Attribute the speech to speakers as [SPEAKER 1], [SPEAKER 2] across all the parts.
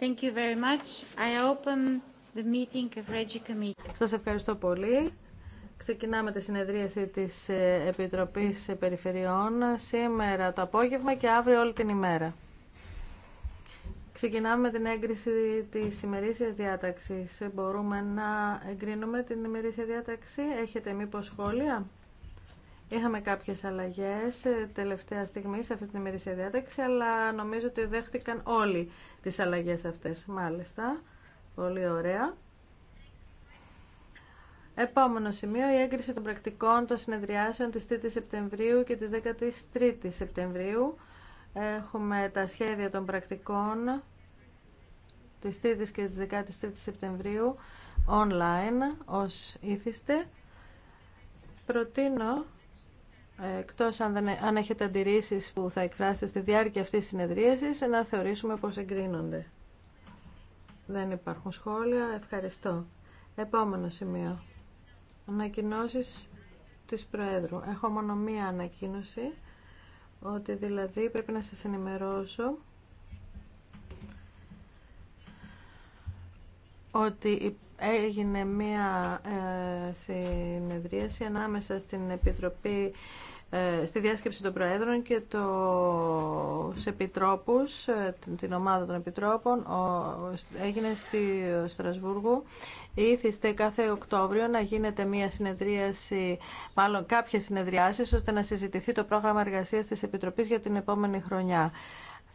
[SPEAKER 1] Thank you very much. I open the meeting of Committee. Σας ευχαριστώ πολύ. Ξεκινάμε τη συνεδρίαση της ε, Επιτροπής Περιφερειών σήμερα το απόγευμα και αύριο όλη την ημέρα. Ξεκινάμε με την έγκριση της ημερήσιας διάταξης. Μπορούμε να εγκρίνουμε την ημερήσια διάταξη. Έχετε μήπως σχόλια? Είχαμε κάποιες αλλαγές ε, τελευταία στιγμή σε αυτή την ημερήσια διάταξη, αλλά νομίζω ότι δέχτηκαν όλοι τις αλλαγές αυτές. Μάλιστα, πολύ ωραία. Επόμενο σημείο, η έγκριση των πρακτικών των συνεδριάσεων της 3ης Σεπτεμβρίου και της 13ης Σεπτεμβρίου. Έχουμε τα σχέδια των πρακτικών της 3ης και της 13ης Σεπτεμβρίου online ως ήθιστε. Προτείνω ε, εκτός αν, δεν, έχετε αντιρρήσεις που θα εκφράσετε στη διάρκεια αυτής της συνεδρίασης, να θεωρήσουμε πως εγκρίνονται. Δεν υπάρχουν σχόλια. Ευχαριστώ. Επόμενο σημείο. Ανακοινώσεις της Προέδρου. Έχω μόνο μία ανακοίνωση, ότι δηλαδή πρέπει να σας ενημερώσω ότι έγινε μία ε, συνεδρίαση ανάμεσα στην Επιτροπή ε, στη διάσκεψη των Προέδρων και το επιτρόπους, ε, την ομάδα των επιτρόπων, έγινε στη Στρασβούργο. Ήθιστε κάθε Οκτώβριο να γίνεται μια συνεδρίαση, μάλλον κάποιες συνεδριάσεις, ώστε να συζητηθεί το πρόγραμμα εργασίας της Επιτροπής για την επόμενη χρονιά.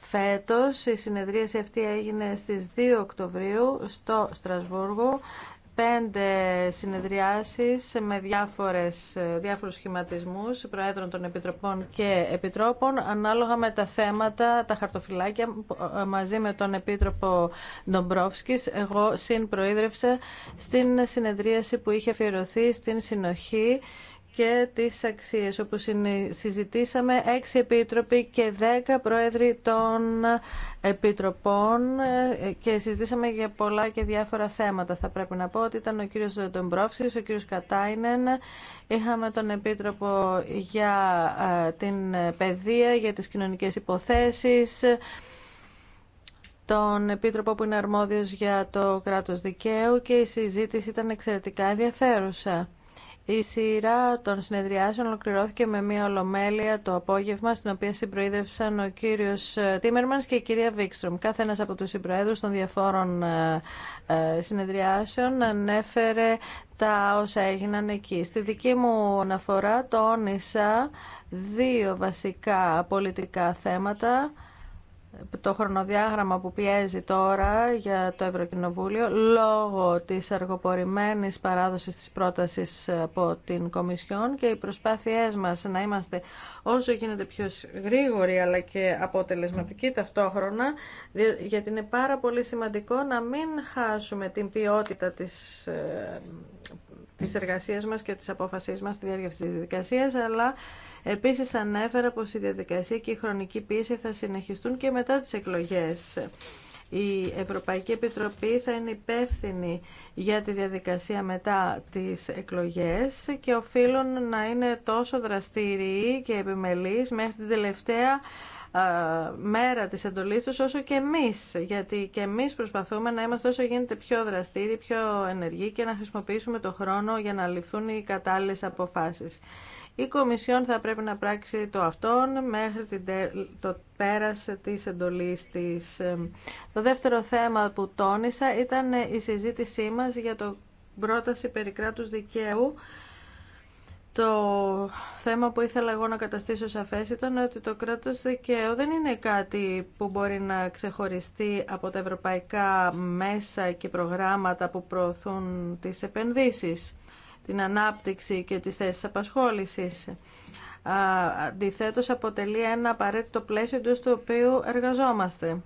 [SPEAKER 1] Φέτος η συνεδρίαση αυτή έγινε στις 2 Οκτωβρίου στο Στρασβούργο πέντε συνεδριάσεις με διάφορες, διάφορους σχηματισμούς προέδρων των Επιτροπών και Επιτρόπων ανάλογα με τα θέματα, τα χαρτοφυλάκια ε, μαζί με τον Επίτροπο Ντομπρόφσκης. Εγώ συμπροείδρευσα στην συνεδρίαση που είχε αφιερωθεί στην συνοχή και τις αξίες όπου συζητήσαμε έξι επίτροποι και δέκα πρόεδροι των επιτροπών ε, και συζητήσαμε για πολλά και διάφορα θέματα. Θα πρέπει να πω ότι ήταν ο κύριος Ντομπρόφσκης, ο κύριος Κατάινεν, είχαμε τον επίτροπο για ε, την παιδεία, για τις κοινωνικές υποθέσεις, τον Επίτροπο που είναι αρμόδιος για το κράτος δικαίου και η συζήτηση ήταν εξαιρετικά ενδιαφέρουσα. Η σειρά των συνεδριάσεων ολοκληρώθηκε με μια ολομέλεια το απόγευμα, στην οποία συμπροείδευσαν ο κύριο ε, Τίμερμαν και η κυρία Βίξτρομ. Κάθε ένα από του συμπροέδρου των διαφόρων ε, ε, συνεδριάσεων ανέφερε τα όσα έγιναν εκεί. Στη δική μου αναφορά τόνισα δύο βασικά πολιτικά θέματα το χρονοδιάγραμμα που πιέζει τώρα για το Ευρωκοινοβούλιο λόγω της αργοπορημένης παράδοσης της πρότασης ε, από την Κομισιόν και οι προσπάθειές μας να είμαστε όσο γίνεται πιο γρήγοροι αλλά και αποτελεσματικοί ταυτόχρονα γιατί είναι πάρα πολύ σημαντικό να μην χάσουμε την ποιότητα της ε, της εργασίας μας και της απόφασής μας στη διάρκεια της διαδικασίας, αλλά Επίσης ανέφερα πως η διαδικασία και η χρονική πίεση θα συνεχιστούν και μετά τις εκλογές. Η Ευρωπαϊκή Επιτροπή θα είναι υπεύθυνη για τη διαδικασία μετά τις εκλογές και οφείλουν να είναι τόσο δραστήριοι και επιμελείς μέχρι την τελευταία μέρα της εντολής τους όσο και εμείς γιατί και εμείς προσπαθούμε να είμαστε όσο γίνεται πιο δραστήριοι, πιο ενεργοί και να χρησιμοποιήσουμε το χρόνο για να ληφθούν οι κατάλληλες αποφάσεις. Η Κομισιόν θα πρέπει να πράξει το αυτόν μέχρι την, το πέρας της εντολής της. Το δεύτερο θέμα που τόνισα ήταν η συζήτησή μας για το πρόταση περί κράτους δικαίου. Το θέμα που ήθελα εγώ να καταστήσω σαφές ήταν ότι το κράτος δικαίου δεν είναι κάτι που μπορεί να ξεχωριστεί από τα ευρωπαϊκά μέσα και προγράμματα που προωθούν τις επενδύσεις την ανάπτυξη και τις θέσεις απασχόλησης. Αντιθέτως αποτελεί ένα απαραίτητο πλαίσιο εντός του οποίου εργαζόμαστε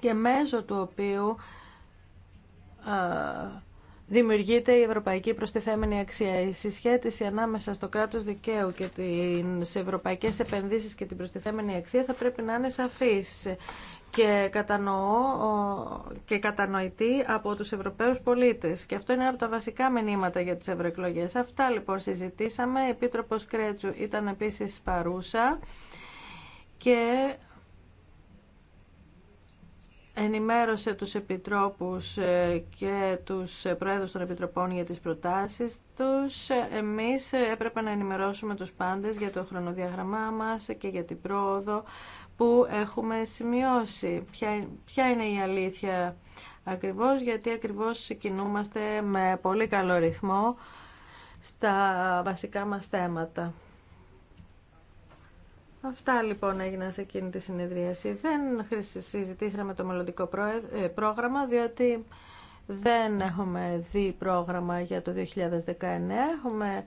[SPEAKER 1] και μέσω του οποίου δημιουργείται η ευρωπαϊκή προστιθέμενη αξία. Η συσχέτιση ανάμεσα στο κράτος δικαίου και τις ευρωπαϊκές επενδύσεις και την προστιθέμενη αξία θα πρέπει να είναι σαφής και, κατανοώ, και κατανοητή από τους Ευρωπαίους πολίτες. Και αυτό είναι ένα από τα βασικά μηνύματα για τις ευρωεκλογέ. Αυτά λοιπόν συζητήσαμε. Επίτροπος Κρέτσου ήταν επίσης παρούσα και ενημέρωσε τους επιτρόπους ε, και τους πρόεδρους των επιτροπών για τις προτάσεις τους. Εμείς έπρεπε να ενημερώσουμε τους πάντες για το χρονοδιαγραμμά μας και για την πρόοδο που έχουμε σημειώσει. Ποια, είναι η αλήθεια ακριβώς, γιατί ακριβώς κινούμαστε με πολύ καλό ρυθμό στα βασικά μας θέματα. Αυτά λοιπόν έγιναν σε εκείνη τη συνεδρίαση. Δεν συζητήσαμε το μελλοντικό ε, πρόγραμμα, διότι δεν έχουμε δει πρόγραμμα για το 2019. Έχουμε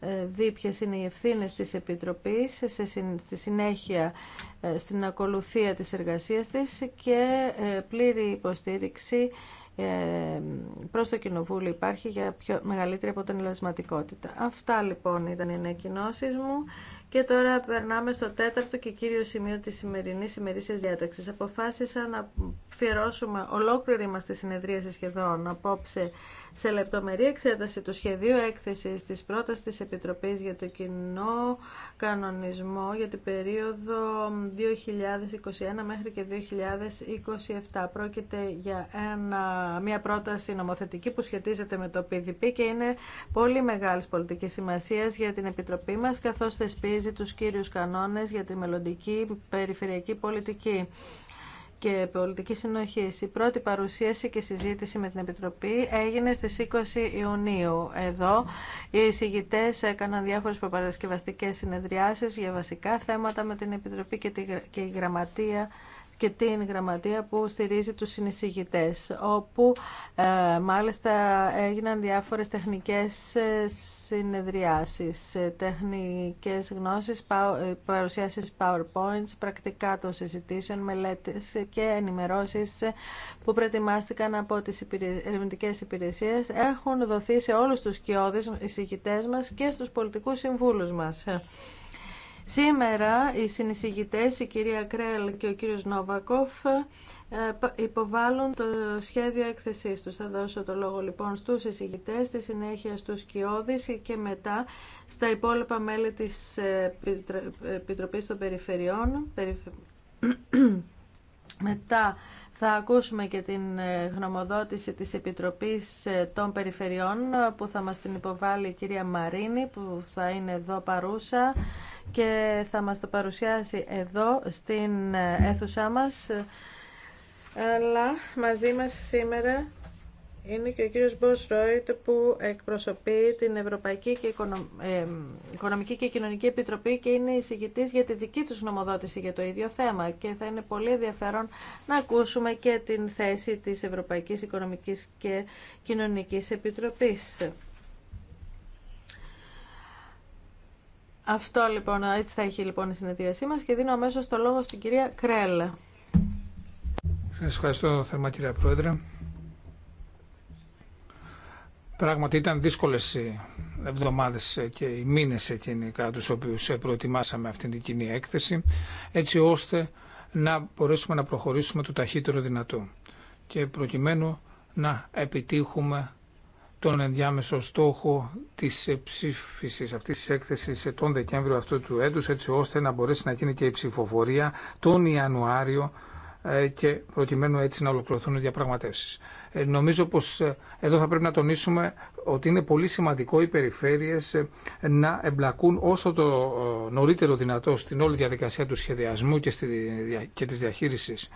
[SPEAKER 1] ε, δει ποιες είναι οι ευθύνες της Επιτροπής στη συνέχεια ε, στην ακολουθία της εργασίας της και πλήρη υποστήριξη προς το Κοινοβούλιο υπάρχει για πιο μεγαλύτερη αποτελεσματικότητα. Αυτά λοιπόν ήταν οι ανακοινώσει μου. Και τώρα περνάμε στο τέταρτο και κύριο σημείο της σημερινής ημερήσιας διάταξης. Αποφάσισα να φιερώσουμε ολόκληρη μας τη συνεδρίαση σχεδόν απόψε σε λεπτομερή εξέταση του σχεδίου έκθεσης της πρότασης της Επιτροπής για το κοινό κανονισμό για την περίοδο 2021 μέχρι και 2027. Πρόκειται για ένα, μια πρόταση νομοθετική που σχετίζεται με το PDP και είναι πολύ μεγάλης πολιτικής σημασίας για την Επιτροπή μας καθώς θεσπίζει του τους κύριους κανόνες για τη μελλοντική περιφερειακή πολιτική και πολιτική συνοχή. Η πρώτη παρουσίαση και συζήτηση με την Επιτροπή έγινε στις 20 Ιουνίου. Εδώ οι εισηγητέ έκαναν διάφορες προπαρασκευαστικές συνεδριάσεις για βασικά θέματα με την Επιτροπή και η Γραμματεία και την γραμματεία που στηρίζει τους συνεισηγητές, όπου ε, μάλιστα έγιναν διάφορες τεχνικές ε, συνεδριάσεις, ε, τεχνικές γνώσεις, παρουσιάσεις powerpoints, πρακτικά των συζητήσεων, μελέτες και ενημερώσεις που προετοιμάστηκαν από τις ερευνητικές υπηρεσίες έχουν δοθεί σε όλους τους κοιόδες εισηγητές μας και στους πολιτικούς συμβούλους μας. Σήμερα οι συνεισηγητές, η κυρία Κρέλ και ο κύριος Νόβακοφ, ε, υποβάλλουν το σχέδιο έκθεσής τους. Θα δώσω το λόγο λοιπόν στους εισηγητές, στη συνέχεια στους κοιόδης και μετά στα υπόλοιπα μέλη της Επιτροπής των Περιφερειών. Μετά θα ακούσουμε και την ε, γνωμοδότηση της Επιτροπής ε, των Περιφερειών που θα μας την υποβάλει η κυρία Μαρίνη που θα είναι εδώ παρούσα και θα μας το παρουσιάσει εδώ στην ε, αίθουσά μας. Αλλά μαζί μας σήμερα είναι και ο κύριος Μπος Ρόιτ που εκπροσωπεί την Ευρωπαϊκή και Οικονομική και Κοινωνική Επιτροπή και είναι εισηγητής για τη δική τους νομοδότηση για το ίδιο θέμα και θα είναι πολύ ενδιαφέρον να ακούσουμε και την θέση της Ευρωπαϊκής Οικονομικής και Κοινωνικής Επιτροπής. Αυτό λοιπόν, έτσι θα έχει λοιπόν η συνεδρίασή μας και δίνω αμέσως το λόγο στην κυρία Κρέλ.
[SPEAKER 2] Σας ευχαριστώ θερμά κυρία Πρόεδρε. Πράγματι ήταν δύσκολες οι εβδομάδες και οι μήνες εκείνοι κατά τους οποίους ε, προετοιμάσαμε αυτήν την κοινή έκθεση έτσι ώστε να μπορέσουμε να προχωρήσουμε το ταχύτερο δυνατό και προκειμένου να επιτύχουμε τον ενδιάμεσο στόχο της ε, ψήφισης αυτής της έκθεσης ε, τον Δεκέμβριο αυτού του έτους έτσι ώστε να μπορέσει να γίνει και η ψηφοφορία τον Ιανουάριο ε, και προκειμένου έτσι να ολοκληρωθούν οι διαπραγματεύσεις. Ε, νομίζω πως ε, εδώ θα πρέπει να τονίσουμε ότι είναι πολύ σημαντικό οι περιφέρειες να εμπλακούν όσο το νωρίτερο δυνατό στην όλη διαδικασία του σχεδιασμού και, στη, και της διαχείρισης.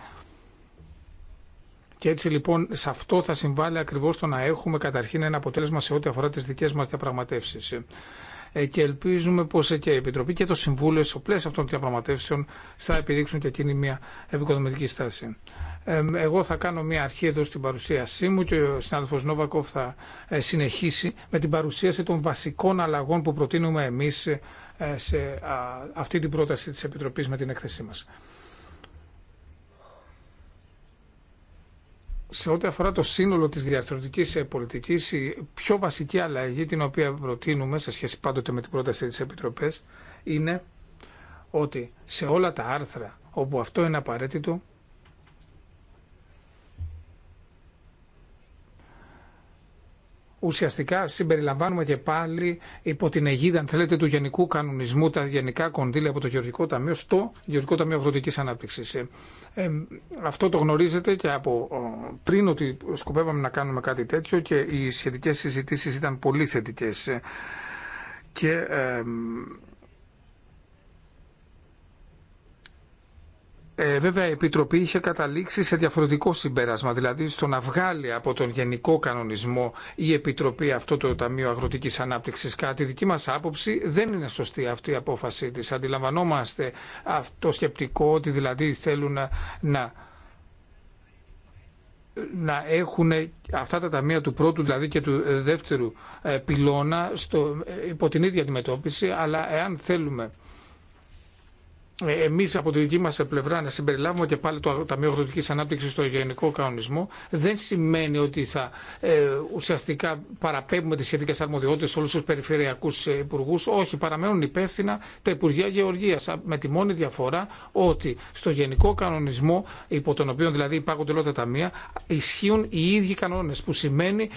[SPEAKER 2] Και έτσι λοιπόν σε αυτό θα συμβάλλει ακριβώς το να έχουμε καταρχήν ένα αποτέλεσμα σε ό,τι αφορά τις δικές μας διαπραγματεύσεις. Ε, και ελπίζουμε πω ε, και η Επιτροπή και το Συμβούλιο στο πλαίσιο αυτών των διαπραγματεύσεων θα επιδείξουν και εκείνη μια επικοδομητική στάση. Ε, εγώ θα κάνω μια αρχή εδώ στην παρουσίασή μου και ο συνάδελφος Νόβακοφ θα συνεχίσει με την παρουσίαση των βασικών αλλαγών που προτείνουμε εμείς σε αυτή την πρόταση της Επιτροπής με την έκθεσή μας. σε ό,τι αφορά το σύνολο της διαρθρωτικής ε, πολιτικής, η πιο βασική αλλαγή την οποία προτείνουμε σε σχέση πάντοτε με την πρόταση της Επιτροπής είναι ότι σε όλα τα άρθρα όπου αυτό είναι απαραίτητο ουσιαστικά συμπεριλαμβάνουμε και πάλι υπό την αιγίδα, αν θέλετε, του γενικού κανονισμού τα γενικά κονδύλια από το Γεωργικό Ταμείο στο Γεωργικό Ταμείο Αγροτική Ανάπτυξη. Ε, ε, αυτό το γνωρίζετε και από πριν ότι σκοπεύαμε να κάνουμε κάτι τέτοιο και οι σχετικέ συζητήσει ήταν πολύ θετικέ. Ε, και Ε, βέβαια, η Επιτροπή είχε καταλήξει σε διαφορετικό συμπέρασμα, δηλαδή στο να βγάλει από τον γενικό κανονισμό η Επιτροπή αυτό το Ταμείο Αγροτική Ανάπτυξη. κάτι. δική μα άποψη, δεν είναι σωστή αυτή η απόφασή τη. Αντιλαμβανόμαστε αυτό σκεπτικό ότι δηλαδή θέλουν να, να, να έχουν αυτά τα ταμεία του πρώτου δηλαδή και του δεύτερου ε, πυλώνα στο, ε, υπό την ίδια αντιμετώπιση, αλλά εάν θέλουμε ε, εμείς από τη δική μας πλευρά να συμπεριλάβουμε και πάλι το Ταμείο Αγροτικής Ανάπτυξης στο γενικό κανονισμό δεν σημαίνει ότι θα ε, ουσιαστικά παραπέμπουμε τις σχετικές αρμοδιότητες σε όλους τους περιφερειακούς ε, υπουργού. Όχι, παραμένουν υπεύθυνα τα Υπουργεία Γεωργίας με τη μόνη διαφορά ότι στο γενικό κανονισμό υπό τον οποίο δηλαδή υπάρχουν τα ταμεία ισχύουν οι ίδιοι κανόνες που σημαίνει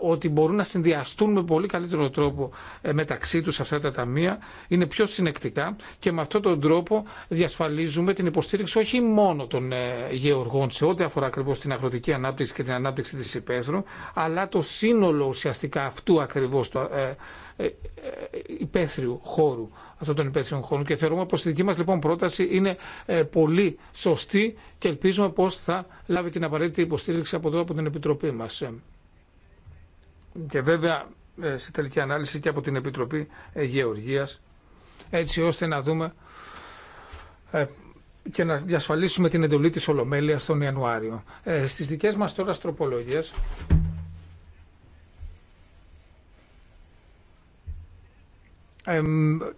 [SPEAKER 2] ότι μπορούν να συνδυαστούν με πολύ καλύτερο τρόπο ε, μεταξύ τους αυτά τα ταμεία είναι πιο συνεκτικά και με αυτόν τον τρόπο διασφαλίζουμε την υποστήριξη όχι μόνο των ε, γεωργών σε ό,τι αφορά ακριβώ την αγροτική ανάπτυξη και την ανάπτυξη τη υπαίθρου, αλλά το σύνολο ουσιαστικά αυτού ακριβώ του ε, ε, υπαίθριου χώρου, αυτών των υπαίθριων χώρων. Και θεωρούμε πω η δική μα λοιπόν πρόταση είναι πολύ σωστή και ελπίζουμε πώ θα λάβει την απαραίτητη υποστήριξη από εδώ από την Επιτροπή μα. Και βέβαια σε τελική ανάλυση και από την Επιτροπή Γεωργίας έτσι ώστε να δούμε ε, και να διασφαλίσουμε την εντολή της Ολομέλειας τον Ιανουάριο. Ε, στις δικές μας τώρα στροπολογίες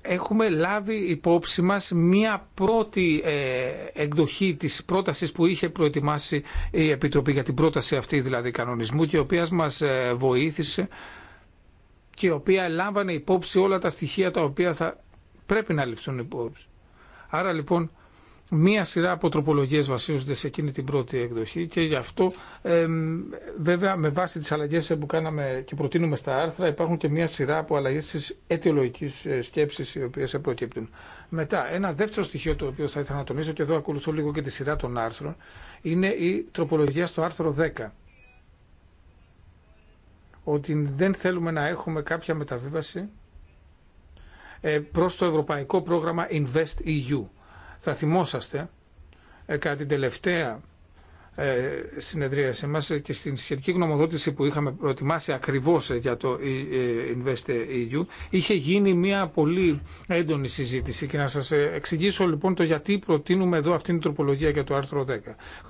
[SPEAKER 2] έχουμε λάβει υπόψη μας μία πρώτη ε, εκδοχή της πρότασης που είχε προετοιμάσει η Επιτροπή για την πρόταση αυτή δηλαδή κανονισμού και η οποία μας βοήθησε και η οποία λάμβανε υπόψη όλα τα στοιχεία τα οποία θα πρέπει να ληφθούν υπόψη. Άρα λοιπόν μία σειρά από τροπολογίες βασίζονται σε εκείνη την πρώτη εκδοχή και γι' αυτό ε, βέβαια με βάση τις αλλαγές που κάναμε και προτείνουμε στα άρθρα υπάρχουν και μία σειρά από αλλαγές της αιτιολογικής ε, σκέψης οι οποίες προκύπτουν. Μετά ένα δεύτερο στοιχείο το οποίο θα ήθελα να τονίσω και εδώ ακολουθώ λίγο και τη σειρά των άρθρων είναι η τροπολογία στο άρθρο 10 ότι δεν θέλουμε να έχουμε κάποια μεταβίβαση ε, προς το ευρωπαϊκό πρόγραμμα Invest EU. Θα θυμόσαστε ε, κατά την τελευταία ε, συνεδρίαση μας και στην σχετική γνωμοδότηση που είχαμε προετοιμάσει ακριβώς για το Invest EU είχε γίνει μια πολύ έντονη συζήτηση και να σας εξηγήσω λοιπόν το γιατί προτείνουμε εδώ αυτήν την τροπολογία για το άρθρο 10.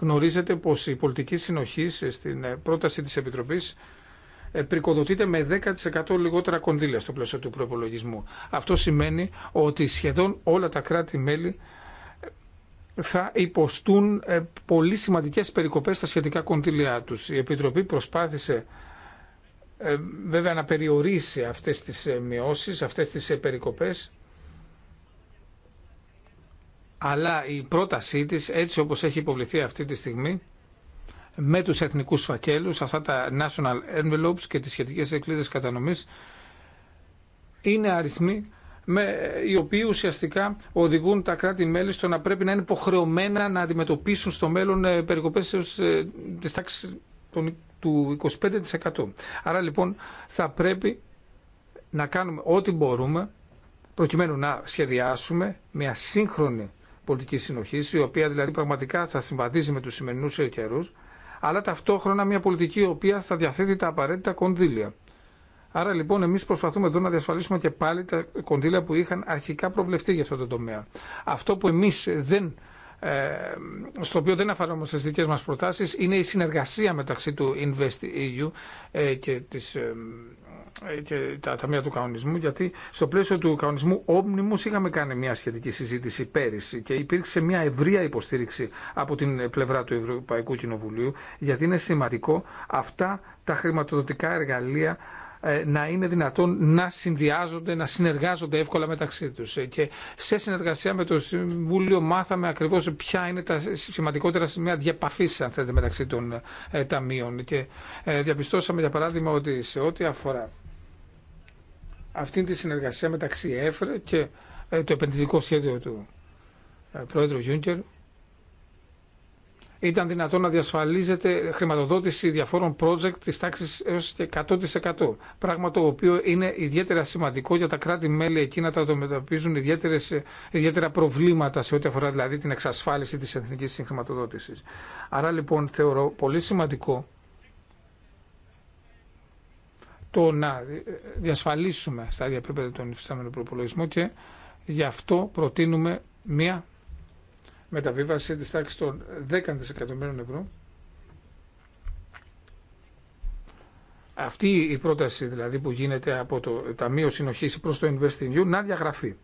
[SPEAKER 2] Γνωρίζετε πως η πολιτική συνοχή στην πρόταση της Επιτροπής ε, πρικοδοτείται με 10% λιγότερα κονδύλια στο πλαίσιο του προπολογισμού. Αυτό σημαίνει ότι σχεδόν όλα τα κράτη-μέλη ε, θα υποστούν ε, πολύ σημαντικές περικοπές στα σχετικά κονδύλια τους. Η Επιτροπή προσπάθησε βέβαια να περιορίσει αυτές τις μειώσεις, αυτές τις περικοπές αλλά η πρότασή της έτσι όπως έχει υποβληθεί αυτή τη στιγμή με τους εθνικούς φακέλους, αυτά τα national envelopes και τις σχετικές εκλίδες κατανομής, είναι αριθμοί με, οι οποίοι ουσιαστικά οδηγούν τα κράτη-μέλη στο να πρέπει να είναι υποχρεωμένα να αντιμετωπίσουν στο μέλλον ε, περικοπές ε, της τάξης του 25%. Άρα λοιπόν θα πρέπει να κάνουμε ό,τι μπορούμε προκειμένου να σχεδιάσουμε μια σύγχρονη πολιτική συνοχή, η οποία δηλαδή πραγματικά θα συμβαδίζει με τους σημερινούς καιρούς αλλά ταυτόχρονα μια πολιτική η οποία θα διαθέτει τα απαραίτητα κονδύλια. Άρα λοιπόν εμεί προσπαθούμε εδώ να διασφαλίσουμε και πάλι τα κονδύλια που είχαν αρχικά προβλεφτεί για αυτό το τομέα. Αυτό που εμεί δεν ε, στο οποίο δεν αφαρόμαστε στις δικές μας προτάσεις είναι η συνεργασία μεταξύ του InvestEU ε, και της ε, ε, και τα ταμεία του κανονισμού, γιατί στο πλαίσιο του κανονισμού Omnibus είχαμε κάνει μια σχετική συζήτηση πέρυσι και υπήρξε μια ευρεία υποστήριξη από την πλευρά του Ευρωπαϊκού Κοινοβουλίου, γιατί είναι σημαντικό αυτά τα χρηματοδοτικά εργαλεία ε, να είναι δυνατόν να συνδυάζονται, να συνεργάζονται εύκολα μεταξύ τους. Ε, και σε συνεργασία με το Συμβούλιο μάθαμε ακριβώς ποια είναι τα σημαντικότερα σημεία διαπαφής, αν θέλετε, μεταξύ των ταμείων. Και διαπιστώσαμε, για παράδειγμα, ότι σε ό,τι αφορά αυτή τη συνεργασία μεταξύ ΕΦΡ και ε, το επενδυτικό σχέδιο του ε, Πρόεδρου Γιούνκερ ήταν δυνατόν να διασφαλίζεται χρηματοδότηση διαφόρων project της τάξης έως και 100%. Πράγμα το οποίο είναι ιδιαίτερα σημαντικό για τα κράτη-μέλη εκείνα τα οποία ιδιαίτερα προβλήματα σε ό,τι αφορά δηλαδή την εξασφάλιση της εθνικής συγχρηματοδότησης. Άρα λοιπόν θεωρώ πολύ σημαντικό το να διασφαλίσουμε στα ίδια επίπεδα τον υφιστάμενο προπολογισμό και γι' αυτό προτείνουμε μία μεταβίβαση της τάξης των 10 δισεκατομμύρων ευρώ. Αυτή η πρόταση δηλαδή που γίνεται από το Ταμείο Συνοχής προς το You να διαγραφεί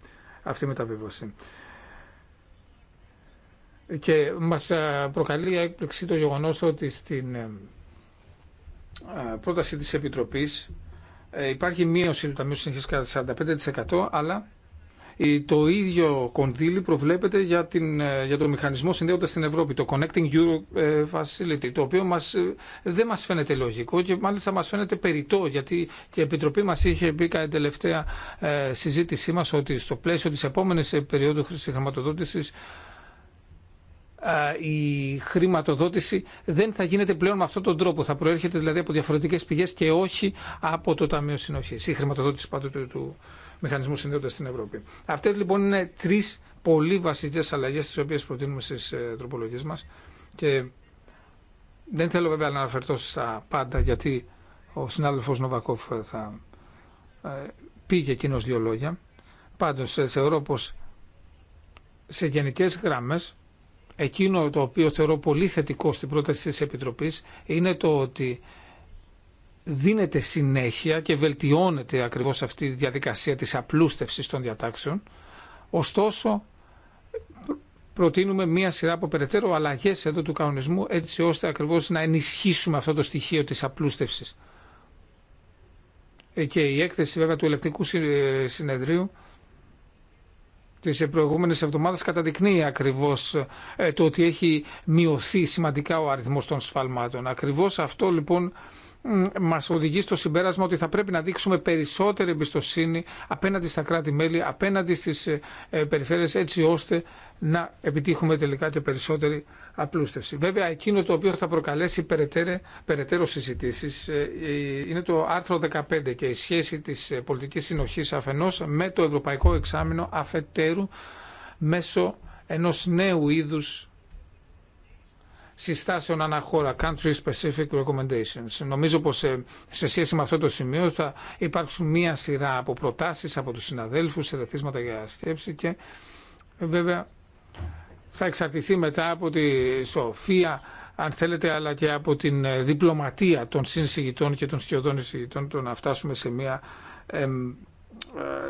[SPEAKER 2] αυτή η μεταβίβαση. Και μας ε, προκαλεί έκπληξη το γεγονός ότι στην ε, ε, πρόταση της Επιτροπής ε, υπάρχει μείωση του Ταμείου Συνεχής κατά 45% αλλά το ίδιο κονδύλι προβλέπεται για, την, ε, για το μηχανισμό συνδέοντα την Ευρώπη, το Connecting Europe Facility, το οποίο μας, δεν μας φαίνεται λογικό και μάλιστα μας φαίνεται περιττό, γιατί και η Επιτροπή μας είχε μπει κατά τελευταία συζήτησή μας ότι στο πλαίσιο τη επόμενη περίοδου χρηματοδότησης η χρηματοδότηση δεν θα γίνεται πλέον με αυτόν τον τρόπο. Θα προέρχεται δηλαδή από διαφορετικέ πηγέ και όχι από το Ταμείο Συνοχή. Η χρηματοδότηση πάντω του, του Μηχανισμού Συνδέοντα στην Ευρώπη. Αυτέ λοιπόν είναι τρει πολύ βασικέ αλλαγέ τι οποίε προτείνουμε στι ε, τροπολογίες τροπολογίε μα. Και δεν θέλω βέβαια να αναφερθώ στα πάντα γιατί ο συνάδελφο Νοβακόφ θα ε, πει και εκείνο δύο λόγια. Πάντως ε, θεωρώ πω σε γενικέ γράμμε εκείνο το οποίο θεωρώ πολύ θετικό στην πρόταση της Επιτροπής είναι το ότι δίνεται συνέχεια και βελτιώνεται ακριβώς αυτή η διαδικασία της απλούστευσης των διατάξεων. Ωστόσο, προτείνουμε μία σειρά από περαιτέρω αλλαγές εδώ του κανονισμού έτσι ώστε ακριβώς να ενισχύσουμε αυτό το στοιχείο της απλούστευσης. Ε, και η έκθεση βέβαια του ελεκτικού ε, συνεδρίου τις προηγούμενες εβδομάδες καταδεικνύει ακριβώς ε, το ότι έχει μειωθεί σημαντικά ο αριθμός των σφαλμάτων. Ακριβώς αυτό λοιπόν μας οδηγεί στο συμπέρασμα ότι θα πρέπει να δείξουμε περισσότερη εμπιστοσύνη απέναντι στα κράτη-μέλη, απέναντι στις ε, ε, περιφέρειες έτσι ώστε να επιτύχουμε τελικά και περισσότερη απλούστευση. Βέβαια, εκείνο το οποίο θα προκαλέσει περαιτέρω, περαιτέρω συζητήσει ε, ε, είναι το άρθρο 15 και η σχέση τη ε, πολιτική συνοχή αφενό με το ευρωπαϊκό εξάμεινο αφετέρου μέσω ενός νέου είδους συστάσεων αναχώρα, country specific recommendations. Νομίζω πως σε, σχέση με αυτό το σημείο θα υπάρξουν μία σειρά από προτάσεις από τους συναδέλφους, ερεθίσματα για σκέψη και βέβαια θα εξαρτηθεί μετά από τη σοφία αν θέλετε, αλλά και από την ε, διπλωματία των συνσηγητών και των σχεδόν εισηγητών, το να φτάσουμε σε μια ε,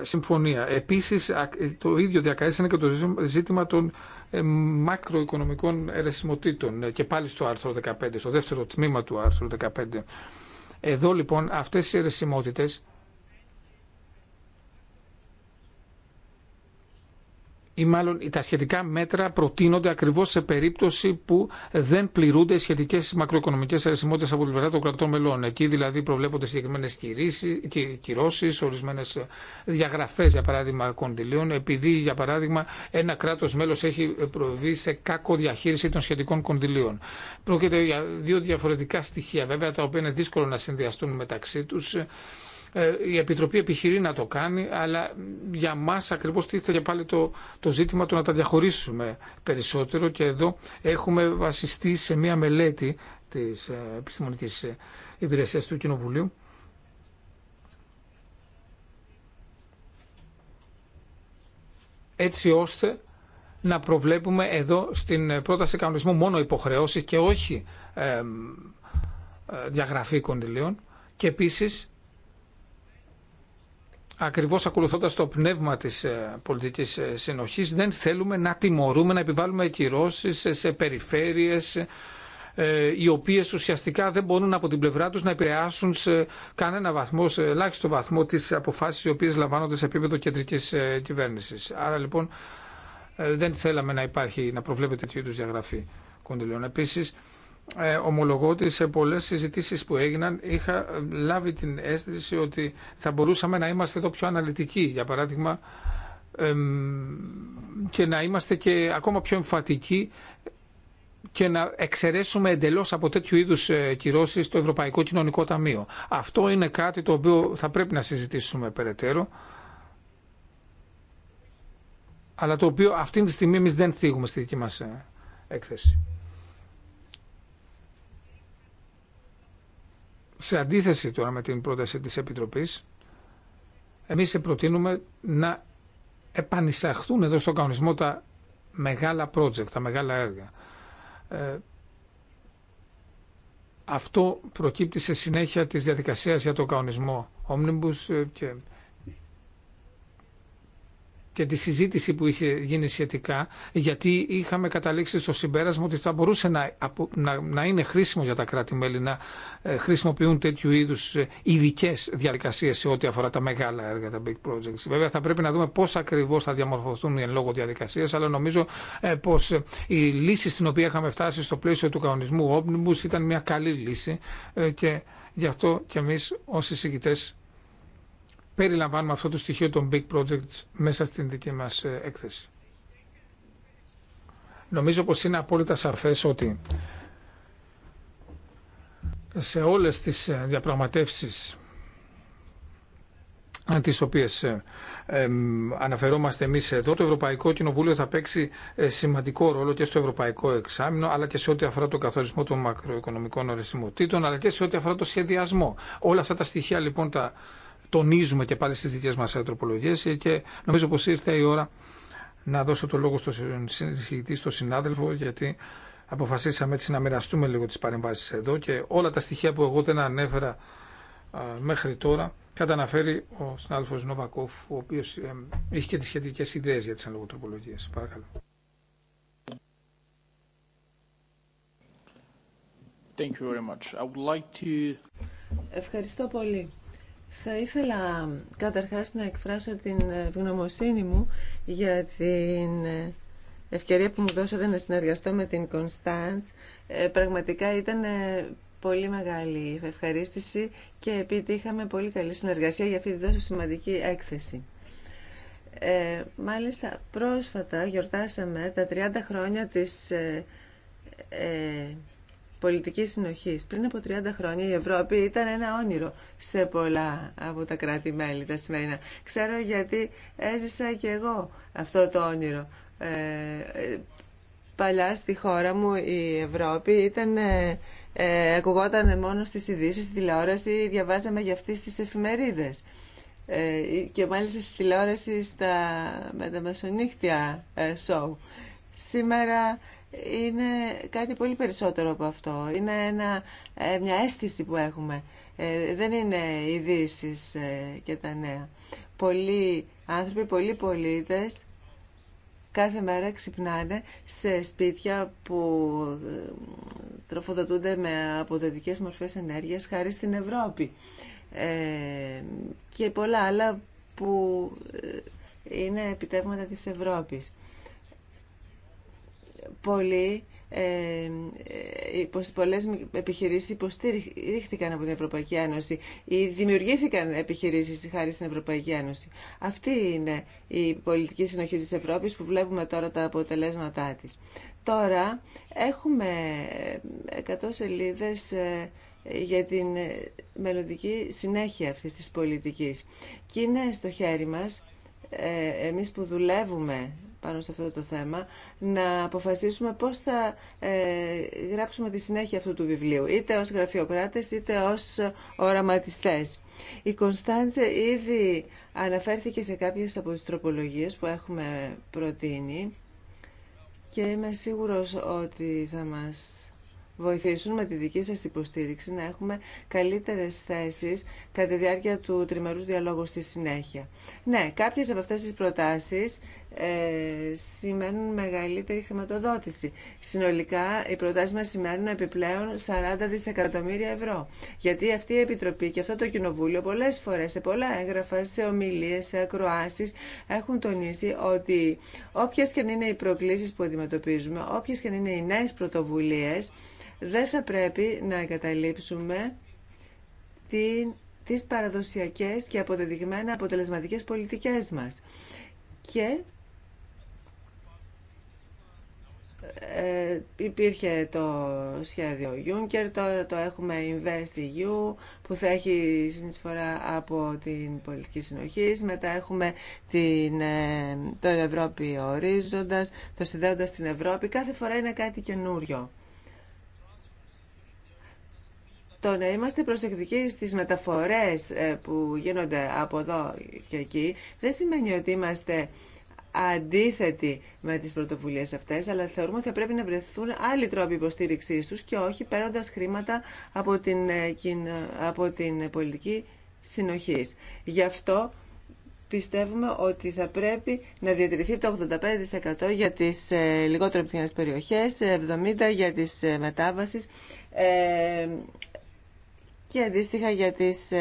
[SPEAKER 2] συμφωνία. Επίσης, το ίδιο διακαέστηκε και το ζήτημα των μακροοικονομικών ερεσιμοτήτων ε, και πάλι στο άρθρο 15, στο δεύτερο τμήμα του άρθρου 15. Εδώ λοιπόν αυτές οι ερεσιμότητες ή μάλλον τα σχετικά μέτρα προτείνονται ακριβώ σε περίπτωση που δεν πληρούνται οι σχετικές μακροοικονομικές αρεσιμότητε από την πλευρά των κρατών μελών. Εκεί δηλαδή προβλέπονται συγκεκριμένε κυρώσει, ορισμένε διαγραφέ, για παράδειγμα κονδυλίων, επειδή για παράδειγμα ένα κράτο μέλο έχει προβεί σε κάκο διαχείριση των σχετικών κονδυλίων. Πρόκειται για δύο διαφορετικά στοιχεία βέβαια τα οποία είναι δύσκολο να συνδυαστούν μεταξύ του. Ε, η Επιτροπή επιχειρεί να το κάνει, αλλά για μα ακριβώ τίθεται πάλι το, το ζήτημα του να τα διαχωρίσουμε περισσότερο και εδώ έχουμε βασιστεί σε μία μελέτη της ε, επιστημονική ε, υπηρεσία του Κοινοβουλίου έτσι ώστε να προβλέπουμε εδώ στην πρόταση κανονισμού μόνο υποχρεώσεις και όχι διαγραφή κονδυλίων και επίσης ακριβώς ακολουθώντας το πνεύμα της ε, πολιτικής ε, συνοχής, δεν θέλουμε να τιμωρούμε, να επιβάλλουμε κυρώσεις σε περιφέρειες, ε, οι οποίες ουσιαστικά δεν μπορούν από την πλευρά τους να επηρεάσουν σε κανένα βαθμό, σε ελάχιστο βαθμό τις αποφάσεις οι οποίες λαμβάνονται σε επίπεδο κεντρικής κυβέρνησης. Άρα λοιπόν δεν θέλαμε να υπάρχει, να προβλέπεται τέτοιου είδους διαγραφή κοντιλίων. Επίσης, ε, ομολογώ ότι σε πολλές συζητήσεις που έγιναν είχα ε, λάβει την αίσθηση ότι θα μπορούσαμε να είμαστε εδώ πιο αναλυτικοί. Για παράδειγμα, και να είμαστε και ακόμα πιο εμφατικοί και να εξαιρέσουμε εντελώς από τέτοιου είδους ε, κυρώσεις το Ευρωπαϊκό Κοινωνικό Ταμείο. Αυτό είναι κάτι το οποίο θα πρέπει να συζητήσουμε περαιτέρω. Αλλά το οποίο αυτή τη στιγμή εμεί δεν θίγουμε στη δική μα ε, έκθεση. σε αντίθεση τώρα με την πρόταση της Επιτροπής, εμείς προτείνουμε να επανεισαχθούν εδώ στον κανονισμό τα μεγάλα project, τα μεγάλα έργα. Ε, αυτό προκύπτει σε συνέχεια της διαδικασίας για τον κανονισμό Omnibus ε, και τη συζήτηση που είχε γίνει σχετικά, γιατί είχαμε καταλήξει στο συμπέρασμα ότι θα μπορούσε να, να, είναι χρήσιμο για τα κράτη-μέλη να ε, χρησιμοποιούν τέτοιου είδου ε, ειδικέ διαδικασίε σε ό,τι αφορά τα μεγάλα έργα, τα big projects. Βέβαια, θα πρέπει να δούμε πώ ακριβώ θα διαμορφωθούν οι εν λόγω διαδικασίε, αλλά νομίζω ε, πω ε, η λύση στην οποία είχαμε φτάσει στο πλαίσιο του κανονισμού Omnibus ήταν μια καλή λύση και γι' αυτό κι εμεί ω συζητητέ περιλαμβάνουμε αυτό το στοιχείο των big projects μέσα στην δική μας ε, έκθεση. Νομίζω πως είναι απόλυτα σαφές ότι σε όλες τις ε, διαπραγματεύσεις ε, τις οποίες αναφερόμαστε εμείς εδώ, το Ευρωπαϊκό Κοινοβούλιο θα παίξει σημαντικό ρόλο και στο Ευρωπαϊκό Εξάμεινο, αλλά και σε ό,τι αφορά το καθορισμό των μακροοικονομικών ορισμοτήτων, αλλά και σε ό,τι αφορά το σχεδιασμό. Όλα αυτά τα στοιχεία λοιπόν τα τονίζουμε και πάλι στις δικές μας τροπολογίες και νομίζω πως ήρθε η ώρα να δώσω το λόγο στον συγητή, στο συνάδελφο, γιατί αποφασίσαμε έτσι να μοιραστούμε λίγο τις παρεμβάσεις εδώ και όλα τα στοιχεία που εγώ δεν ανέφερα μέχρι τώρα καταναφέρει ο συνάδελφος Νοβακόφ, ο οποίος είχε και τις σχετικές ιδέες για τις αναλογοτροπολογίες. Παρακαλώ. Thank you
[SPEAKER 3] Ευχαριστώ πολύ. Θα ήθελα καταρχάς να εκφράσω την ε, ευγνωμοσύνη μου για την ε, ευκαιρία που μου δώσατε να συνεργαστώ με την Ε, Πραγματικά ήταν ε, πολύ μεγάλη ευχαρίστηση και είχαμε πολύ καλή συνεργασία για αυτή τη τόσο σημαντική έκθεση. Ε, μάλιστα πρόσφατα γιορτάσαμε τα 30 χρόνια της πολιτική συνοχή. Πριν από 30 χρόνια η Ευρώπη ήταν ένα όνειρο σε πολλά από τα κράτη-μέλη τα σημερινά. Ξέρω γιατί έζησα και εγώ αυτό το όνειρο. Ε, παλιά στη χώρα μου η Ευρώπη ήταν... Ε, ε ακουγόταν μόνο στις ειδήσει, στη τηλεόραση, διαβάζαμε για αυτή στις εφημερίδες. Ε, και μάλιστα στη τηλεόραση στα μεταμεσονύχτια σοου. Ε, Σήμερα είναι κάτι πολύ περισσότερο από αυτό. Είναι ένα, ε, μια αίσθηση που έχουμε. Ε, δεν είναι ειδήσει ε, και τα νέα. Πολλοί άνθρωποι, πολλοί πολίτες κάθε μέρα ξυπνάνε σε σπίτια που τροφοδοτούνται με αποδοτικές μορφές ενέργειας χάρη στην Ευρώπη και πολλά άλλα που είναι επιτεύγματα της Ευρώπης πολλοί ε, ε πολλές επιχειρήσεις υποστήριχθηκαν από την Ευρωπαϊκή Ένωση ή δημιουργήθηκαν επιχειρήσεις χάρη στην Ευρωπαϊκή Ένωση. Αυτή είναι η πολιτική συνοχή της Ευρώπης που βλέπουμε τώρα τα αποτελέσματά της. Τώρα έχουμε 100 σελίδε ε, για την μελλοντική συνέχεια αυτής της πολιτικής. Και είναι στο χέρι μας ε, εμείς που δουλεύουμε πάνω σε αυτό το θέμα, να αποφασίσουμε πώς θα ε, γράψουμε τη συνέχεια αυτού του βιβλίου, είτε ως γραφειοκράτες, είτε ως οραματιστές. Η Κωνσταντζε ήδη αναφέρθηκε σε κάποιες από τις τροπολογίες που έχουμε προτείνει και είμαι σίγουρος ότι θα μας βοηθήσουν με τη δική σας υποστήριξη να έχουμε καλύτερες θέσεις κατά τη διάρκεια του τριμερούς διαλόγου στη συνέχεια. Ναι, κάποιες από αυτές τις προτάσεις ε, σημαίνουν μεγαλύτερη χρηματοδότηση. Συνολικά οι προτάσει μα σημαίνουν επιπλέον 40 δισεκατομμύρια ευρώ. Γιατί αυτή η Επιτροπή και αυτό το Κοινοβούλιο πολλέ φορέ σε πολλά έγγραφα, σε ομιλίε, σε ακροασει, έχουν τονίσει ότι όποιε και αν είναι οι προκλήσει που αντιμετωπίζουμε, όποιε και αν είναι οι νέε πρωτοβουλίε, δεν θα πρέπει να εγκαταλείψουμε την τις παραδοσιακές και αποδεδειγμένα αποτελεσματικές πολιτικές μας. Και ε, υπήρχε το σχέδιο Juncker, τώρα το έχουμε invest EU, που θα έχει συνεισφορά από την πολιτική συνοχή. Μετά έχουμε την, ε, το Ευρώπη ορίζοντας, το συνδέοντας την Ευρώπη. Κάθε φορά είναι κάτι καινούριο. Το να είμαστε προσεκτικοί στις μεταφορές ε, που γίνονται από εδώ και εκεί δεν σημαίνει ότι είμαστε αντίθετοι με τις πρωτοβουλίες αυτές, αλλά θεωρούμε ότι θα πρέπει να βρεθούν άλλοι τρόποι υποστήριξή τους και όχι παίρνοντας χρήματα από την, ε, ε, από την πολιτική συνοχής. Γι' αυτό πιστεύουμε ότι θα πρέπει να διατηρηθεί το 85% για τις ε, λιγότερο επιτυχημένες περιοχές, 70% για τις μετάβασεις και αντίστοιχα για τις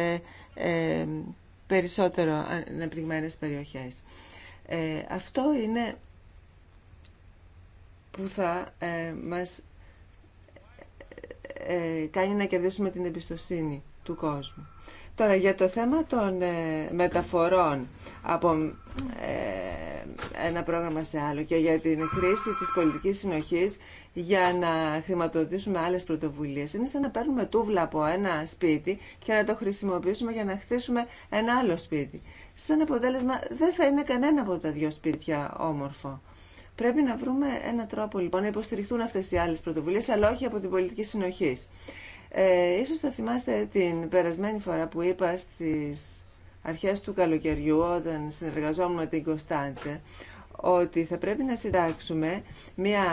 [SPEAKER 3] περισσότερο ανεπτυγμένες περιοχές. Ε, αυτό είναι που θα ε, μας ε, κάνει να κερδίσουμε την εμπιστοσύνη του κόσμου. Τώρα για το θέμα των ε, μεταφορών από ε, ένα πρόγραμμα σε άλλο και για την χρήση της πολιτικής συνοχής για να χρηματοδοτήσουμε άλλες πρωτοβουλίες. Είναι σαν να παίρνουμε τούβλα από ένα σπίτι και να το χρησιμοποιήσουμε για να χτίσουμε ένα άλλο σπίτι. Σαν αποτέλεσμα δεν θα είναι κανένα από τα δύο σπίτια όμορφο. Πρέπει να βρούμε έναν τρόπο λοιπόν να υποστηριχθούν αυτές οι άλλες πρωτοβουλίες, αλλά όχι από την πολιτική συνοχή. Ε, ίσως θα θυμάστε την περασμένη φορά που είπα στις αρχές του καλοκαιριού, όταν συνεργαζόμουν με την Κωνσταντσε, ότι θα πρέπει να συντάξουμε μια,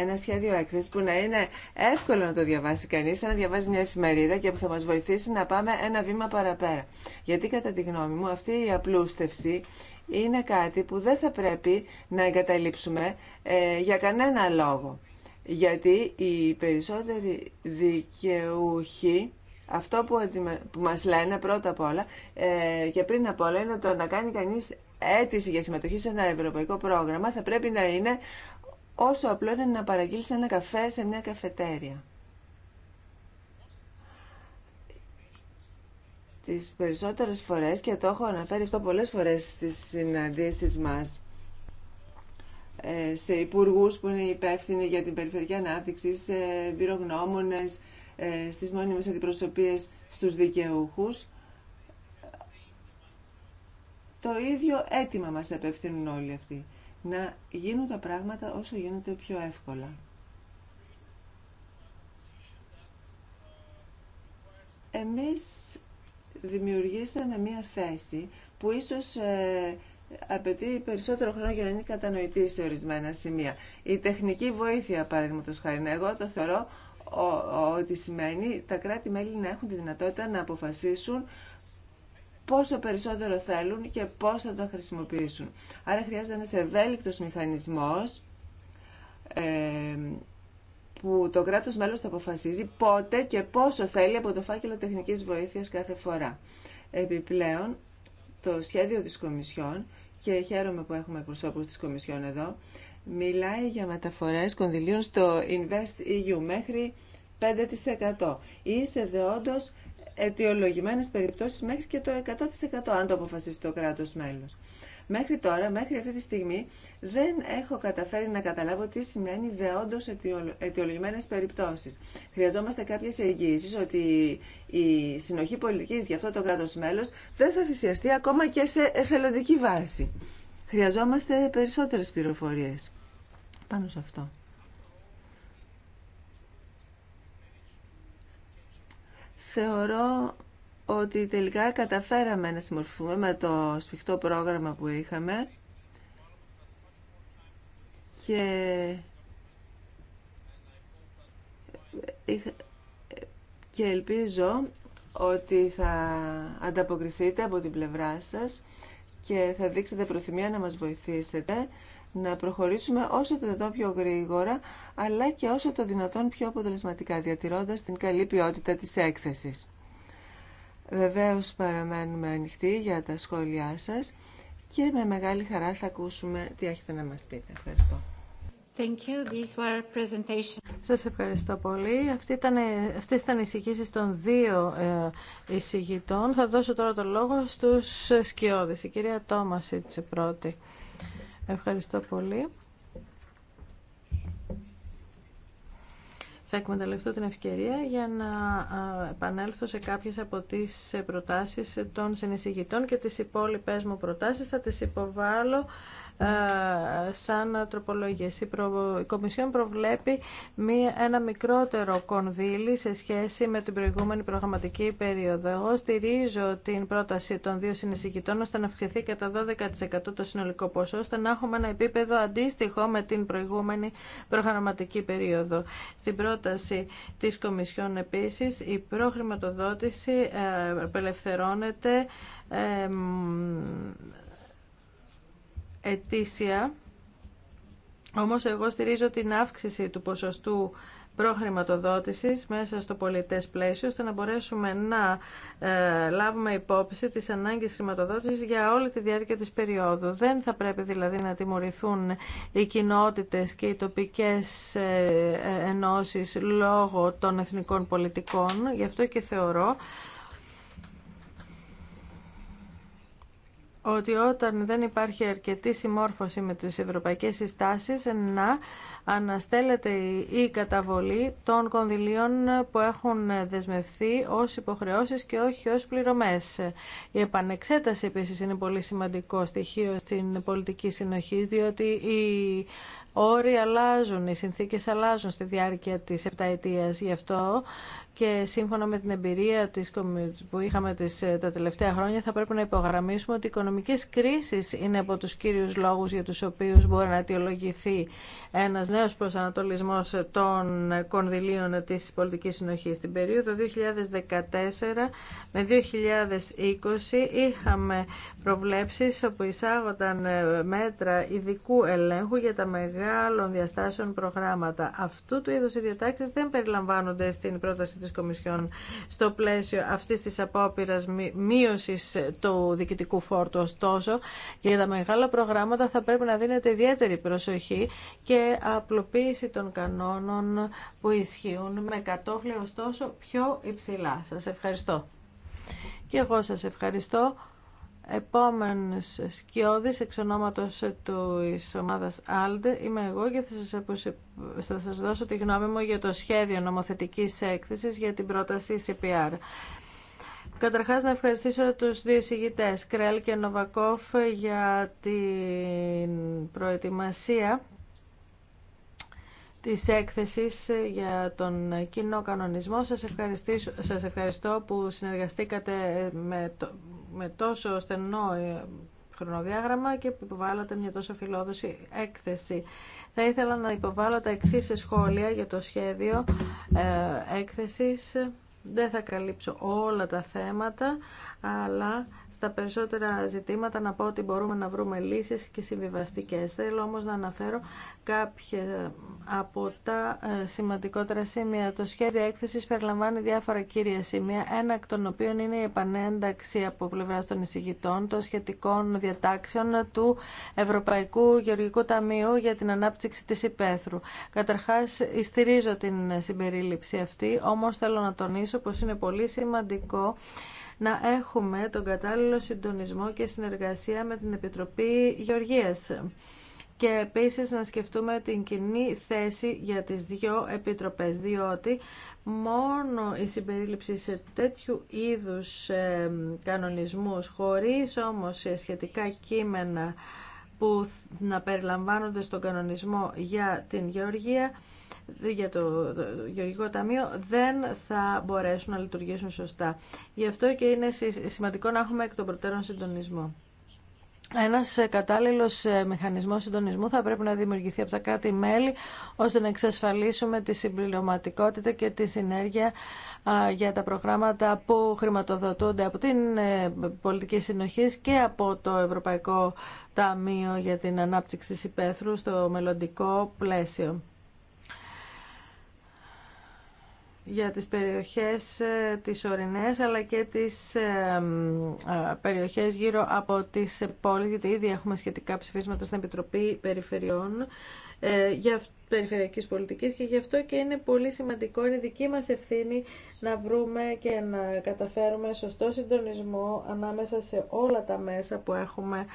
[SPEAKER 3] ένα σχέδιο έκθεση που να είναι εύκολο να το διαβάσει κανείς, να διαβάζει μια εφημερίδα και που θα μας βοηθήσει να πάμε ένα βήμα παραπέρα. Γιατί κατά τη γνώμη μου αυτή η απλούστευση είναι κάτι που δεν θα πρέπει να εγκαταλείψουμε ε, για κανένα λόγο. Γιατί οι περισσότεροι δικαιούχοι αυτό που, που μας λένε πρώτα απ' όλα ε, και πριν απ' όλα είναι το να κάνει κανείς αίτηση για συμμετοχή σε ένα ευρωπαϊκό πρόγραμμα θα πρέπει να είναι όσο απλό είναι να παραγγείλεις ένα καφέ σε μια καφετέρια. Τις περισσότερες φορές, και το έχω αναφέρει αυτό πολλές φορές στις συναντήσεις μας, ε, σε υπουργού που είναι υπεύθυνοι για την περιφερειακή ανάπτυξη, σε πυρογνώμονες, ε, στις μόνιμες αντιπροσωπίες στους δικαιούχους, το ίδιο αίτημα μας απευθύνουν όλοι αυτοί. Να γίνουν τα πράγματα όσο γίνεται πιο εύκολα. Εμείς δημιουργήσαμε μία θέση που ίσως ε, απαιτεί περισσότερο χρόνο για να είναι κατανοητή σε ορισμένα σημεία. Η τεχνική βοήθεια, παραδείγματο χάρη, ναι, εγώ το θεωρώ ότι σημαίνει τα κράτη-μέλη να έχουν τη δυνατότητα να αποφασίσουν πόσο περισσότερο θέλουν και πώς θα το χρησιμοποιήσουν. Άρα χρειάζεται ένας ευέλικτος μηχανισμός ε, που το κράτος μέλος θα αποφασίζει πότε και πόσο θέλει από το φάκελο τεχνικής βοήθειας κάθε φορά. Επιπλέον, το σχέδιο της Κομισιόν, και χαίρομαι που έχουμε εκπροσώπους της Κομισιόν εδώ, μιλάει για μεταφορές κονδυλίων στο Invest EU μέχρι 5% ή αιτιολογημένες περιπτώσεις μέχρι και το 100% αν το αποφασίσει το κράτος μέλος. Μέχρι τώρα, μέχρι αυτή τη στιγμή, δεν έχω καταφέρει να καταλάβω τι σημαίνει δεόντω αιτιολογημένε περιπτώσει. Χρειαζόμαστε κάποιε εγγύησει ότι η συνοχή πολιτική για αυτό το κράτο μέλο δεν θα θυσιαστεί ακόμα και σε εθελοντική βάση. Χρειαζόμαστε περισσότερες πληροφορίες πάνω σε αυτό. Θεωρώ ότι τελικά καταφέραμε να συμμορφούμε με το σφιχτό πρόγραμμα που είχαμε και και ελπίζω ότι θα ανταποκριθείτε από την πλευρά σας και θα δείξετε προθυμία να μας βοηθήσετε να προχωρήσουμε όσο το δυνατόν πιο γρήγορα, αλλά και όσο το δυνατόν πιο αποτελεσματικά, διατηρώντας την καλή ποιότητα της έκθεσης. Βεβαίως παραμένουμε ανοιχτοί για τα σχόλιά σας και με μεγάλη χαρά θα ακούσουμε τι έχετε να μας πείτε. Ευχαριστώ. Thank you. These
[SPEAKER 1] were
[SPEAKER 3] Σας ευχαριστώ πολύ. Αυτή
[SPEAKER 1] ήταν, αυτές ήταν οι εισηγήσεις των δύο ε, εισηγητών. Θα δώσω τώρα το λόγο στους σκιώδες. Η κυρία Τόμας, πρώτη. Ευχαριστώ πολύ. Θα εκμεταλλευτώ την ευκαιρία για να επανέλθω σε κάποιες από τις προτάσεις των συνεισηγητών και τις υπόλοιπες μου προτάσεις θα τις υποβάλω ε, σαν τροπολογίε. Η, προ... Κομισιόν προβλέπει μία... ένα μικρότερο κονδύλι σε σχέση με την προηγούμενη προγραμματική περίοδο. Εγώ στηρίζω την πρόταση των δύο συνεισηγητών ώστε να αυξηθεί κατά 12% το συνολικό ποσό, ώστε να έχουμε ένα επίπεδο αντίστοιχο με την προηγούμενη προγραμματική περίοδο. Στην πρόταση τη Κομισιόν επίση, η προχρηματοδότηση ε, απελευθερώνεται ε, ετήσια. Όμως εγώ στηρίζω την αύξηση του ποσοστού προχρηματοδότησης μέσα στο πολιτές πλαίσιο, ώστε να μπορέσουμε να ε, λάβουμε υπόψη τις ανάγκες χρηματοδότησης για όλη τη διάρκεια της περίοδου. Δεν θα πρέπει δηλαδή να τιμωρηθούν οι κοινότητες και οι τοπικές ε, ε, ενώσεις λόγω των εθνικών πολιτικών. Γι' αυτό και θεωρώ ότι όταν δεν υπάρχει αρκετή συμμόρφωση με τις ευρωπαϊκές συστάσεις να αναστέλλεται η καταβολή των κονδυλίων που έχουν δεσμευθεί ως υποχρεώσεις και όχι ως πληρωμές. Η επανεξέταση επίσης είναι πολύ σημαντικό στοιχείο στην πολιτική συνοχή διότι οι όροι αλλάζουν, οι συνθήκες αλλάζουν στη διάρκεια της επταετίας. Γι' αυτό και σύμφωνα με την εμπειρία που είχαμε ε, τα τελευταία χρόνια θα πρέπει να υπογραμμίσουμε ότι οι οικονομικές κρίσεις είναι από τους κύριους λόγους για τους οποίους μπορεί να αιτιολογηθεί ένας νέος προσανατολισμός των κονδυλίων της πολιτικής συνοχής. Στην περίοδο 2014 με 2020 είχαμε προβλέψεις όπου εισάγονταν ε, μέτρα ειδικού ελέγχου για τα μεγάλων διαστάσεων προγράμματα. Αυτού του είδους οι διατάξεις δεν περιλαμβάνονται στην πρόταση της Κομισιόν στο πλαίσιο αυτής της απόπειρας μείωσης του διοικητικού φόρτου. Ωστόσο, για τα μεγάλα προγράμματα θα πρέπει να δίνεται ιδιαίτερη προσοχή και απλοποίηση των κανόνων που ισχύουν με κατόφλια ωστόσο πιο υψηλά. Σας ευχαριστώ. Και εγώ σας ευχαριστώ. Επόμενος σκιώδης εξ ονόματος της ομάδας ALDE είμαι εγώ και θα σας, δώσω τη γνώμη μου για το σχέδιο νομοθετικής έκθεσης για την πρόταση CPR. Καταρχάς να ευχαριστήσω τους δύο συγητές, Κρέλ και Νοβακόφ, για την προετοιμασία της έκθεσης για τον κοινό κανονισμό. Σας, σας ευχαριστώ που συνεργαστήκατε με το, με τόσο στενό ε, χρονοδιάγραμμα και υποβάλλατε μια τόσο φιλόδοση έκθεση. Θα ήθελα να υποβάλω τα εξή σχόλια για το σχέδιο ε, έκθεσης. Δεν θα καλύψω όλα τα θέματα, αλλά στα περισσότερα ζητήματα να πω ότι μπορούμε να βρούμε λύσεις και συμβιβαστικές. Θέλω όμως να αναφέρω κάποια από τα ε, σημαντικότερα σημεία. Το σχέδιο έκθεσης περιλαμβάνει διάφορα κύρια σημεία, ένα εκ των οποίων είναι η επανένταξη από πλευρά των εισηγητών των σχετικών διατάξεων του Ευρωπαϊκού Γεωργικού Ταμείου για την ανάπτυξη της Υπέθρου. Καταρχάς, στηρίζω την συμπερίληψη αυτή, όμως θέλω να τονίσω πως είναι πολύ σημαντικό να έχουμε τον κατάλληλο συντονισμό και συνεργασία με την Επιτροπή Γεωργίας. Και επίσης να σκεφτούμε την κοινή θέση για τις δύο επιτροπές, διότι μόνο η συμπερίληψη σε τέτοιου είδους ε, κανονισμούς, χωρίς όμως σχετικά κείμενα που να περιλαμβάνονται στον κανονισμό για την γεωργία, για το Γεωργικό Ταμείο δεν θα μπορέσουν να λειτουργήσουν σωστά. Γι' αυτό και είναι σημαντικό να έχουμε εκ των προτέρων συντονισμό. Ένα ε, κατάλληλο ε, μηχανισμό συντονισμού θα πρέπει να δημιουργηθεί από τα κράτη-μέλη ώστε να εξασφαλίσουμε τη συμπληρωματικότητα και τη συνέργεια για τα προγράμματα που χρηματοδοτούνται από την ε, πολιτική συνοχή και από το Ευρωπαϊκό Ταμείο για την Ανάπτυξη της Υπέθρου στο μελλοντικό πλαίσιο. για τις περιοχές ε, τις ορεινές αλλά και τις ε, ε, περιοχές γύρω από τις πόλεις γιατί ήδη έχουμε σχετικά ψηφίσματα στην Επιτροπή Περιφερειών για περιφερειακής πολιτικής και γι' αυτό και είναι πολύ σημαντικό, είναι δική μας ευθύνη να βρούμε και να καταφέρουμε σωστό συντονισμό ανάμεσα σε όλα τα μέσα που έχουμε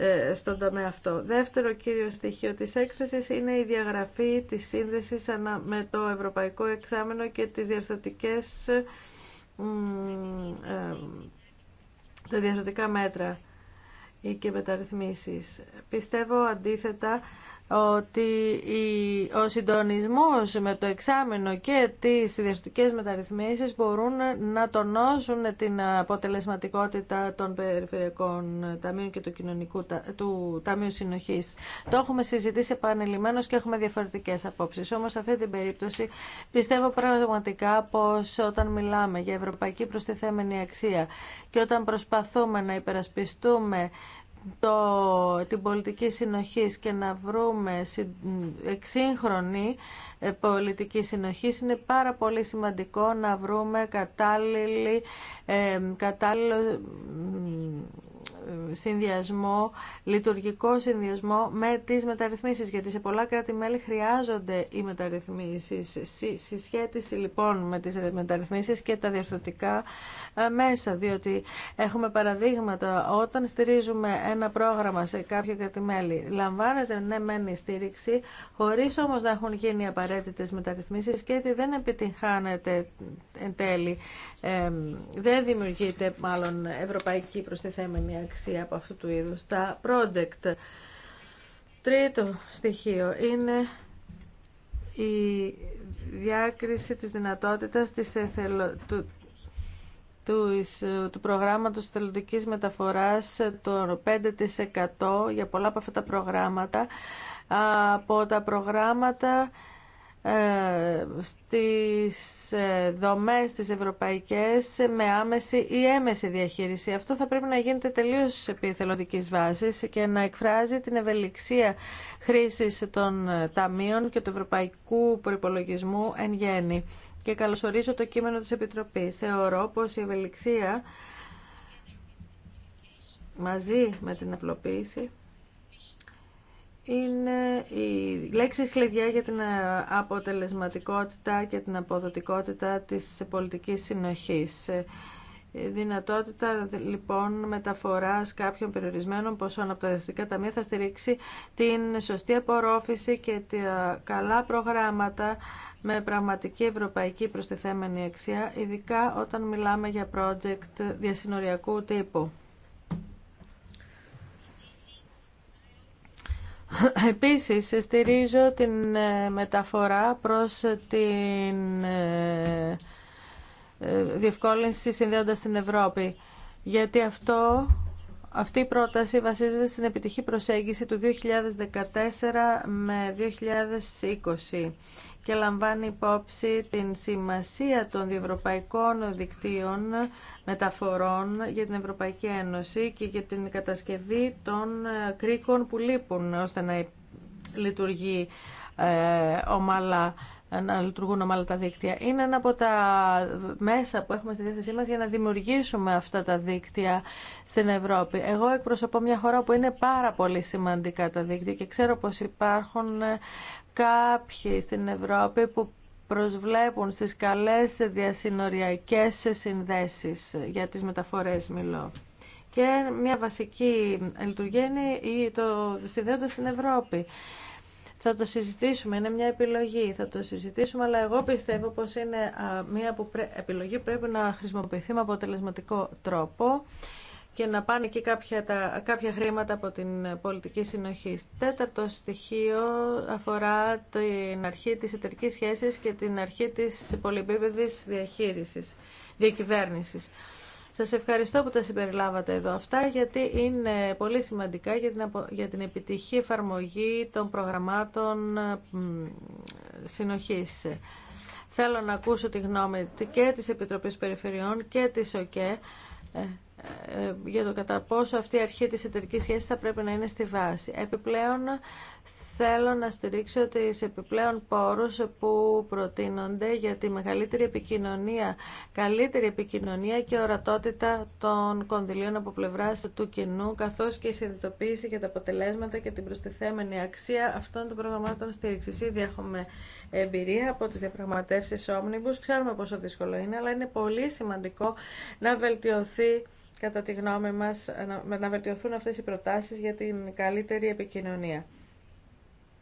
[SPEAKER 1] ε, στον τομέα αυτό. Δεύτερο κύριο στοιχείο της έκθεσης είναι η διαγραφή της σύνδεσης με το Ευρωπαϊκό Εξάμενο και τις διαρθωτικές ε, τα διαρθωτικά μέτρα και μεταρρυθμίσεις. Πιστεύω αντίθετα ότι ο συντονισμός με το εξάμεινο και τις ιδιωτικές μεταρρυθμίσεις μπορούν να τονώσουν την αποτελεσματικότητα των περιφερειακών ταμείων και του κοινωνικού του Ταμείου Συνοχής. Το έχουμε συζητήσει επανειλημμένως και έχουμε διαφορετικές απόψεις. Όμως σε αυτή την περίπτωση πιστεύω πραγματικά πως όταν μιλάμε για ευρωπαϊκή προστιθέμενη αξία και όταν προσπαθούμε να υπερασπιστούμε το, την πολιτική συνοχή και να βρούμε εξύγχρονη ε, πολιτική συνοχή είναι πάρα πολύ σημαντικό να βρούμε κατάλληλη, ε, κατάλληλο συνδυασμό, λειτουργικό συνδυασμό με τις μεταρρυθμίσεις, γιατί σε πολλά κράτη-μέλη χρειάζονται οι μεταρρυθμίσεις. Συσχέτιση λοιπόν με τις μεταρρυθμίσεις και τα διορθωτικά ε, μέσα, διότι έχουμε παραδείγματα όταν στηρίζουμε ένα πρόγραμμα σε κάποια κράτη-μέλη, λαμβάνεται ναι μεν η στήριξη, χωρίς όμως να έχουν γίνει απαραίτητε μεταρρυθμίσεις και ότι δεν επιτυγχάνεται εν τέλει, ε, δεν δημιουργείται μάλλον ευρωπαϊκή προστιθέμενη αξία από αυτού του είδους τα project. Τρίτο στοιχείο είναι η διάκριση της δυνατότητας του... Του... του προγράμματος θελοντικής μεταφοράς το 5% για πολλά από αυτά τα προγράμματα από τα προγράμματα ε, στις ε, δομές της ευρωπαϊκές με άμεση ή έμεση διαχείριση. Αυτό θα πρέπει να γίνεται τελείως επί θελοντικής βάσης και να εκφράζει την ευελιξία χρήσης των ε, ταμείων και του ευρωπαϊκού προϋπολογισμού εν γέννη. Και καλωσορίζω το κείμενο της Επιτροπής. Θεωρώ πως η ευελιξία μαζί με την απλοποίηση είναι η λέξη κλειδιά για την ε, αποτελεσματικότητα και την αποδοτικότητα της πολιτικής συνοχής. Ε, δυνατότητα λοιπόν μεταφοράς κάποιων περιορισμένων ποσών από τα δευτικά ταμεία θα στηρίξει την σωστή απορρόφηση και τα καλά προγράμματα με πραγματική ευρωπαϊκή προστιθέμενη αξία, ειδικά όταν μιλάμε για project διασυνοριακού τύπου. Επίσης, στηρίζω την ε, μεταφορά προς την ε, ε, διευκόλυνση συνδέοντας την Ευρώπη. Γιατί αυτό, αυτή η πρόταση βασίζεται στην επιτυχή προσέγγιση του 2014 με 2020 και λαμβάνει υπόψη την σημασία των διευρωπαϊκών δικτύων μεταφορών για την Ευρωπαϊκή Ένωση και για την κατασκευή των ε, κρίκων που λείπουν ώστε να λειτουργεί ε, ομαλά να λειτουργούν ομάλα τα δίκτυα. Είναι ένα από τα μέσα που έχουμε στη διάθεσή μας για να δημιουργήσουμε αυτά τα δίκτυα στην Ευρώπη. Εγώ εκπροσωπώ μια χώρα που είναι πάρα πολύ σημαντικά τα δίκτυα και ξέρω πως υπάρχουν ε, κάποιοι στην Ευρώπη που προσβλέπουν στις καλές διασυνοριακές συνδέσεις για τις μεταφορές μιλώ. Και μια βασική λειτουργία είναι το συνδέοντα στην Ευρώπη. Θα το συζητήσουμε, είναι μια επιλογή, θα το συζητήσουμε, αλλά εγώ πιστεύω πως είναι μια που πρέπει να χρησιμοποιηθεί με αποτελεσματικό τρόπο και να πάνε και κάποια, τα, κάποια χρήματα από την πολιτική συνοχή. Τέταρτο στοιχείο αφορά την αρχή της εταιρικής σχέσης και την αρχή της πολυεπίπεδης διαχείρισης, διακυβέρνησης. Σας ευχαριστώ που τα συμπεριλάβατε εδώ αυτά, γιατί είναι πολύ σημαντικά για την, για την επιτυχή εφαρμογή των προγραμμάτων συνοχής. Θέλω να ακούσω τη γνώμη και της Επιτροπής Περιφερειών και της ΟΚΕ ε, ε, για το κατά πόσο αυτή η αρχή της εταιρικής σχέσης θα πρέπει να είναι στη βάση. Επιπλέον, θέλω να στηρίξω τις επιπλέον πόρους που προτείνονται για τη μεγαλύτερη επικοινωνία, καλύτερη επικοινωνία και ορατότητα των κονδυλίων από πλευράς του κοινού, καθώς και η συνειδητοποίηση για τα αποτελέσματα και την προστιθέμενη αξία αυτών των προγραμμάτων στήριξης. Ήδη έχουμε εμπειρία από τις διαπραγματεύσεις όμνιμπους. Ξέρουμε πόσο δύσκολο είναι, αλλά είναι πολύ σημαντικό να βελτιωθεί κατά τη γνώμη μας, να βελτιωθούν αυτές οι προτάσεις για την καλύτερη επικοινωνία.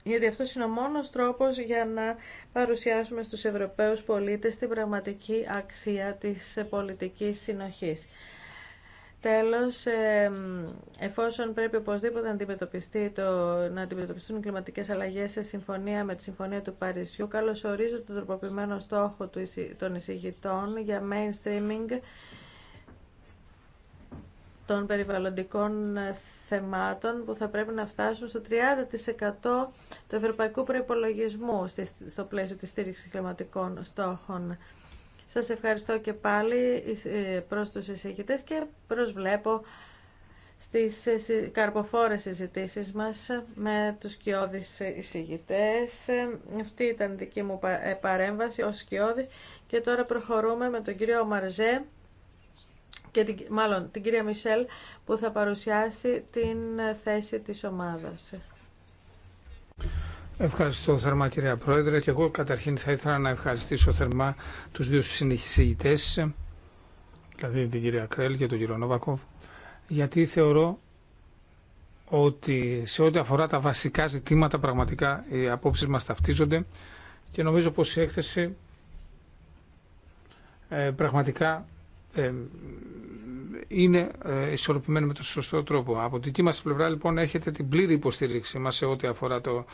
[SPEAKER 1] Γιατί αυτό είναι ο μόνος τρόπος για να παρουσιάσουμε στους Ευρωπαίους πολίτες την πραγματική αξία της πολιτικής συνοχής. Τέλος, ε, εφόσον πρέπει οπωσδήποτε να, αντιμετωπιστεί το, να αντιμετωπιστούν οι κλιματικές αλλαγές σε συμφωνία με τη Συμφωνία του Παρισιού, ορίζω τον τροποποιημένο στόχο των εισηγητών για mainstreaming των περιβαλλοντικών ε, θεμάτων που θα πρέπει να φτάσουν στο 30% του ευρωπαϊκού προϋπολογισμού στο πλαίσιο της στήριξης κλιματικών στόχων. Σας ευχαριστώ και πάλι ε, προς τους εισηγητές και προσβλέπω στις ε, καρποφόρες συζητήσει μας με τους σκιώδεις εισηγητές. Αυτή ήταν η δική μου ε, παρέμβαση ως σκιώδης και τώρα προχωρούμε με τον κύριο Μαρζέ και μάλλον την κυρία Μισελ που θα παρουσιάσει την θέση της ομάδας.
[SPEAKER 2] Ευχαριστώ θερμά κυρία Πρόεδρε και εγώ καταρχήν θα ήθελα να ευχαριστήσω θερμά τους δύο συνεχιστητές δηλαδή την κυρία Κρέλ και τον κύριο Νόβακο γιατί θεωρώ ότι σε ό,τι αφορά τα βασικά ζητήματα πραγματικά οι απόψεις μας ταυτίζονται και νομίζω πως η έκθεση ε, πραγματικά ε, είναι ε, ισορροπημένη με τον σωστό τρόπο. Από τη δική μας πλευρά λοιπόν έχετε την πλήρη υποστήριξη μας σε ό,τι αφορά το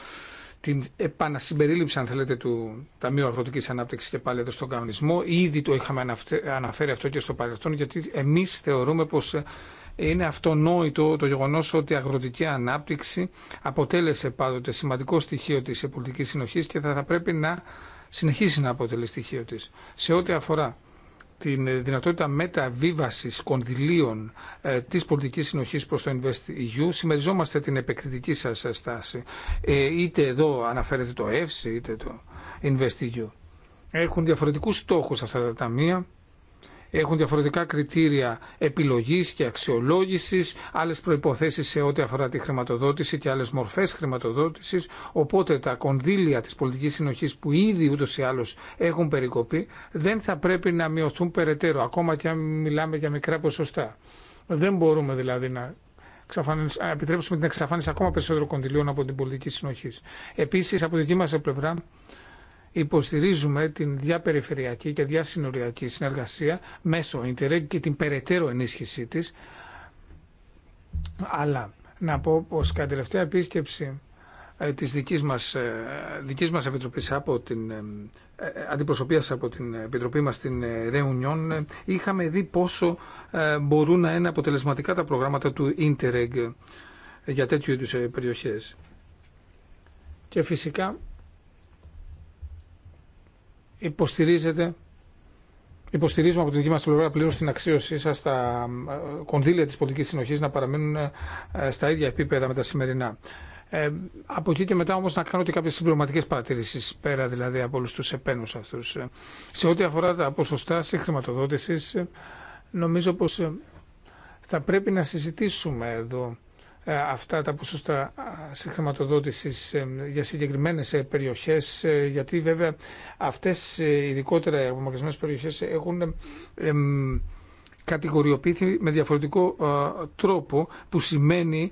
[SPEAKER 2] την επανασυμπερίληψη, αν θέλετε, του Ταμείου Αγροτική Ανάπτυξη και πάλι εδώ στον κανονισμό. Ήδη το είχαμε αναφέρει αυτό και στο παρελθόν, γιατί εμεί θεωρούμε πω ε, είναι αυτονόητο το γεγονό ότι η αγροτική ανάπτυξη αποτέλεσε πάντοτε σημαντικό στοιχείο τη ε, πολιτική συνοχή και θα, θα πρέπει να συνεχίσει να αποτελεί στοιχείο τη. Σε ό,τι αφορά την δυνατότητα μεταβίβασης κονδυλίων ε, της πολιτικής συνοχής προς το InvestEU. Συμμεριζόμαστε την επεκριτική σας ε, στάση. Ε, είτε εδώ αναφέρεται το EFSI, είτε το InvestEU. Έχουν διαφορετικούς στόχους αυτά τα ταμεία έχουν διαφορετικά κριτήρια επιλογής και αξιολόγησης, άλλες προϋποθέσεις σε ό,τι αφορά τη χρηματοδότηση και άλλες μορφές χρηματοδότησης, οπότε τα κονδύλια της πολιτικής συνοχής που ήδη ούτως ή άλλως έχουν περικοπεί δεν θα πρέπει να μειωθούν περαιτέρω, ακόμα και αν μιλάμε για μικρά ποσοστά. Δεν μπορούμε δηλαδή να επιτρέψουμε την εξαφάνιση ακόμα περισσότερων κονδυλίων από την πολιτική συνοχή. Επίση, από τη δική μα πλευρά, υποστηρίζουμε την διαπεριφερειακή και διασυνοριακή συνεργασία μέσω Interreg και την περαιτέρω ενίσχυσή της. Αλλά να πω πως κατά τελευταία επίσκεψη ε, της δικής μας, ε, δικής μας επιτροπής από την ε, αντιπροσωπείας από την Επιτροπή μας στην Ρεουνιόν είχαμε δει πόσο μπορούν να είναι αποτελεσματικά τα προγράμματα του Interreg για τέτοιου είδους περιοχές. Και φυσικά υποστηρίζετε Υποστηρίζουμε από τη δική μα πλευρά πλήρω την αξίωσή σα στα ε, κονδύλια τη πολιτική συνοχή να παραμείνουν ε, στα ίδια επίπεδα με τα σημερινά. Ε, από εκεί και μετά όμω να κάνω και κάποιε συμπληρωματικέ παρατηρήσει πέρα δηλαδή από όλου του επένου αυτού. Ε, σε ό,τι αφορά τα ποσοστά χρηματοδότηση, νομίζω πω θα πρέπει να συζητήσουμε εδώ ε, αυτά τα ποσοστά συγχρηματοδότησης ε, για συγκεκριμένε ε, περιοχές γιατί βέβαια αυτές ειδικότερα οι απομακρυσμένε περιοχέ έχουν κατηγοριοποιηθεί με διαφορετικό τρόπο που σημαίνει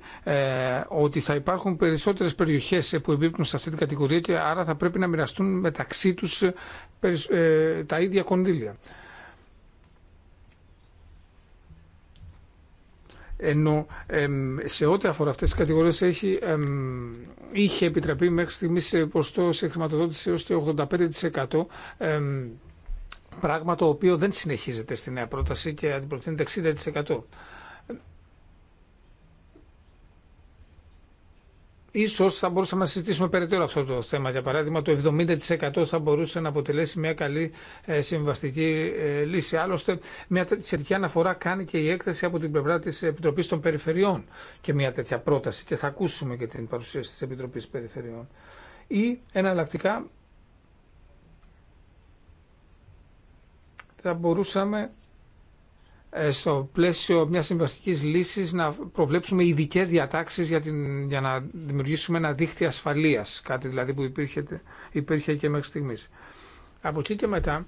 [SPEAKER 2] ότι θα υπάρχουν περισσότερες περιοχές που εμπίπτουν σε αυτή την κατηγορία και άρα θα πρέπει να μοιραστούν μεταξύ τους τα ίδια κονδύλια. Ενώ σε ό,τι αφορά αυτές τις κατηγορίες έχει, είχε επιτραπεί μέχρι στιγμής σε ποστό σε χρηματοδότηση έως το 85% πράγμα το οποίο δεν συνεχίζεται στη νέα πρόταση και αντιπροτείνεται 60%. Ίσως θα μπορούσαμε να συζητήσουμε περαιτέρω αυτό το θέμα. Για παράδειγμα, το 70% θα μπορούσε να αποτελέσει μια καλή ε, συμβαστική ε, λύση. Άλλωστε, μια τέτοια αναφορά κάνει και η έκθεση από την πλευρά τη Επιτροπής των Περιφερειών και μια τέτοια πρόταση και θα ακούσουμε και την παρουσίαση τη επιτροπή Περιφερειών. Ή εναλλακτικά θα μπορούσαμε ε, στο πλαίσιο μιας συμβαστική λύσης να προβλέψουμε ειδικέ διατάξει για, να δημιουργήσουμε ένα δίχτυ ασφαλείας, κάτι δηλαδή που υπήρχε, υπήρχε και μέχρι στιγμή. Από εκεί και μετά,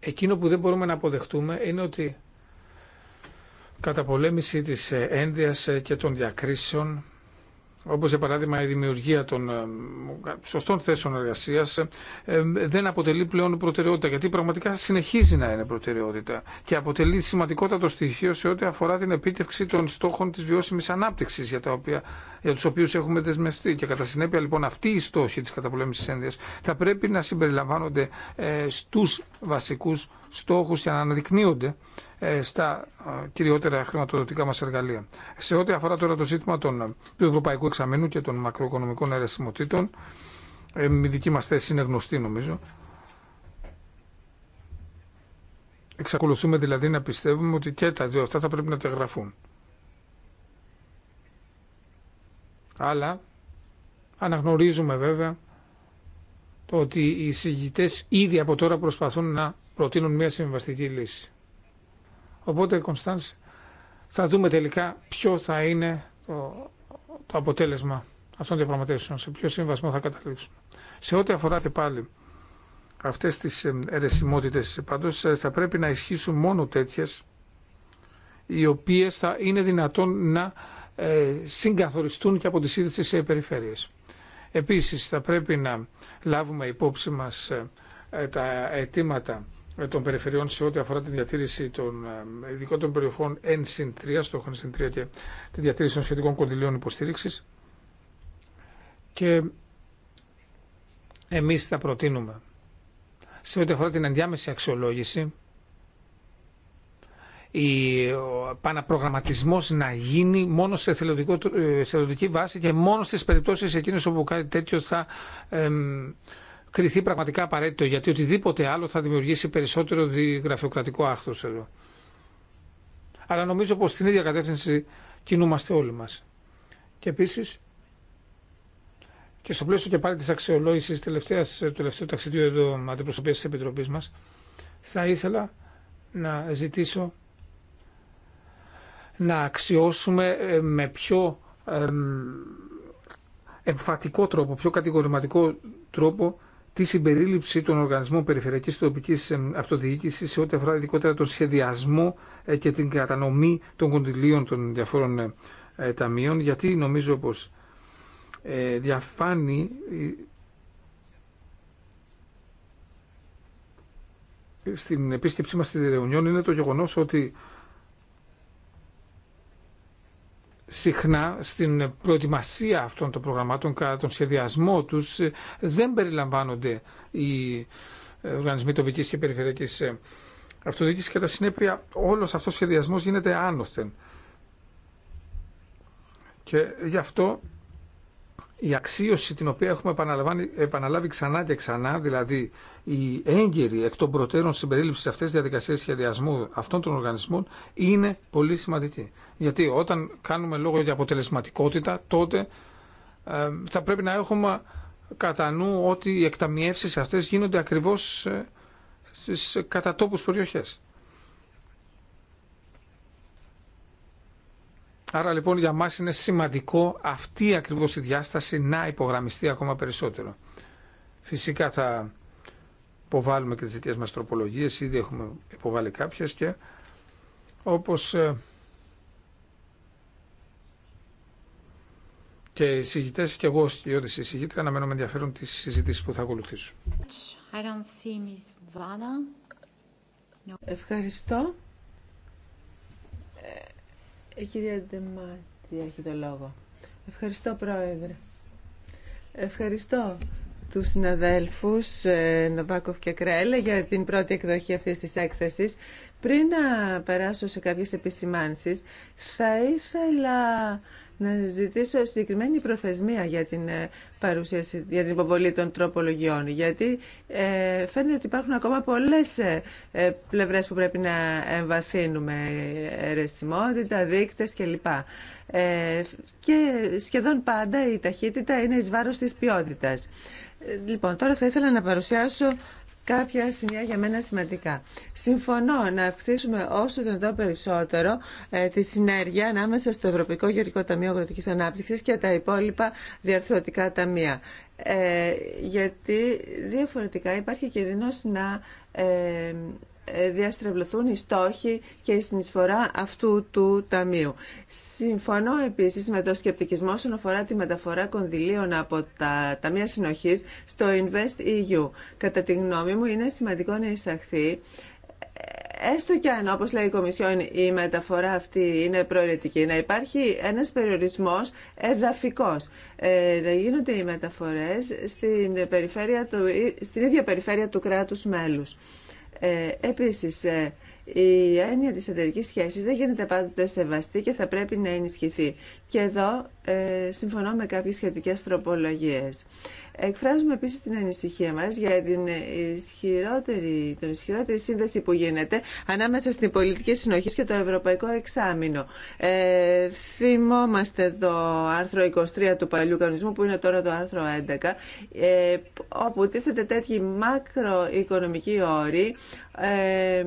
[SPEAKER 2] εκείνο που δεν μπορούμε να αποδεχτούμε είναι ότι πολέμηση της ένδυας και των διακρίσεων όπως για παράδειγμα η δημιουργία των ε, σωστών θέσεων εργασίας ε, δεν αποτελεί πλέον προτεραιότητα γιατί πραγματικά συνεχίζει να είναι προτεραιότητα και αποτελεί σημαντικότατο στοιχείο σε ό,τι αφορά την επίτευξη των στόχων της βιώσιμης ανάπτυξης για, τα οποία, για τους οποίους έχουμε δεσμευτεί και κατά συνέπεια λοιπόν αυτοί οι στόχοι της καταπολέμησης ένδυας θα πρέπει να συμπεριλαμβάνονται ε, στους βασικούς στόχους και να αναδεικνύονται ε, στα ε, κυριότερα χρηματοδοτικά μα εργαλεία. Σε ό,τι αφορά τώρα το ζήτημα του Ευρωπαϊκού Εξαμενού και των μακροοικονομικών αιρεσιμοτήτων, ε, η δική μας θέση είναι γνωστή νομίζω. Εξακολουθούμε δηλαδή να πιστεύουμε ότι και τα δύο αυτά θα πρέπει να τεγραφούν. Αλλά αναγνωρίζουμε βέβαια το ότι οι συγητές ήδη από τώρα προσπαθούν να προτείνουν μια συμβαστική λύση. Οπότε, Κωνσταντς, θα δούμε τελικά ποιο θα είναι το, το αποτέλεσμα αυτών των διαπραγματεύσεων, σε ποιο συμβασμό θα καταλήξουν. Σε ό,τι αφορά και πάλι αυτές τις ερεσιμότητες, πάντως ε, θα πρέπει να ισχύσουν μόνο τέτοιες οι οποίες θα είναι δυνατόν να ε, συγκαθοριστούν και από τις ίδιες τις ε, περιφέρειες. Επίσης θα πρέπει να λάβουμε υπόψη μας τα αιτήματα ε, των περιφερειών σε ό,τι αφορά τη διατήρηση των ε, ειδικών των περιοχών N3, στόχων N3 και τη διατήρηση των σχετικών κονδυλίων υποστήριξη. Και εμεί θα προτείνουμε σε ό,τι αφορά την ενδιάμεση αξιολόγηση η, ο παναπρογραμματισμός να γίνει μόνο σε, ε, θελοντική βάση και μόνο στις περιπτώσεις εκείνες όπου κάτι τέτοιο θα κριθεί πραγματικά απαραίτητο γιατί οτιδήποτε άλλο θα δημιουργήσει περισσότερο γραφειοκρατικό άχθος εδώ. Αλλά νομίζω πως στην ίδια κατεύθυνση κινούμαστε όλοι μας. Και επίσης και στο πλαίσιο και πάλι της αξιολόγησης ε, του τελευταίου ταξιδιού εδώ αντιπροσωπείας της Επιτροπής μας θα ήθελα να ζητήσω να αξιώσουμε ε, με πιο εμφατικό τρόπο, πιο κατηγορηματικό τρόπο τη συμπερίληψη των οργανισμών περιφερειακής τοπική αυτοδιοίκηση σε ό,τι αφορά ειδικότερα τον σχεδιασμό ε, και την κατανομή των κοντιλίων των διαφόρων ε, ε, ταμείων, γιατί νομίζω πως διαφάνει στην επίσκεψή μας στη Ρεουνιόν είναι το γεγονός ότι συχνά στην προετοιμασία αυτών των προγραμμάτων κατά τον σχεδιασμό τους δεν περιλαμβάνονται οι οργανισμοί τοπικής και περιφερειακής αυτοδιοίκησης και τα συνέπεια όλος αυτός ο σχεδιασμός γίνεται άνωθεν. Και γι' αυτό η αξίωση την οποία έχουμε επαναλάβει ξανά και ξανά, δηλαδή η έγκαιρη εκ των προτέρων συμπερίληψη σε αυτές διαδικασίες σχεδιασμού αυτών των οργανισμών είναι πολύ σημαντική. Γιατί όταν κάνουμε λόγο για αποτελεσματικότητα, τότε ε, θα πρέπει να έχουμε κατά νου ότι οι εκταμιεύσεις αυτές γίνονται ακριβώς ε, στις κατατόπους περιοχές. Άρα λοιπόν για μας είναι σημαντικό αυτή ακριβώς η διάσταση να υπογραμμιστεί ακόμα περισσότερο. Φυσικά θα υποβάλουμε και τις δικές μας τροπολογίες, ήδη έχουμε υποβάλει κάποιες και όπως ε, και οι συγητές και εγώ στη Ιώδη συγγήτρια αναμένω με ενδιαφέρον τις συζητήσεις που θα ακολουθήσουν.
[SPEAKER 3] Ευχαριστώ. Ε, η ε, κυρία Ντεμάτη έχει το λόγο. Ευχαριστώ, Πρόεδρε. Ευχαριστώ τους συναδέλφους ε, Νοβάκοφ και κρέλε για την πρώτη εκδοχή αυτής της έκθεσης. Πριν να περάσω σε κάποιες επισημάνσεις, θα ήθελα να ζητήσω συγκεκριμένη προθεσμία για την, ε, παρουσίαση, για την υποβολή των τροπολογιών, γιατί ε, φαίνεται ότι υπάρχουν ακόμα πολλές ε, ε πλευρές που πρέπει να εμβαθύνουμε, ερεσιμότητα, δείκτες κλπ. Ε, και σχεδόν πάντα η ταχύτητα είναι εις βάρος της ποιότητας. Λοιπόν, τώρα θα ήθελα να παρουσιάσω κάποια σημεία για μένα σημαντικά. Συμφωνώ να αυξήσουμε όσο το περισσότερο ε, τη συνέργεια ανάμεσα στο Ευρωπαϊκό Γεωργικό Ταμείο Αγροτικής Ανάπτυξης και τα υπόλοιπα διαρθρωτικά ταμεία. Ε, γιατί διαφορετικά υπάρχει κινδύνος να ε, διαστρεβλωθούν οι στόχοι και η συνεισφορά αυτού του ταμείου. Συμφωνώ επίση με το σκεπτικισμό όσον αφορά τη μεταφορά κονδυλίων από τα ταμεία συνοχής στο Invest EU. Κατά τη γνώμη μου είναι σημαντικό να εισαχθεί έστω και αν, όπως λέει η Κομισιόν, η μεταφορά αυτή είναι προαιρετική, να υπάρχει ένας περιορισμός εδαφικός, ε, να γίνονται οι μεταφορές στην, περιφέρεια του, στην ίδια περιφέρεια του κράτους μέλους. Ε, επίσης, ε, η έννοια της εταιρικής σχέσης δεν γίνεται πάντοτε σεβαστή και θα πρέπει να ενισχυθεί. Και εδώ ε, συμφωνώ με κάποιες σχετικές τροπολογίες. Εκφράζουμε επίσης την ανησυχία μας για την ισχυρότερη, την ισχυρότερη σύνδεση που γίνεται ανάμεσα στην πολιτική συνοχή και το ευρωπαϊκό εξάμεινο. Ε, θυμόμαστε το άρθρο 23 του παλιού κανονισμού που είναι τώρα το άρθρο 11 ε, όπου τίθεται τέτοιοι μακροοικονομικοί όροι ε,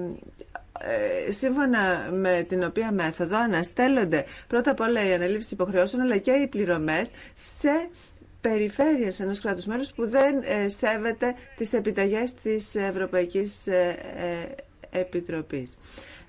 [SPEAKER 3] ε, σύμφωνα με την οποία μέθοδο αναστέλλονται πρώτα απ' όλα οι αναλήψεις υποχρεώσεων αλλά και οι πληρωμές σε περιφέρειες ενός κράτους μέρους που δεν ε, σέβεται τις επιταγές της Ευρωπαϊκής ε, Επιτροπής.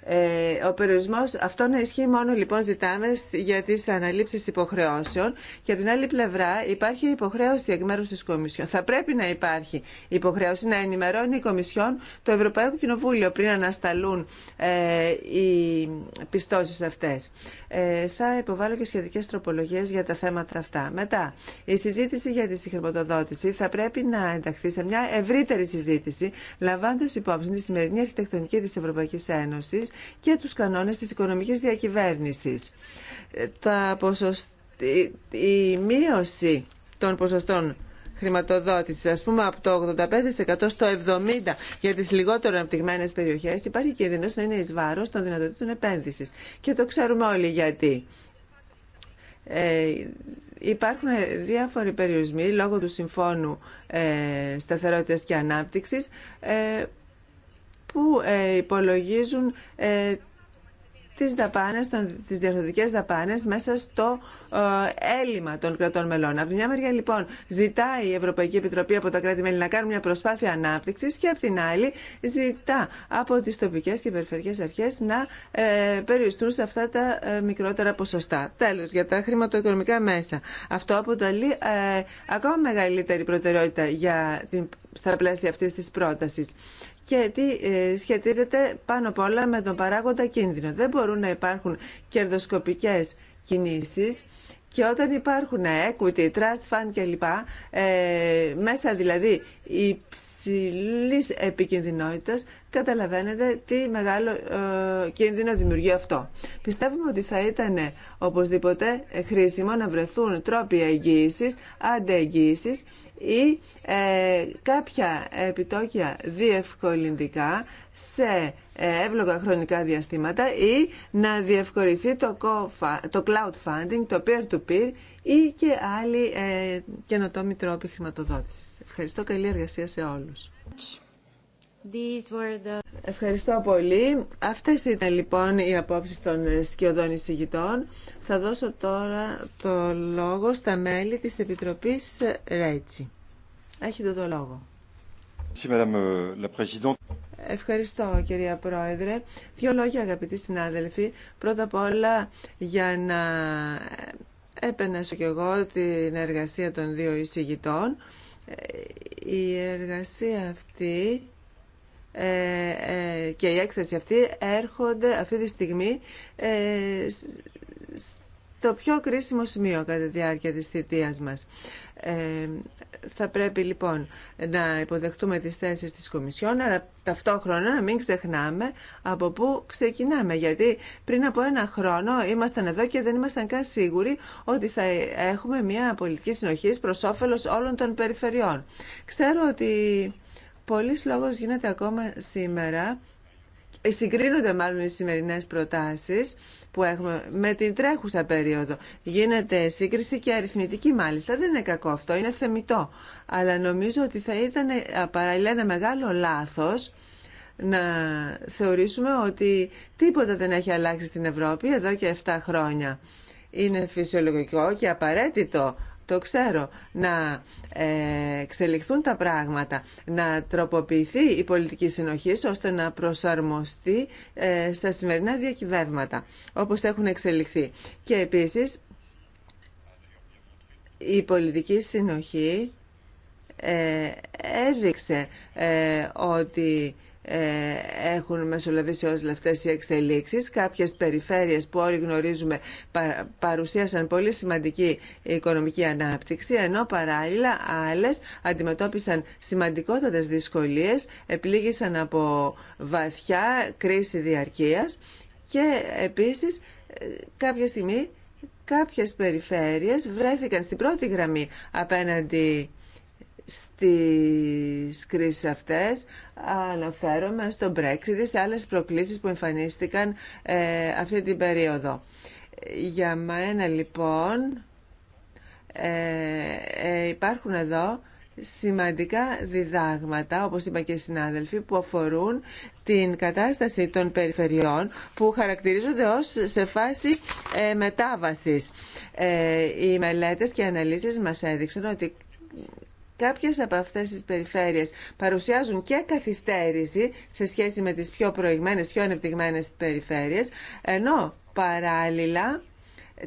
[SPEAKER 3] Ε, ο περιορισμό αυτό να ισχύει μόνο λοιπόν ζητάμε για τι αναλήψεις υποχρεώσεων και από την άλλη πλευρά υπάρχει υποχρέωση εκ μέρου τη Κομισιόν. Θα πρέπει να υπάρχει υποχρέωση να ενημερώνει η Κομισιόν το Ευρωπαϊκό Κοινοβούλιο πριν ανασταλούν ε, οι πιστώσει αυτέ. Ε, θα υποβάλω και σχετικέ τροπολογίε για τα θέματα αυτά. Μετά, η συζήτηση για τη συγχρηματοδότηση θα πρέπει να ενταχθεί σε μια ευρύτερη συζήτηση, λαμβάνοντα υπόψη τη σημερινή αρχιτεκτονική τη Ευρωπαϊκής Ένωσης και τους κανόνες της οικονομικής διακυβέρνησης. Ε, τα η... μείωση των ποσοστών χρηματοδότηση, ας πούμε από το 85% στο 70% για τις λιγότερο αναπτυγμένες περιοχές, υπάρχει κίνδυνος να είναι εις βάρος των δυνατοτήτων επένδυσης. Και το ξέρουμε όλοι γιατί. Ε, υπάρχουν διάφοροι περιορισμοί λόγω του Συμφώνου ε, Σταθερότητας και Ανάπτυξης ε, που ε, υπολογίζουν ε, τις δαπάνες, τις διαρθρωτικές δαπάνες μέσα στο ε, έλλειμμα των κρατών μελών. Από τη μια μεριά λοιπόν ζητάει η Ευρωπαϊκή Επιτροπή από τα κράτη-μέλη να κάνουν μια προσπάθεια ανάπτυξης και από την άλλη ζητά από τις τοπικές και περιφερειακές αρχές να περιοριστούν σε αυτά τα μικρότερα ποσοστά. Τέλος, για τα χρηματοοικονομικά μέσα. Αυτό αποτελεί ακόμα μεγαλύτερη προτεραιότητα για την στα πλαίσια αυτής της πρότασης και τι ε, σχετίζεται πάνω απ' όλα με τον παράγοντα κίνδυνο. Δεν μπορούν να υπάρχουν κερδοσκοπικές κινήσεις και όταν υπάρχουν equity, trust fund κλπ, ε, μέσα δηλαδή υψηλής επικινδυνότητας, καταλαβαίνετε τι μεγάλο ε, κίνδυνο δημιουργεί αυτό. Πιστεύουμε ότι θα ήταν οπωσδήποτε χρήσιμο να βρεθούν τρόποι εγγύησης, αντεγγύησης ή ε, κάποια επιτόκια διευκολυντικά σε ε, εύλογα χρονικά διαστήματα ή να διευκολυνθεί το, το cloud funding, το peer-to-peer -peer to peer η και άλλοι ε, καινοτόμοι τρόποι χρηματοδότησης. Ευχαριστώ. Καλή εργασία σε όλους. Ευχαριστώ πολύ. Αυτές ήταν λοιπόν οι απόψεις των σκιωδών εισηγητών. Θα δώσω τώρα το λόγο στα μέλη της Επιτροπής Ρέτσι. Έχετε το λόγο. Ευχαριστώ κυρία Πρόεδρε. Δύο λόγια αγαπητοί συνάδελφοι. Πρώτα απ' όλα για να έπαινασω κι εγώ την εργασία των δύο εισηγητών. Η εργασία αυτή ε, ε, και η έκθεση αυτή έρχονται αυτή τη στιγμή ε, στο πιο κρίσιμο σημείο κατά τη διάρκεια της θητείας μας. Θα πρέπει λοιπόν να υποδεχτούμε τις θέσεις της Κομισιόν, αλλά ταυτόχρονα να μην ξεχνάμε από πού ξεκινάμε. Γιατί πριν από ένα χρόνο ήμασταν εδώ και δεν ήμασταν καν σίγουροι ότι θα έχουμε μια πολιτική συνοχή προς όφελος όλων των περιφερειών. Ξέρω ότι Πολλοί λόγος γίνεται ακόμα σήμερα ε, συγκρίνονται μάλλον οι σημερινές προτάσεις που έχουμε με την τρέχουσα περίοδο. Γίνεται σύγκριση και αριθμητική μάλιστα. Δεν είναι κακό αυτό, είναι θεμητό. Αλλά νομίζω ότι θα ήταν παράλληλα ένα μεγάλο λάθος να θεωρήσουμε ότι τίποτα δεν έχει αλλάξει στην Ευρώπη εδώ και 7 χρόνια. Είναι φυσιολογικό και απαραίτητο το ξέρω, να ε, εξελιχθούν τα πράγματα, να τροποποιηθεί η πολιτική συνοχή ώστε να προσαρμοστεί ε, στα σημερινά διακυβεύματα, όπως έχουν εξελιχθεί. Και επίσης, η πολιτική συνοχή ε, έδειξε ότι ε, έχουν μεσολαβήσει ω αυτές οι εξελίξει. Κάποιε περιφέρειες που όλοι γνωρίζουμε παρουσίασαν πολύ σημαντική οικονομική ανάπτυξη, ενώ παράλληλα άλλε αντιμετώπισαν σημαντικότατε δυσκολίε, επλήγησαν από βαθιά κρίση διαρκείας και επίσης ε, κάποια στιγμή κάποιες περιφέρειες βρέθηκαν στην πρώτη γραμμή απέναντι στις κρίσεις αυτές αναφέρομαι στο Brexit, σε άλλες προκλήσεις που εμφανίστηκαν ε, αυτή την περίοδο. Για μένα λοιπόν ε, ε υπάρχουν εδώ σημαντικά διδάγματα, όπως είπα και οι συνάδελφοι, που αφορούν την κατάσταση των περιφερειών που χαρακτηρίζονται ως σε φάση ε, μετάβασης. Ε, οι μελέτες και οι αναλύσεις μας έδειξαν ότι Κάποιες από αυτές τις περιφέρειες παρουσιάζουν και καθυστέρηση σε σχέση με τις πιο προηγμένες, πιο ανεπτυγμένες περιφέρειες, ενώ παράλληλα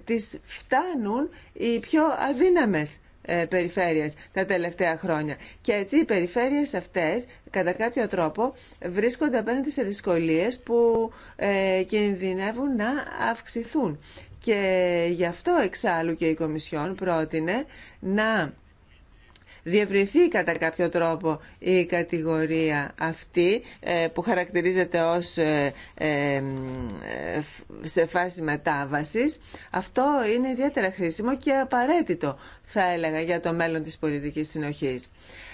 [SPEAKER 3] τις φτάνουν οι πιο αδύναμες ε, περιφέρειες τα τελευταία χρόνια. Και έτσι οι περιφέρειες αυτές κατά κάποιο τρόπο βρίσκονται απέναντι σε δυσκολίες που ε, κινδυνεύουν να αυξηθούν. Και γι' αυτό εξάλλου και η Κομισιόν πρότεινε να διευρυνθεί κατά κάποιο τρόπο η κατηγορία αυτή ε, που χαρακτηρίζεται ως ε, ε, σε φάση μετάβασης. Αυτό είναι ιδιαίτερα χρήσιμο και απαραίτητο θα έλεγα για το μέλλον της πολιτικής συνοχής.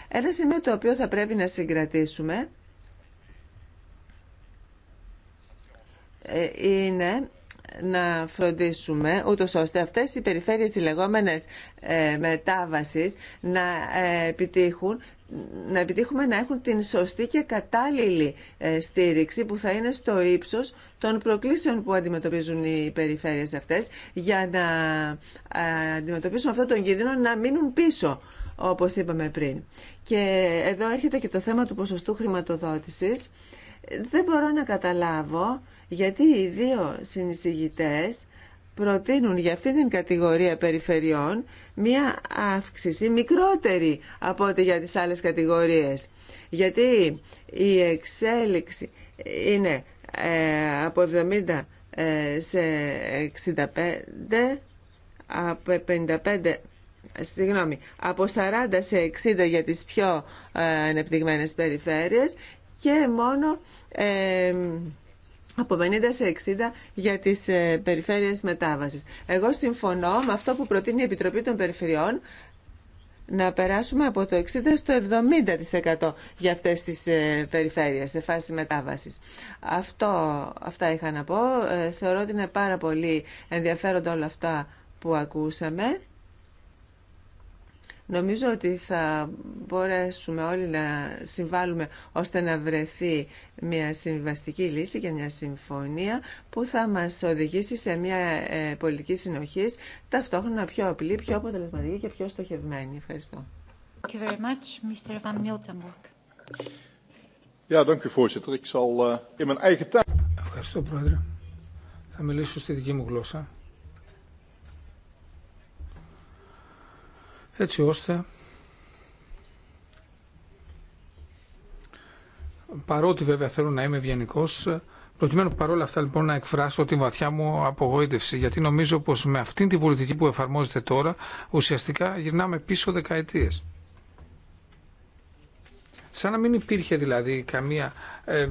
[SPEAKER 3] Ένα σημείο το οποίο θα πρέπει να συγκρατήσουμε είναι να φροντίσουμε ούτως ώστε αυτές οι περιφέρειες οι λεγόμενες ε, να ε, επιτύχουν να επιτύχουμε να έχουν την σωστή και κατάλληλη ε, στήριξη που θα είναι στο ύψος των προκλήσεων που αντιμετωπίζουν οι περιφέρειες αυτές για να ε, αντιμετωπίσουν αυτό τον κίνδυνο να μείνουν πίσω όπως είπαμε πριν. Και εδώ έρχεται και το θέμα του ποσοστού χρηματοδότησης. Δεν μπορώ να καταλάβω γιατί οι δύο συνεισηγητές προτείνουν για αυτή την κατηγορία περιφερειών μία αύξηση μικρότερη από ό,τι για τις άλλες κατηγορίες. Γιατί η εξέλιξη είναι ε, από 70 ε, σε 65, από 55 Συγγνώμη, από 40 σε 60 για τις πιο ε, ανεπτυγμένες περιφέρειες και μόνο ε, από 50 σε 60 για τις ε, περιφέρειες μετάβασης. Εγώ συμφωνώ με αυτό που προτείνει η Επιτροπή των Περιφερειών να περάσουμε από το 60% στο 70% για αυτές τις ε, περιφέρειες σε φάση μετάβασης. Αυτό, αυτά είχα να πω. Ε, θεωρώ ότι είναι πάρα πολύ ενδιαφέροντα όλα αυτά που ακούσαμε. Νομίζω ότι θα μπορέσουμε όλοι να συμβάλλουμε ώστε να βρεθεί μια συμβαστική λύση και μια συμφωνία που θα μας οδηγήσει σε μια ε, πολιτική συνοχή ταυτόχρονα πιο απλή, πιο αποτελεσματική και πιο στοχευμένη. Ευχαριστώ. very much, Mr. Van Miltenburg.
[SPEAKER 2] voorzitter. Ik zal, eh, in mijn eigen Ευχαριστώ, Πρόεδρε. Θα μιλήσω στη δική μου γλώσσα. έτσι ώστε παρότι βέβαια θέλω να είμαι ευγενικό, προκειμένου παρόλα αυτά λοιπόν να εκφράσω την βαθιά μου απογοήτευση, γιατί νομίζω πως με αυτήν την πολιτική που εφαρμόζεται τώρα, ουσιαστικά γυρνάμε πίσω δεκαετίες. Σαν να μην υπήρχε δηλαδή καμία ε,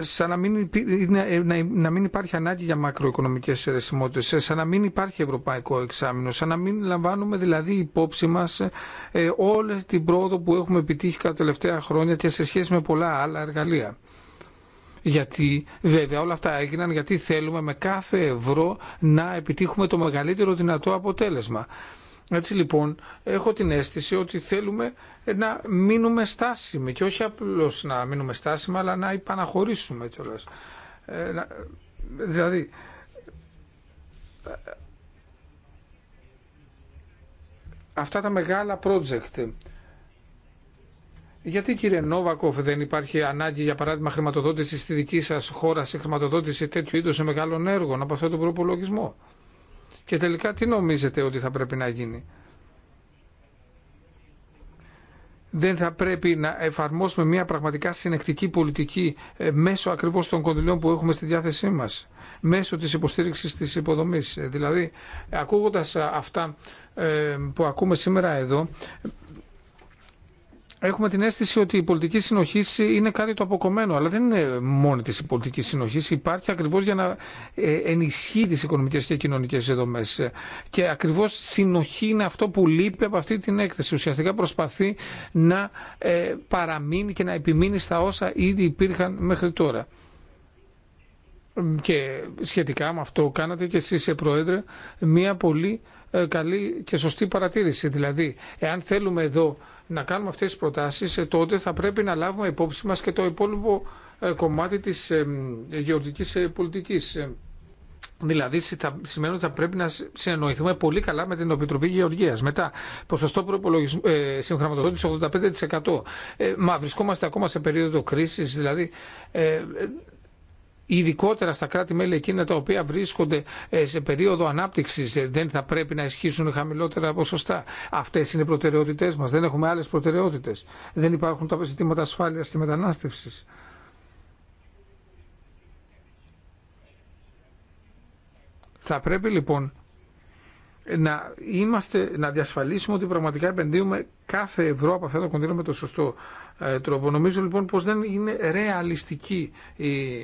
[SPEAKER 2] σαν ε, να μην, υπάρχει ανάγκη για μακροοικονομικές αιρεσιμότητες, σαν να μην υπάρχει ευρωπαϊκό εξάμεινο, σαν να μην λαμβάνουμε δηλαδή υπόψη μας ε, ε, όλη την πρόοδο που έχουμε επιτύχει κατά τελευταία χρόνια και σε σχέση με πολλά άλλα εργαλεία. Γιατί βέβαια όλα αυτά έγιναν γιατί θέλουμε με κάθε ευρώ να επιτύχουμε το μεγαλύτερο δυνατό αποτέλεσμα. Έτσι λοιπόν, έχω την αίσθηση ότι θέλουμε να μείνουμε στάσιμοι και όχι απλώς να μείνουμε στάσιμοι, αλλά να υπαναχωρήσουμε κιόλας. Ε, δηλαδή, αυτά τα μεγάλα project. Γιατί κύριε Νόβακοφ δεν υπάρχει ανάγκη για παράδειγμα χρηματοδότηση στη δική σας χώρα σε χρηματοδότηση τέτοιου είδους μεγάλων έργων από αυτόν τον προπολογισμό. Και τελικά τι νομίζετε ότι θα πρέπει να γίνει. Δεν θα πρέπει να εφαρμόσουμε μια πραγματικά συνεκτική πολιτική ε, μέσω ακριβώς των κονδυλίων που έχουμε στη διάθεσή μας, μέσω της υποστήριξης της υποδομής. Ε, δηλαδή, ακούγοντας αυτά ε, που ακούμε σήμερα εδώ, έχουμε την αίσθηση ότι η πολιτική συνοχή είναι κάτι το αποκομμένο, αλλά δεν είναι μόνη τη η πολιτική συνοχή. Υπάρχει ακριβώ για να ε, ενισχύει τι οικονομικέ και κοινωνικέ δομέ. Και ακριβώ συνοχή είναι αυτό που λείπει από αυτή την έκθεση. Ουσιαστικά προσπαθεί να ε, παραμείνει και να επιμείνει στα όσα ήδη υπήρχαν μέχρι τώρα. Και σχετικά με αυτό κάνατε και εσείς, ε, Πρόεδρε, μία πολύ καλή και σωστή παρατήρηση. Δηλαδή, εάν θέλουμε εδώ να κάνουμε αυτές τις προτάσεις, ε, τότε θα πρέπει να λάβουμε υπόψη μας και το υπόλοιπο ε, κομμάτι της ε, γεωργικής πολιτικής. Δηλαδή, σημαίνει ότι θα πρέπει να συνεννοηθούμε πολύ καλά με την Επιτροπή Γεωργία. Μετά, ποσοστό προπολογισμού ε, συγχρηματοδότηση 85%. μα βρισκόμαστε ακόμα σε περίοδο κρίση, δηλαδή ειδικότερα στα κράτη-μέλη εκείνα τα οποία βρίσκονται ε, σε περίοδο ανάπτυξη, ε, δεν θα πρέπει να ισχύσουν χαμηλότερα ποσοστά. Αυτέ είναι οι προτεραιότητέ μα. Δεν έχουμε άλλε προτεραιότητε. Δεν υπάρχουν τα ζητήματα ασφάλεια και μετανάστευση. Θα πρέπει λοιπόν να, είμαστε, να διασφαλίσουμε ότι πραγματικά επενδύουμε κάθε ευρώ από αυτά τα κονδύλια με το σωστό ε, τρόπο. Νομίζω λοιπόν πως δεν είναι ρεαλιστική η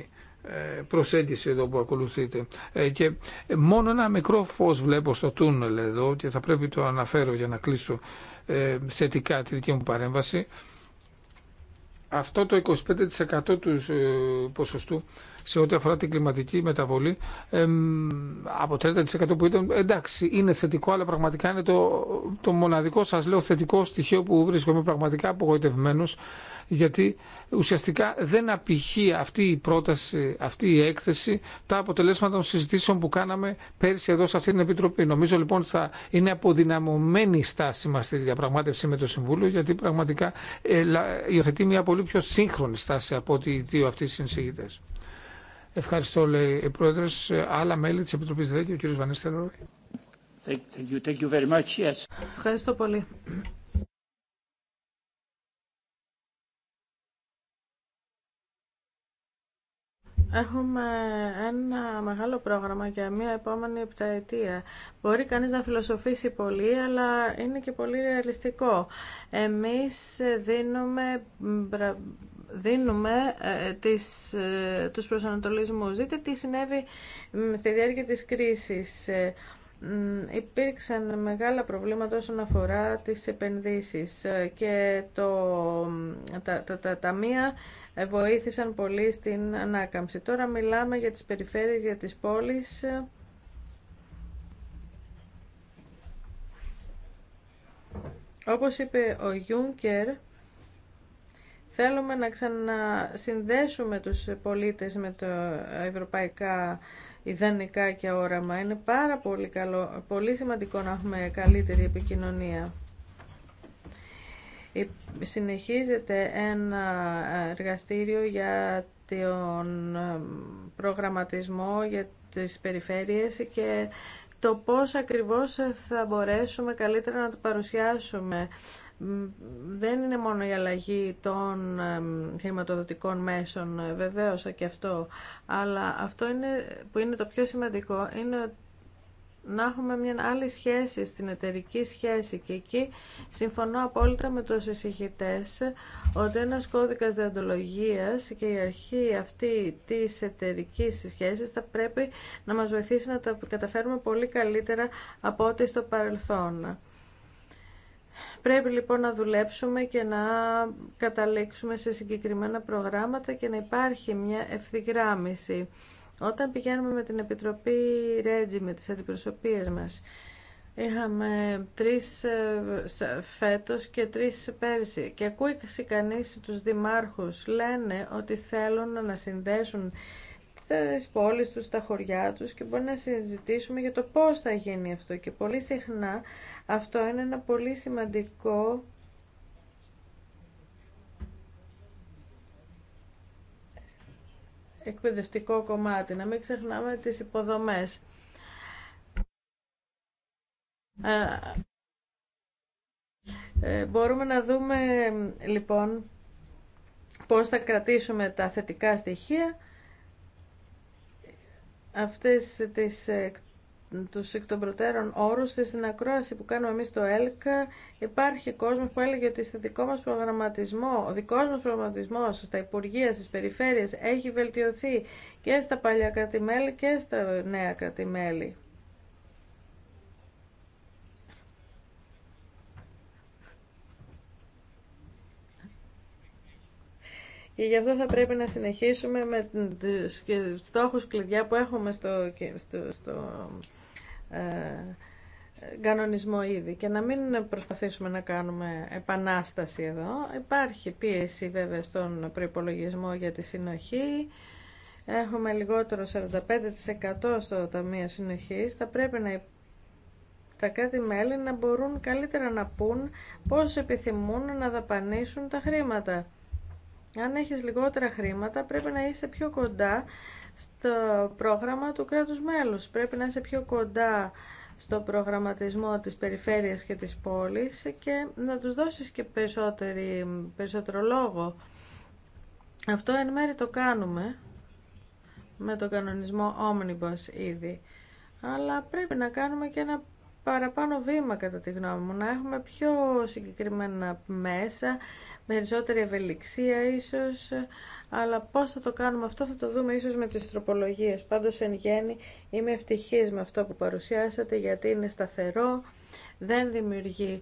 [SPEAKER 2] ε, προσέγγιση εδώ που ακολουθείτε. Ε, και μόνο ένα μικρό φως βλέπω στο τούνελ εδώ και θα πρέπει το αναφέρω για να κλείσω ε, θετικά τη δική μου παρέμβαση. Αυτό το 25% του ποσοστού σε ό,τι αφορά την κλιματική μεταβολή από 30% που ήταν εντάξει είναι θετικό αλλά πραγματικά είναι το, το μοναδικό σας λέω θετικό στοιχείο που βρίσκομαι πραγματικά απογοητευμένος γιατί ουσιαστικά δεν απηχεί αυτή η πρόταση, αυτή η έκθεση τα αποτελέσματα των συζητήσεων που κάναμε πέρσι εδώ σε αυτή την Επιτροπή. Νομίζω λοιπόν θα είναι αποδυναμωμένη η στάση μας στη διαπραγμάτευση με το Συμβούλιο γιατί πραγματικά ε, υιοθετεί μια πολύ πιο σύγχρονη στάση από ό,τι οι δύο αυτοί Ευχαριστώ, λέει η Πρόεδρο. Άλλα μέλη τη Επιτροπή ΔΕΚ, ο κ. Βανίστελρο.
[SPEAKER 1] Ευχαριστώ πολύ. Έχουμε ένα μεγάλο πρόγραμμα για μια επόμενη επταετία. Μπορεί κανείς να φιλοσοφήσει πολύ, αλλά είναι και πολύ ρεαλιστικό. Εμείς δίνουμε δίνουμε ε, τις, ε, τους προσανατολισμούς. Δείτε τι συνέβη στη διάρκεια της κρίσης. Ε, υπήρξαν μεγάλα προβλήματα όσον αφορά τις επενδύσεις και το, τα, τα, τα ταμεία βοήθησαν πολύ στην ανάκαμψη. Τώρα μιλάμε για τις περιφέρειες, για τις πόλεις. Όπως είπε ο Γιούνκερ, Θέλουμε να ξανασυνδέσουμε τους πολίτες με τα ευρωπαϊκά ιδανικά και όραμα. Είναι πάρα πολύ, καλό, πολύ σημαντικό να έχουμε καλύτερη επικοινωνία. Συνεχίζεται ένα εργαστήριο για τον προγραμματισμό, για τις περιφέρειες και το πώς ακριβώς θα μπορέσουμε καλύτερα να το παρουσιάσουμε δεν είναι μόνο η αλλαγή των χρηματοδοτικών μέσων, ε, βεβαίως και αυτό, αλλά αυτό είναι, που είναι το πιο σημαντικό είναι να έχουμε μια άλλη σχέση στην εταιρική σχέση και εκεί συμφωνώ απόλυτα με τους εισηγητές ότι ένας κώδικας διοντολογίας και η αρχή αυτή της εταιρική σχέσης θα πρέπει να μας βοηθήσει να τα καταφέρουμε πολύ καλύτερα από ό,τι στο παρελθόν. Πρέπει λοιπόν να δουλέψουμε και να καταλήξουμε σε συγκεκριμένα προγράμματα και να υπάρχει μια ευθυγράμμιση. Όταν πηγαίνουμε με την Επιτροπή Ρέντζι, με τις αντιπροσωπείες μας, Είχαμε τρεις ε, φέτος και τρεις πέρσι και ακούει κανείς τους δημάρχους λένε ότι θέλουν να συνδέσουν στις πόλεις τους, στα χωριά τους και μπορεί να συζητήσουμε για το πώς θα γίνει αυτό. Και πολύ συχνά αυτό είναι ένα πολύ σημαντικό εκπαιδευτικό κομμάτι, να μην ξεχνάμε τις υποδομές. Ε, μπορούμε να δούμε λοιπόν πώς θα κρατήσουμε τα θετικά στοιχεία αυτές τις ε, τους εκ των προτέρων όρους στην ακρόαση που κάνουμε εμείς στο ΕΛΚΑ υπάρχει κόσμος που έλεγε ότι στο δικό μας προγραμματισμό, ο δικός μας προγραμματισμός στα Υπουργεία, στις Περιφέρειες έχει βελτιωθεί και στα παλιά κρατημέλη και στα νέα κρατημέλη. Και γι' αυτό θα πρέπει να συνεχίσουμε με τους στόχους κλειδιά που έχουμε στο, στο, στο ε, κανονισμό ήδη και να μην προσπαθήσουμε να κάνουμε επανάσταση εδώ. Υπάρχει πίεση βέβαια στον προϋπολογισμό για τη συνοχή. Έχουμε λιγότερο 45% στο Ταμείο Συνοχής. Θα πρέπει να τα κάτι μελη να μπορούν καλύτερα να πούν πώς επιθυμούν να δαπανίσουν τα χρήματα. Αν έχεις λιγότερα χρήματα πρέπει να είσαι πιο κοντά στο πρόγραμμα του κράτους μέλους. Πρέπει να είσαι πιο κοντά στο προγραμματισμό της περιφέρειας και της πόλης και να τους δώσεις και περισσότερο λόγο. Αυτό εν μέρει το κάνουμε με τον κανονισμό Omnibus ήδη. Αλλά πρέπει να κάνουμε και ένα παραπάνω βήμα κατά τη γνώμη μου, να έχουμε πιο συγκεκριμένα μέσα, περισσότερη ευελιξία ίσως, αλλά πώς θα το κάνουμε αυτό θα το δούμε ίσως με τις τροπολογίες. Πάντως εν γέννη είμαι ευτυχής με αυτό που παρουσιάσατε γιατί είναι σταθερό, δεν δημιουργεί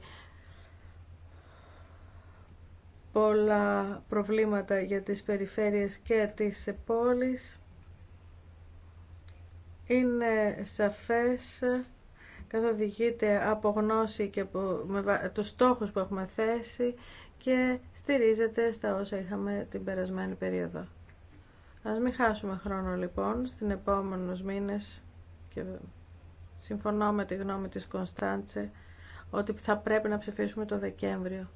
[SPEAKER 1] πολλά προβλήματα για τις περιφέρειες και τις πόλεις. Είναι σαφές καθοδηγείται από γνώση και από, με, το στόχος που έχουμε θέσει και στηρίζεται στα όσα είχαμε την περασμένη περίοδο. Ας μην χάσουμε χρόνο λοιπόν στην επόμενους μήνες και συμφωνώ με τη γνώμη της Κωνσταντσε ότι θα πρέπει να ψηφίσουμε το Δεκέμβριο.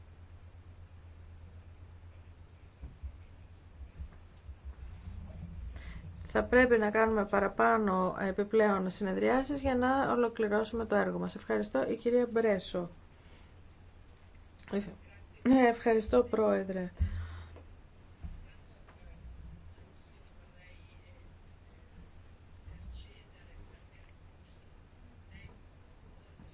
[SPEAKER 1] θα πρέπει να κάνουμε παραπάνω επιπλέον συνεδριάσεις για να ολοκληρώσουμε το έργο μας. Ευχαριστώ η κυρία Μπρέσο. Ε, ευχαριστώ πρόεδρε.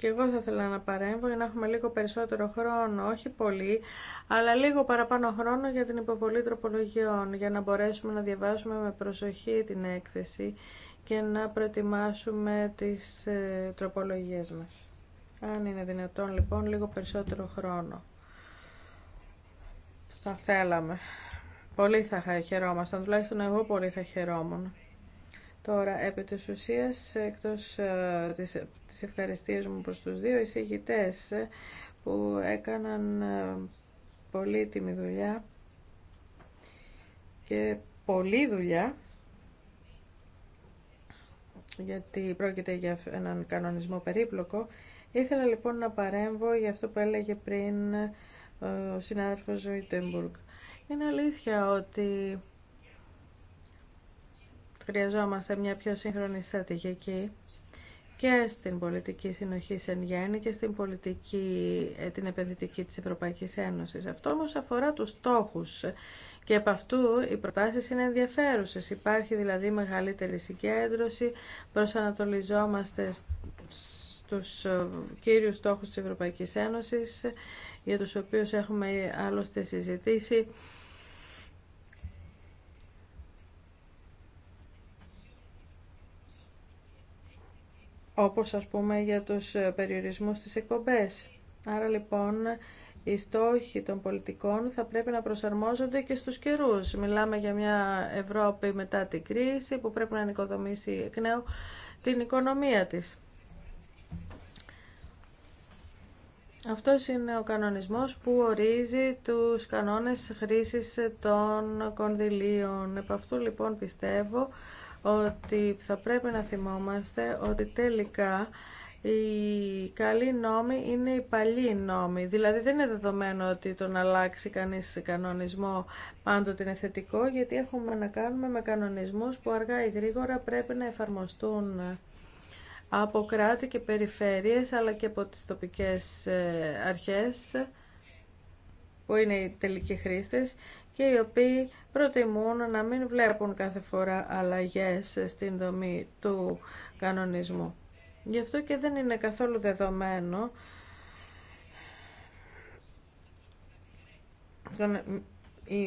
[SPEAKER 1] Και εγώ θα ήθελα να παρέμβω για να έχουμε λίγο περισσότερο χρόνο, όχι πολύ, αλλά λίγο παραπάνω χρόνο για την υποβολή τροπολογιών, για να μπορέσουμε να διαβάσουμε με προσοχή την έκθεση και να προετοιμάσουμε τις ε, τροπολογίες μας. Αν είναι δυνατόν, λοιπόν, λίγο περισσότερο χρόνο. Θα θέλαμε. Πολύ θα χαιρόμασταν, τουλάχιστον εγώ πολύ θα χαιρόμουν. Τώρα, επί της ουσίας, εκτός ε, της, της ευχαριστίας μου προς τους δύο εισηγητές ε, που έκαναν ε, πολύτιμη δουλειά και πολλή δουλειά γιατί πρόκειται για έναν κανονισμό περίπλοκο. Ήθελα λοιπόν να παρέμβω για αυτό που έλεγε πριν ο συνάδελφος Ζουιτεμπουργκ. Είναι αλήθεια ότι χρειαζόμαστε μια πιο σύγχρονη στρατηγική και στην πολιτική συνοχή εν γέννη και στην πολιτική, ε, την επενδυτική της Ευρωπαϊκής Ένωσης. Αυτό όμως αφορά τους στόχους και από αυτού οι προτάσεις είναι ενδιαφέρουσες. Υπάρχει δηλαδή μεγαλύτερη συγκέντρωση, προσανατολιζόμαστε στους ε, κύριους στόχους της Ευρωπαϊκής Ένωσης για τους οποίους έχουμε άλλωστε συζητήσει όπως ας πούμε για τους ε, περιορισμούς στις εκπομπές. Άρα λοιπόν οι στόχοι των πολιτικών θα πρέπει να προσαρμόζονται και στους καιρούς. Μιλάμε για μια Ευρώπη μετά την κρίση που πρέπει να νοικοδομήσει εκ νέου την οικονομία της. Αυτό είναι ο κανονισμός που ορίζει τους κανόνες χρήσης των κονδυλίων. Επ' αυτού λοιπόν πιστεύω ότι θα πρέπει να θυμόμαστε ότι τελικά η καλή νόμη είναι η παλιοί νόμη. Δηλαδή δεν είναι δεδομένο ότι το να αλλάξει κανείς κανονισμό πάντοτε είναι θετικό, γιατί έχουμε να κάνουμε με κανονισμούς που αργά ή γρήγορα πρέπει να εφαρμοστούν από κράτη και περιφέρειες, αλλά και από τις τοπικές ε, αρχές, που είναι οι τελικοί χρήστες, και οι οποίοι προτιμούν να μην βλέπουν κάθε φορά αλλαγές στην δομή του κανονισμού. Γι' αυτό και δεν είναι καθόλου δεδομένο η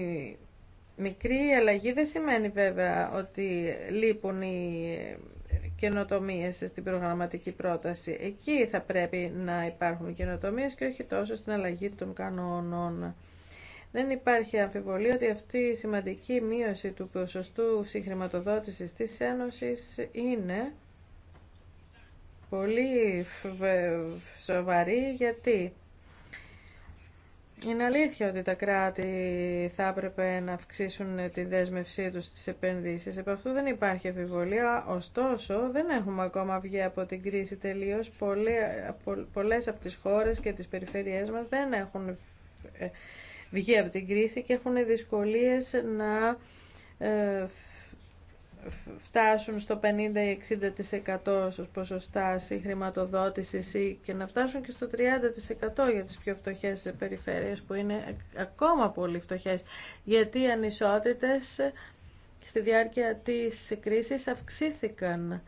[SPEAKER 1] μικρή αλλαγή δεν σημαίνει βέβαια ότι λείπουν οι καινοτομίε στην προγραμματική πρόταση. Εκεί θα πρέπει να υπάρχουν καινοτομίε και όχι τόσο στην αλλαγή των κανόνων. Δεν υπάρχει αμφιβολία ότι αυτή η σημαντική μείωση του ποσοστού συγχρηματοδότησης της Ένωσης είναι πολύ σοβαρή γιατί είναι αλήθεια ότι τα κράτη θα έπρεπε να αυξήσουν τη δέσμευσή τους στις επενδύσεις. Επ' αυτού δεν υπάρχει αμφιβολία, ωστόσο δεν έχουμε ακόμα βγει από την κρίση τελείως. Πολλές από τις χώρες και τις περιφέρειές μας δεν έχουν ε, βγει από την κρίση και έχουν δυσκολίες να ε, φτάσουν στο 50-60% στους ποσοστά χρηματοδότησης και να φτάσουν και στο 30% για τις πιο φτωχές περιφέρειες που είναι ακόμα πολύ φτωχές γιατί οι ανισότητες ε, στη διάρκεια της κρίσης αυξήθηκαν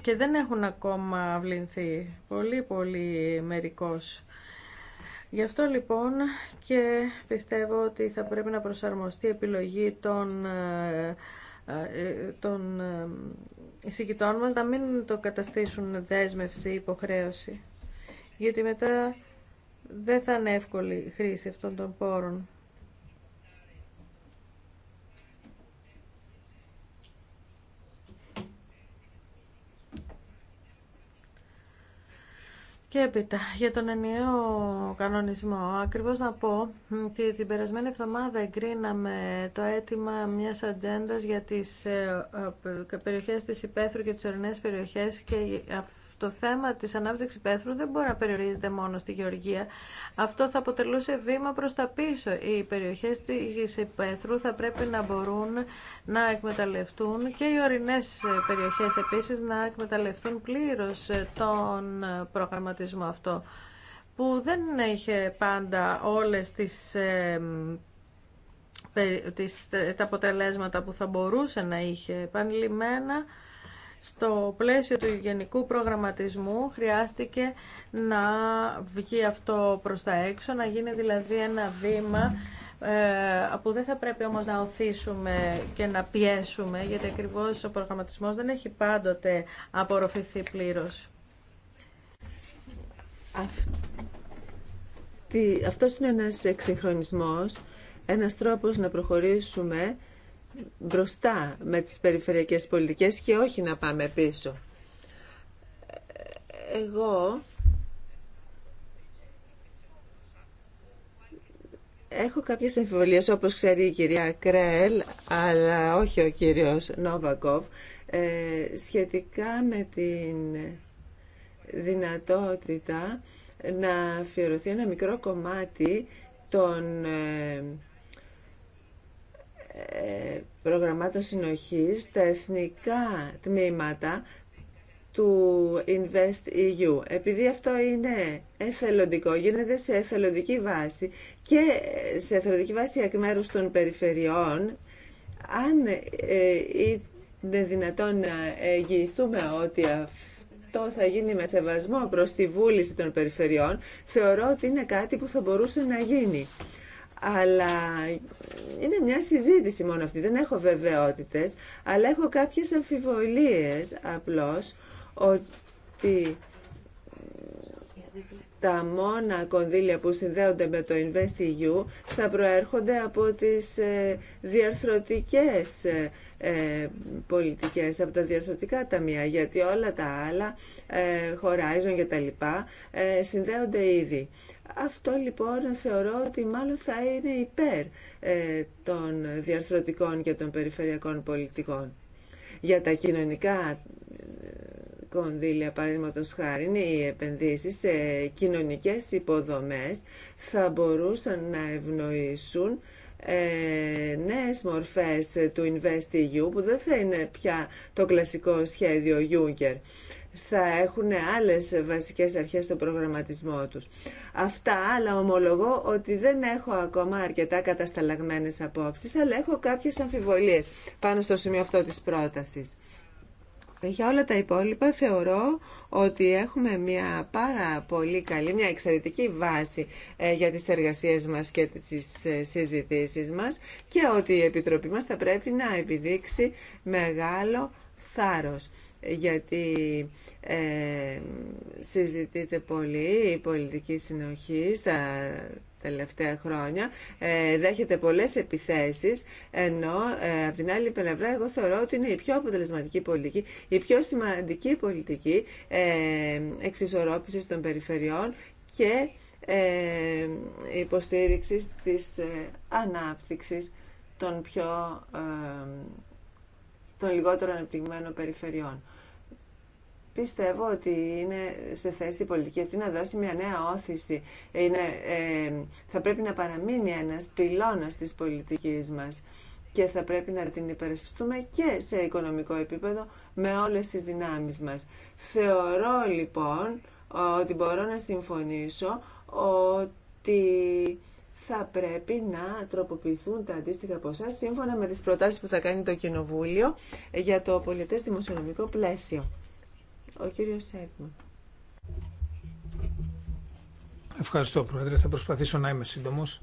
[SPEAKER 1] και δεν έχουν ακόμα βληθεί πολύ πολύ μερικός Γι' αυτό λοιπόν και πιστεύω ότι θα πρέπει να προσαρμοστεί η επιλογή των ε, ε, των ε, εισηγητών μας να μην το καταστήσουν δέσμευση, υποχρέωση. Γιατί μετά δεν θα είναι εύκολη χρήση αυτών των πόρων. Και έπειτα, για τον ενιαίο κανονισμό, ακριβώς να πω ότι την περασμένη εβδομάδα εγκρίναμε το αίτημα μιας ατζέντα για τις ε, ε, ε, περιοχές της Υπέθρου και τις ορεινές περιοχές και το θέμα τη ανάπτυξης πέθρου δεν μπορεί να περιορίζεται μόνο στη γεωργία. Αυτό θα αποτελούσε βήμα προ τα πίσω. Οι περιοχές τη πέθρου θα πρέπει να μπορούν να εκμεταλλευτούν και οι ορεινέ περιοχές επίσης να εκμεταλλευτούν πλήρως τον προγραμματισμό αυτό που δεν είχε πάντα όλες τις τα αποτελέσματα που θα μπορούσε να είχε επανειλημμένα στο πλαίσιο του γενικού προγραμματισμού χρειάστηκε να βγει αυτό προς τα έξω, να γίνει δηλαδή ένα βήμα ε, που δεν θα πρέπει όμως να οθήσουμε και να πιέσουμε, γιατί ακριβώς ο προγραμματισμός δεν έχει πάντοτε απορροφηθεί πλήρως.
[SPEAKER 3] Αυτό αυτός είναι ένας εξυγχρονισμός, ένας τρόπος να προχωρήσουμε μπροστά με τις περιφερειακές πολιτικές και όχι να πάμε πίσω. Εγώ έχω κάποιες εμφιβολίες όπως ξέρει η κυρία Κρέλ αλλά όχι ο κύριος ε, σχετικά με την δυνατότητα να αφιερωθεί ένα μικρό κομμάτι των ε, προγραμμάτων συνοχής τα εθνικά τμήματα του Invest EU. Επειδή αυτό είναι εθελοντικό, γίνεται σε εθελοντική βάση και σε εθελοντική βάση εκ μέρους των περιφερειών, αν ε, είναι δυνατόν να εγγυηθούμε ότι αυτό θα γίνει με σεβασμό προς τη βούληση των περιφερειών, θεωρώ ότι είναι κάτι που θα μπορούσε να γίνει αλλά είναι μια συζήτηση μόνο αυτή. Δεν έχω βεβαιότητες, αλλά έχω κάποιες αμφιβολίες απλώς ότι τα μόνα κονδύλια που συνδέονται με το InvestEU θα προέρχονται από τις ε, διαρθρωτικές ε, ε, πολιτικές, από τα διαρθρωτικά ταμεία, γιατί όλα τα άλλα, ε, και τα λοιπά, ε, συνδέονται ήδη. Αυτό λοιπόν θεωρώ ότι μάλλον θα είναι υπέρ ε, των διαρθρωτικών και των περιφερειακών πολιτικών. Για τα κοινωνικά ε, κονδύλια, παραδείγματο χάρη, είναι οι επενδύσεις σε κοινωνικές υποδομές θα μπορούσαν να ευνοήσουν ε, νέες μορφές του InvestEU που δεν θα είναι πια το κλασικό σχέδιο Juncker. Θα έχουν άλλες βασικές αρχές στο προγραμματισμό τους. Αυτά, αλλά ομολογώ ότι δεν έχω ακόμα αρκετά κατασταλαγμένες απόψεις, αλλά έχω κάποιες αμφιβολίες πάνω στο σημείο αυτό της πρότασης. Ε, για όλα τα υπόλοιπα θεωρώ ότι έχουμε μια πάρα πολύ καλή, μια εξαιρετική βάση ε, για τις εργασίες μας και τις ε, συζητήσεις μας και ότι η Επιτροπή μας θα πρέπει να επιδείξει μεγάλο θάρρος γιατί ε, συζητείται πολύ η πολιτική συνοχή στα τελευταία χρόνια ε, δέχεται πολλές επιθέσεις ενώ ε, από την άλλη πλευρά εγώ θεωρώ ότι είναι η πιο αποτελεσματική πολιτική η πιο σημαντική πολιτική ε, εξισορρόπησης των περιφερειών και υποστήριξης της ανάπτυξης των πιο των λιγότερων επιτυμένων περιφερειών πιστεύω ότι είναι σε θέση η πολιτική αυτή να δώσει μια νέα όθηση. Είναι, ε, θα πρέπει να παραμείνει ένας πυλώνας της πολιτικής μας και θα πρέπει να την υπερασπιστούμε και σε οικονομικό επίπεδο με όλες τις δυνάμεις μας. Θεωρώ λοιπόν ότι μπορώ να συμφωνήσω ότι θα πρέπει να τροποποιηθούν τα αντίστοιχα ποσά σύμφωνα με τις προτάσεις που θα κάνει το Κοινοβούλιο για το πολιτές δημοσιονομικό πλαίσιο ο κύριος Σέρτμαν.
[SPEAKER 2] Ευχαριστώ, Πρόεδρε. Θα προσπαθήσω να είμαι σύντομος.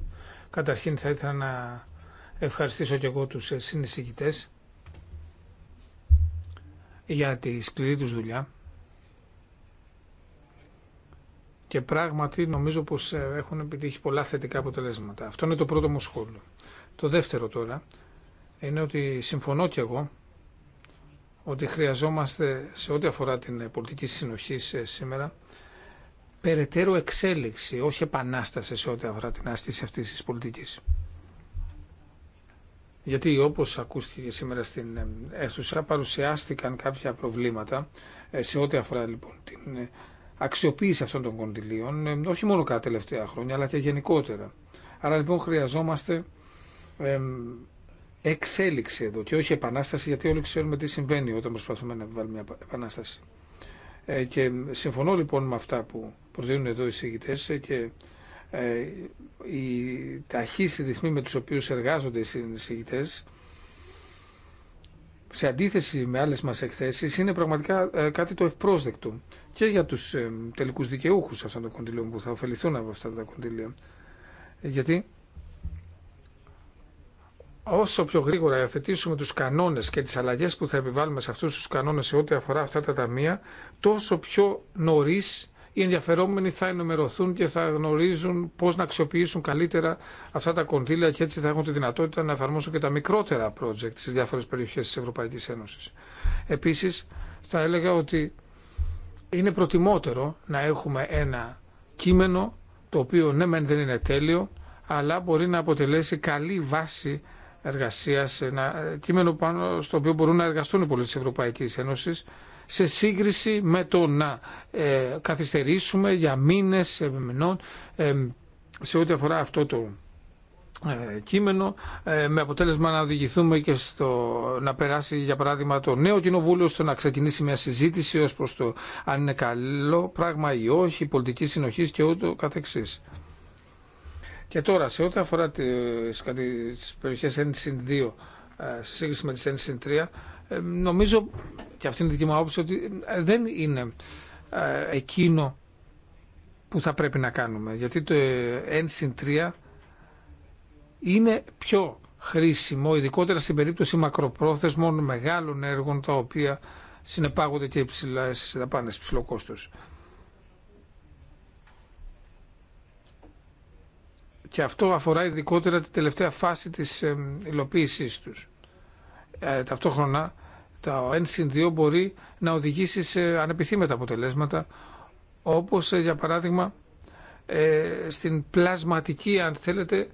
[SPEAKER 2] Καταρχήν θα ήθελα να ευχαριστήσω και εγώ τους ε, συνεισηγητές για τη σκληρή τους δουλειά. Και πράγματι νομίζω πως ε, έχουν επιτύχει πολλά θετικά αποτελέσματα. Αυτό είναι το πρώτο μου σχόλιο. Το δεύτερο τώρα είναι ότι συμφωνώ και εγώ ότι χρειαζόμαστε σε ό,τι αφορά την ε, πολιτική συνοχή σήμερα περαιτέρω εξέλιξη, όχι επανάσταση σε ό,τι αφορά την άσκηση αυτή της πολιτικής. Γιατί όπω ακούστηκε σήμερα στην ε, αίθουσα παρουσιάστηκαν κάποια προβλήματα ε, σε ό,τι αφορά λοιπόν την αξιοποίηση αυτών των κοντιλίων, όχι μόνο κατά τελευταία χρόνια αλλά και γενικότερα. Άρα λοιπόν χρειαζόμαστε εξέλιξη εδώ και όχι επανάσταση, γιατί όλοι ξέρουμε τι συμβαίνει όταν προσπαθούμε να βάλουμε μια επανάσταση. Ε, και συμφωνώ λοιπόν με αυτά που προτείνουν εδώ οι συγκητέ ε, και ε, οι ταχύς ρυθμοί με τους οποίους εργάζονται οι συγκητέ σε αντίθεση με άλλες μας εκθέσεις είναι πραγματικά κάτι το ευπρόσδεκτο και για τους τελικούς δικαιούχους αυτών των κοντιλίων που θα ωφεληθούν από αυτά τα κοντιλία. Γιατί όσο πιο γρήγορα υιοθετήσουμε τους κανόνες και τις αλλαγές που θα επιβάλλουμε σε αυτούς τους κανόνες σε ό,τι αφορά αυτά τα ταμεία, τόσο πιο νωρίς οι ενδιαφερόμενοι θα ενημερωθούν και θα γνωρίζουν πώς να αξιοποιήσουν καλύτερα αυτά τα κονδύλια και έτσι θα έχουν τη δυνατότητα να εφαρμόσουν και τα μικρότερα project στις διάφορες περιοχές της Ευρωπαϊκής Ένωσης. Επίσης, θα έλεγα ότι είναι προτιμότερο να έχουμε ένα κείμενο το οποίο ναι δεν είναι τέλειο, αλλά μπορεί να αποτελέσει καλή βάση εργασία, ένα κείμενο πάνω στο οποίο μπορούν να εργαστούν οι πολίτε τη Ευρωπαϊκή Ένωση, σε σύγκριση με το να ε, καθυστερήσουμε για μήνε, σε ό,τι αφορά αυτό το ε, κείμενο, ε, με αποτέλεσμα να οδηγηθούμε και στο να περάσει, για παράδειγμα, το νέο κοινοβούλιο στο να ξεκινήσει μια συζήτηση ω προ το αν είναι καλό πράγμα ή όχι, πολιτική συνοχή και ούτω καθεξής. Και τώρα, σε ό,τι αφορά τι περιοχε 1 NSYN2 σε σύγκριση με τις 1 3 ε, νομίζω, και αυτή είναι η δική μου άποψη, ότι ε, δεν είναι ε, εκείνο που θα πρέπει να κάνουμε. Γιατί το 1 3 είναι πιο χρήσιμο, ειδικότερα στην περίπτωση μακροπρόθεσμων μεγάλων έργων τα οποία συνεπάγονται και υψηλά σε υψηλό κόστος. και αυτό αφορά ειδικότερα τη τελευταία φάση της ε, υλοποίησής τους. Ε, ταυτόχρονα το N2 μπορεί να οδηγήσει σε ανεπιθύμετα αποτελέσματα όπως ε, για παράδειγμα στην πλασματική αν θέλετε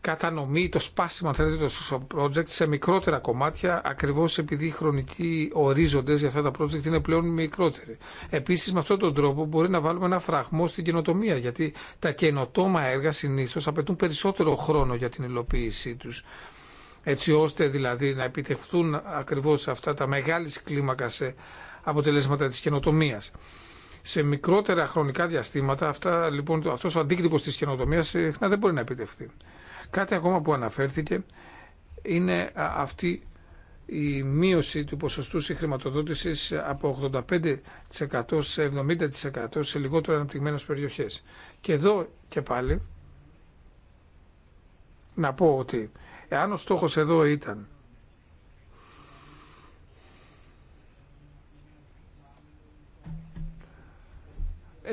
[SPEAKER 2] κατανομή, το σπάσιμο αν θέλετε το project σε μικρότερα κομμάτια ακριβώς επειδή οι χρονικοί ορίζοντες για αυτά τα project είναι πλέον μικρότεροι. Επίσης με αυτόν τον τρόπο μπορεί να βάλουμε ένα φραγμό στην καινοτομία γιατί τα καινοτόμα έργα συνήθως απαιτούν περισσότερο χρόνο για την υλοποίησή τους έτσι ώστε δηλαδή να επιτευχθούν ακριβώς αυτά τα μεγάλης σε αποτελέσματα της καινοτομίας σε μικρότερα χρονικά διαστήματα. Αυτά, λοιπόν, αυτός ο αντίκτυπος της καινοτομίας ε, συχνά δεν μπορεί να επιτευχθεί. Κάτι ακόμα που αναφέρθηκε είναι αυτή η μείωση του ποσοστού συγχρηματοδότησης ε, από 85% σε 70% σε λιγότερο αναπτυγμένες περιοχές. Και εδώ και πάλι να πω ότι εάν ο στόχος εδώ ήταν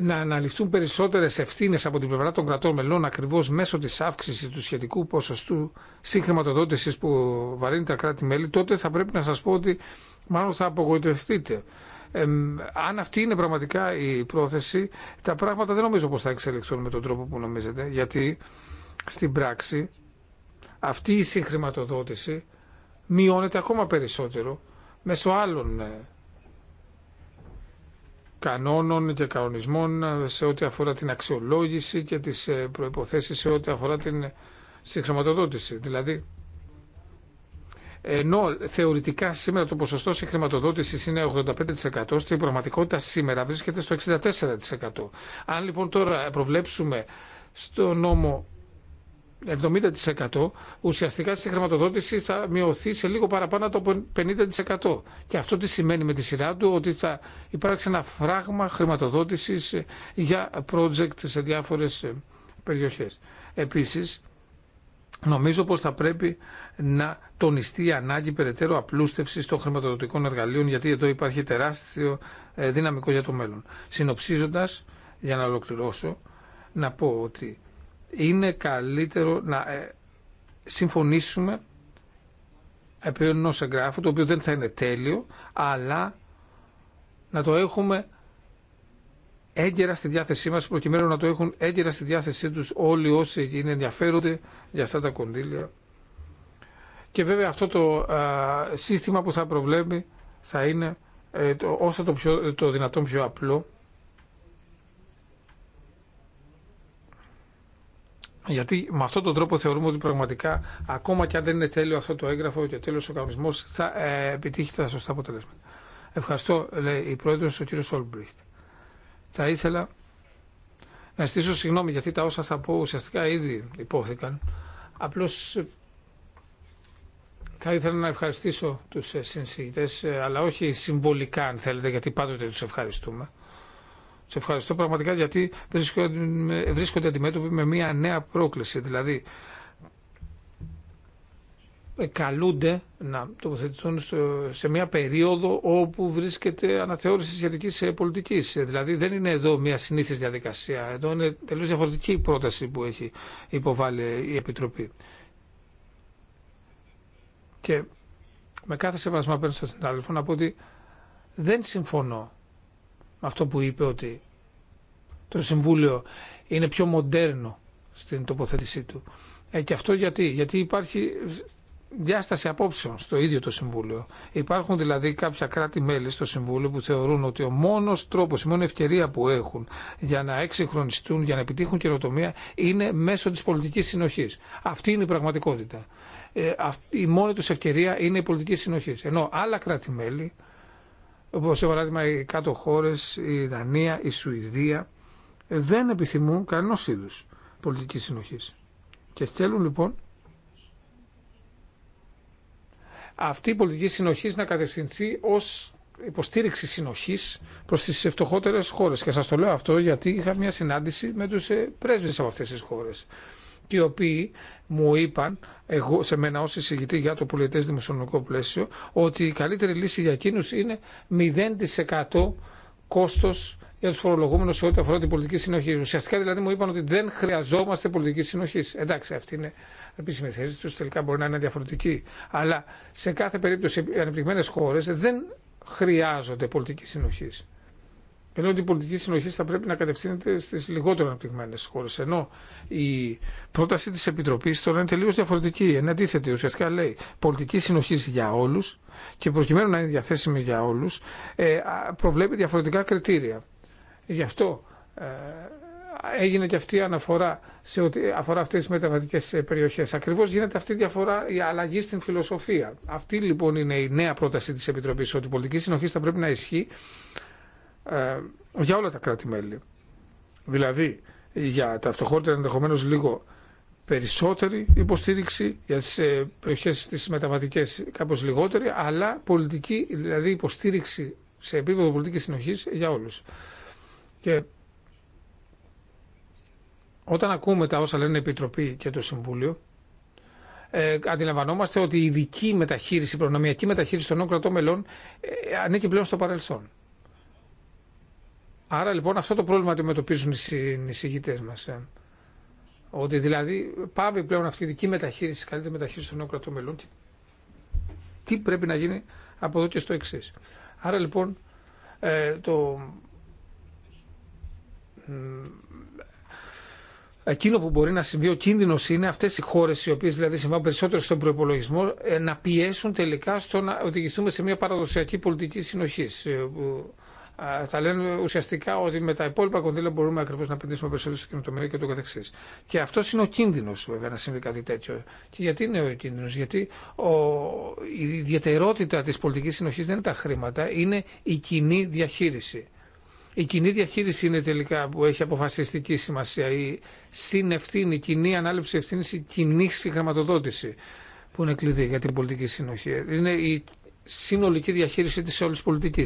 [SPEAKER 2] να αναλυθούν περισσότερες ευθύνε από την πλευρά των κρατών μελών ακριβώς μέσω τη αύξηση του σχετικού ποσοστού συγχρηματοδότηση που βαρύνει τα κράτη-μέλη, τότε θα πρέπει να σας πω ότι μάλλον θα απογοητευτείτε. Ε, αν αυτή είναι πραγματικά η πρόθεση, τα πράγματα δεν νομίζω πως θα εξελιχθούν με τον τρόπο που νομίζετε, γιατί στην πράξη αυτή η συγχρηματοδότηση μειώνεται ακόμα περισσότερο μέσω άλλων ε, κανόνων και κανονισμών ε, σε ό,τι αφορά την αξιολόγηση και τις ε, προϋποθέσεις σε ό,τι αφορά την ε, συγχρηματοδότηση. χρηματοδότηση. Δηλαδή, ενώ θεωρητικά σήμερα το ποσοστό στη χρηματοδότηση είναι 85%, στην πραγματικότητα σήμερα βρίσκεται στο 64%. Αν λοιπόν τώρα προβλέψουμε στο νόμο 70% ουσιαστικά στη χρηματοδότηση θα μειωθεί σε λίγο παραπάνω από 50%. Και αυτό τι σημαίνει με τη σειρά του ότι θα υπάρξει ένα φράγμα χρηματοδότησης για project σε διάφορες ε, περιοχές. Επίσης, Νομίζω πως θα πρέπει να τονιστεί η ανάγκη περαιτέρω απλούστευσης των χρηματοδοτικών εργαλείων, γιατί εδώ υπάρχει τεράστιο ε, δυναμικό για το μέλλον. Συνοψίζοντας, για να ολοκληρώσω, να πω ότι είναι καλύτερο να ε, συμφωνήσουμε επί ενός εγγράφου, το οποίο δεν θα είναι τέλειο, αλλά να το έχουμε έγκαιρα στη διάθεσή μας, προκειμένου να το έχουν έγκαιρα στη διάθεσή τους όλοι όσοι είναι ενδιαφέρονται για αυτά τα κονδύλια. Και βέβαια αυτό το ε, σύστημα που θα προβλέπει θα είναι ε, το, όσο το, πιο, το δυνατόν πιο απλό Γιατί με αυτόν τον τρόπο θεωρούμε ότι πραγματικά, ακόμα και αν δεν είναι τέλειο αυτό το έγγραφο και τέλειο ο κανονισμό, θα ε, επιτύχει τα σωστά αποτελέσματα. Ευχαριστώ, λέει η πρόεδρο, ο κύριο Όλμπριχτ. Θα ήθελα να στήσω συγγνώμη γιατί τα όσα θα πω ουσιαστικά ήδη υπόθηκαν. Απλώ θα ήθελα να ευχαριστήσω του ε, συνσηγητέ, ε, αλλά όχι συμβολικά, αν θέλετε, γιατί πάντοτε του ευχαριστούμε. Σε ευχαριστώ πραγματικά γιατί βρίσκονται, αντιμέτωποι με μια νέα πρόκληση. Δηλαδή, ε, καλούνται να τοποθετηθούν σε μια περίοδο όπου βρίσκεται αναθεώρηση σχετική ε, πολιτική. Ε, δηλαδή δεν είναι εδώ μια συνήθι διαδικασία. Εδώ είναι τελείω διαφορετική η πρόταση που έχει υποβάλει η Επιτροπή. Και με κάθε σεβασμό απέναντι στον συνάδελφο να πω ότι δεν συμφωνώ αυτό που είπε ότι το Συμβούλιο είναι πιο μοντέρνο στην τοποθέτησή του. Ε, και αυτό γιατί, γιατί υπάρχει διάσταση απόψεων στο ίδιο το Συμβούλιο. Υπάρχουν δηλαδή κάποια κράτη-μέλη στο Συμβούλιο που θεωρούν ότι ο μόνος τρόπος, η μόνη ευκαιρία που έχουν για να εξυγχρονιστούν, για να επιτύχουν καινοτομία είναι μέσω της πολιτικής συνοχής. Αυτή είναι η πραγματικότητα. Ε, η μόνη τους ευκαιρία είναι η πολιτική συνοχής. Ενώ άλλα κράτη-μέλη όπως για παράδειγμα οι κάτω χώρες, η Δανία, η Σουηδία, δεν επιθυμούν κανένα είδου πολιτική συνοχή. Και θέλουν λοιπόν αυτή η πολιτική συνοχή να κατευθυνθεί ως υποστήριξη συνοχή προ τι φτωχότερε χώρε. Και σα το λέω αυτό γιατί είχα μια συνάντηση με του ε, πρέσβει από αυτέ τι χώρε οι οποίοι μου είπαν, εγώ σε μένα ως εισηγητή για το πολιτές δημοσιονομικό πλαίσιο, ότι η καλύτερη λύση για εκείνους είναι 0% κόστος για του φορολογούμενου σε ό,τι αφορά την πολιτική συνοχή. Ουσιαστικά δηλαδή μου είπαν ότι δεν χρειαζόμαστε πολιτική συνοχή. Εντάξει, αυτή είναι επίσημη θέση του, τελικά μπορεί να είναι διαφορετική. Αλλά σε κάθε περίπτωση οι ανεπτυγμένε χώρε δεν χρειάζονται πολιτική συνοχή. Ενώ ότι η πολιτική συνοχή θα πρέπει να κατευθύνεται στι λιγότερο αναπτυγμένε χώρε. Ενώ η πρόταση τη Επιτροπή τώρα είναι τελείω διαφορετική. Είναι αντίθετη. Ουσιαστικά λέει πολιτική συνοχή για όλου και προκειμένου να είναι διαθέσιμη για όλου ε, προβλέπει διαφορετικά κριτήρια. Γι' αυτό ε, έγινε και αυτή η αναφορά σε ό,τι αφορά αυτέ τι μεταβατικέ ε, περιοχέ. Ακριβώ γίνεται αυτή η διαφορά, η αλλαγή στην φιλοσοφία. Αυτή λοιπόν είναι η νέα πρόταση τη Επιτροπή ότι πολιτική συνοχή θα πρέπει να ισχύει ε, για όλα τα κράτη-μέλη. Δηλαδή, για τα φτωχότερα ενδεχομένω λίγο περισσότερη υποστήριξη, για τις ε, περιοχέ τι μεταβατικέ κάπως λιγότερη, αλλά πολιτική, δηλαδή υποστήριξη σε επίπεδο πολιτικής συνοχής για όλους. Και όταν ακούμε τα όσα λένε η Επιτροπή και το Συμβούλιο, ε, αντιλαμβανόμαστε ότι η ειδική μεταχείριση, η προνομιακή μεταχείριση των νέων κρατών μελών ε, ανήκει πλέον στο παρελθόν. Άρα λοιπόν αυτό το πρόβλημα αντιμετωπίζουν οι μα. μας. Ε. Ότι δηλαδή πάμε πλέον αυτή η δική μεταχείριση, καλύτερη μεταχείριση των νέων κρατών μελών. Τι πρέπει να γίνει από εδώ και στο εξή. Άρα λοιπόν ε, το... Εκείνο που μπορεί να συμβεί ο κίνδυνο είναι αυτέ οι χώρε, οι οποίε δηλαδή συμβάλλουν περισσότερο στον προπολογισμό, ε, να πιέσουν τελικά στο να οδηγηθούμε σε μια παραδοσιακή πολιτική συνοχή θα λένε ουσιαστικά ότι με τα υπόλοιπα κονδύλια μπορούμε ακριβώ να επενδύσουμε περισσότερο στην κοινοτομία και το καθεξή. Και αυτό είναι ο κίνδυνο βέβαια να συμβεί κάτι τέτοιο. Και γιατί είναι ο κίνδυνο, Γιατί ο, η ιδιαιτερότητα τη πολιτική συνοχή δεν είναι τα χρήματα, είναι η κοινή διαχείριση. Η κοινή διαχείριση είναι τελικά που έχει αποφασιστική σημασία. Η συνευθύνη, η κοινή ανάληψη ευθύνη, η κοινή συγχρηματοδότηση που είναι κλειδί για την πολιτική συνοχή. Είναι η συνολική διαχείριση τη όλη πολιτική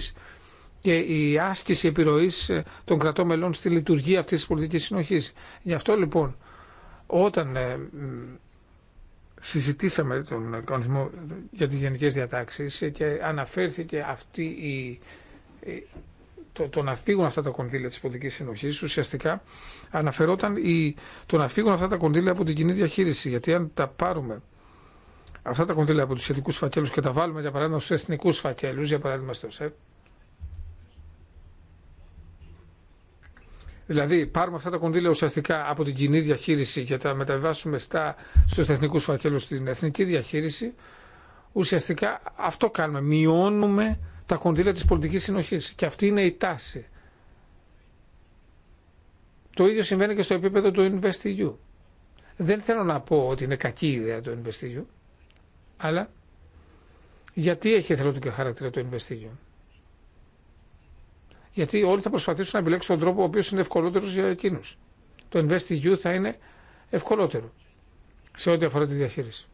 [SPEAKER 2] και η άσκηση επιρροή ε, των κρατών μελών στη λειτουργία αυτή τη πολιτική συνοχή. Γι' αυτό λοιπόν όταν ε, συζητήσαμε τον κανονισμό για τις γενικές διατάξεις ε, και αναφέρθηκε αυτή η, το, το, να φύγουν αυτά τα κονδύλια της πολιτικής συνοχής ουσιαστικά αναφερόταν η, το να φύγουν αυτά τα κονδύλια από την κοινή διαχείριση γιατί αν τα πάρουμε αυτά τα κονδύλια από τους σχετικούς φακέλους και τα βάλουμε για παράδειγμα στους εθνικούς φακέλους για παράδειγμα στο ΣΕΠ Δηλαδή, πάρουμε αυτά τα κονδύλια ουσιαστικά από την κοινή διαχείριση και τα μεταβάσουμε στου εθνικού φακελούς στην εθνική διαχείριση. Ουσιαστικά αυτό κάνουμε. Μειώνουμε τα κονδύλια τη πολιτική συνοχή. Και αυτή είναι η τάση. Το ίδιο συμβαίνει και στο επίπεδο του InvestEU. Δεν θέλω να πω ότι είναι κακή ιδέα το InvestEU, αλλά γιατί έχει εθελοντικό χαρακτήρα το InvestEU γιατί όλοι θα προσπαθήσουν να επιλέξουν τον τρόπο ο οποίο είναι ευκολότερο για εκείνους. Το InvestEU θα είναι ευκολότερο σε ό,τι αφορά τη διαχείριση.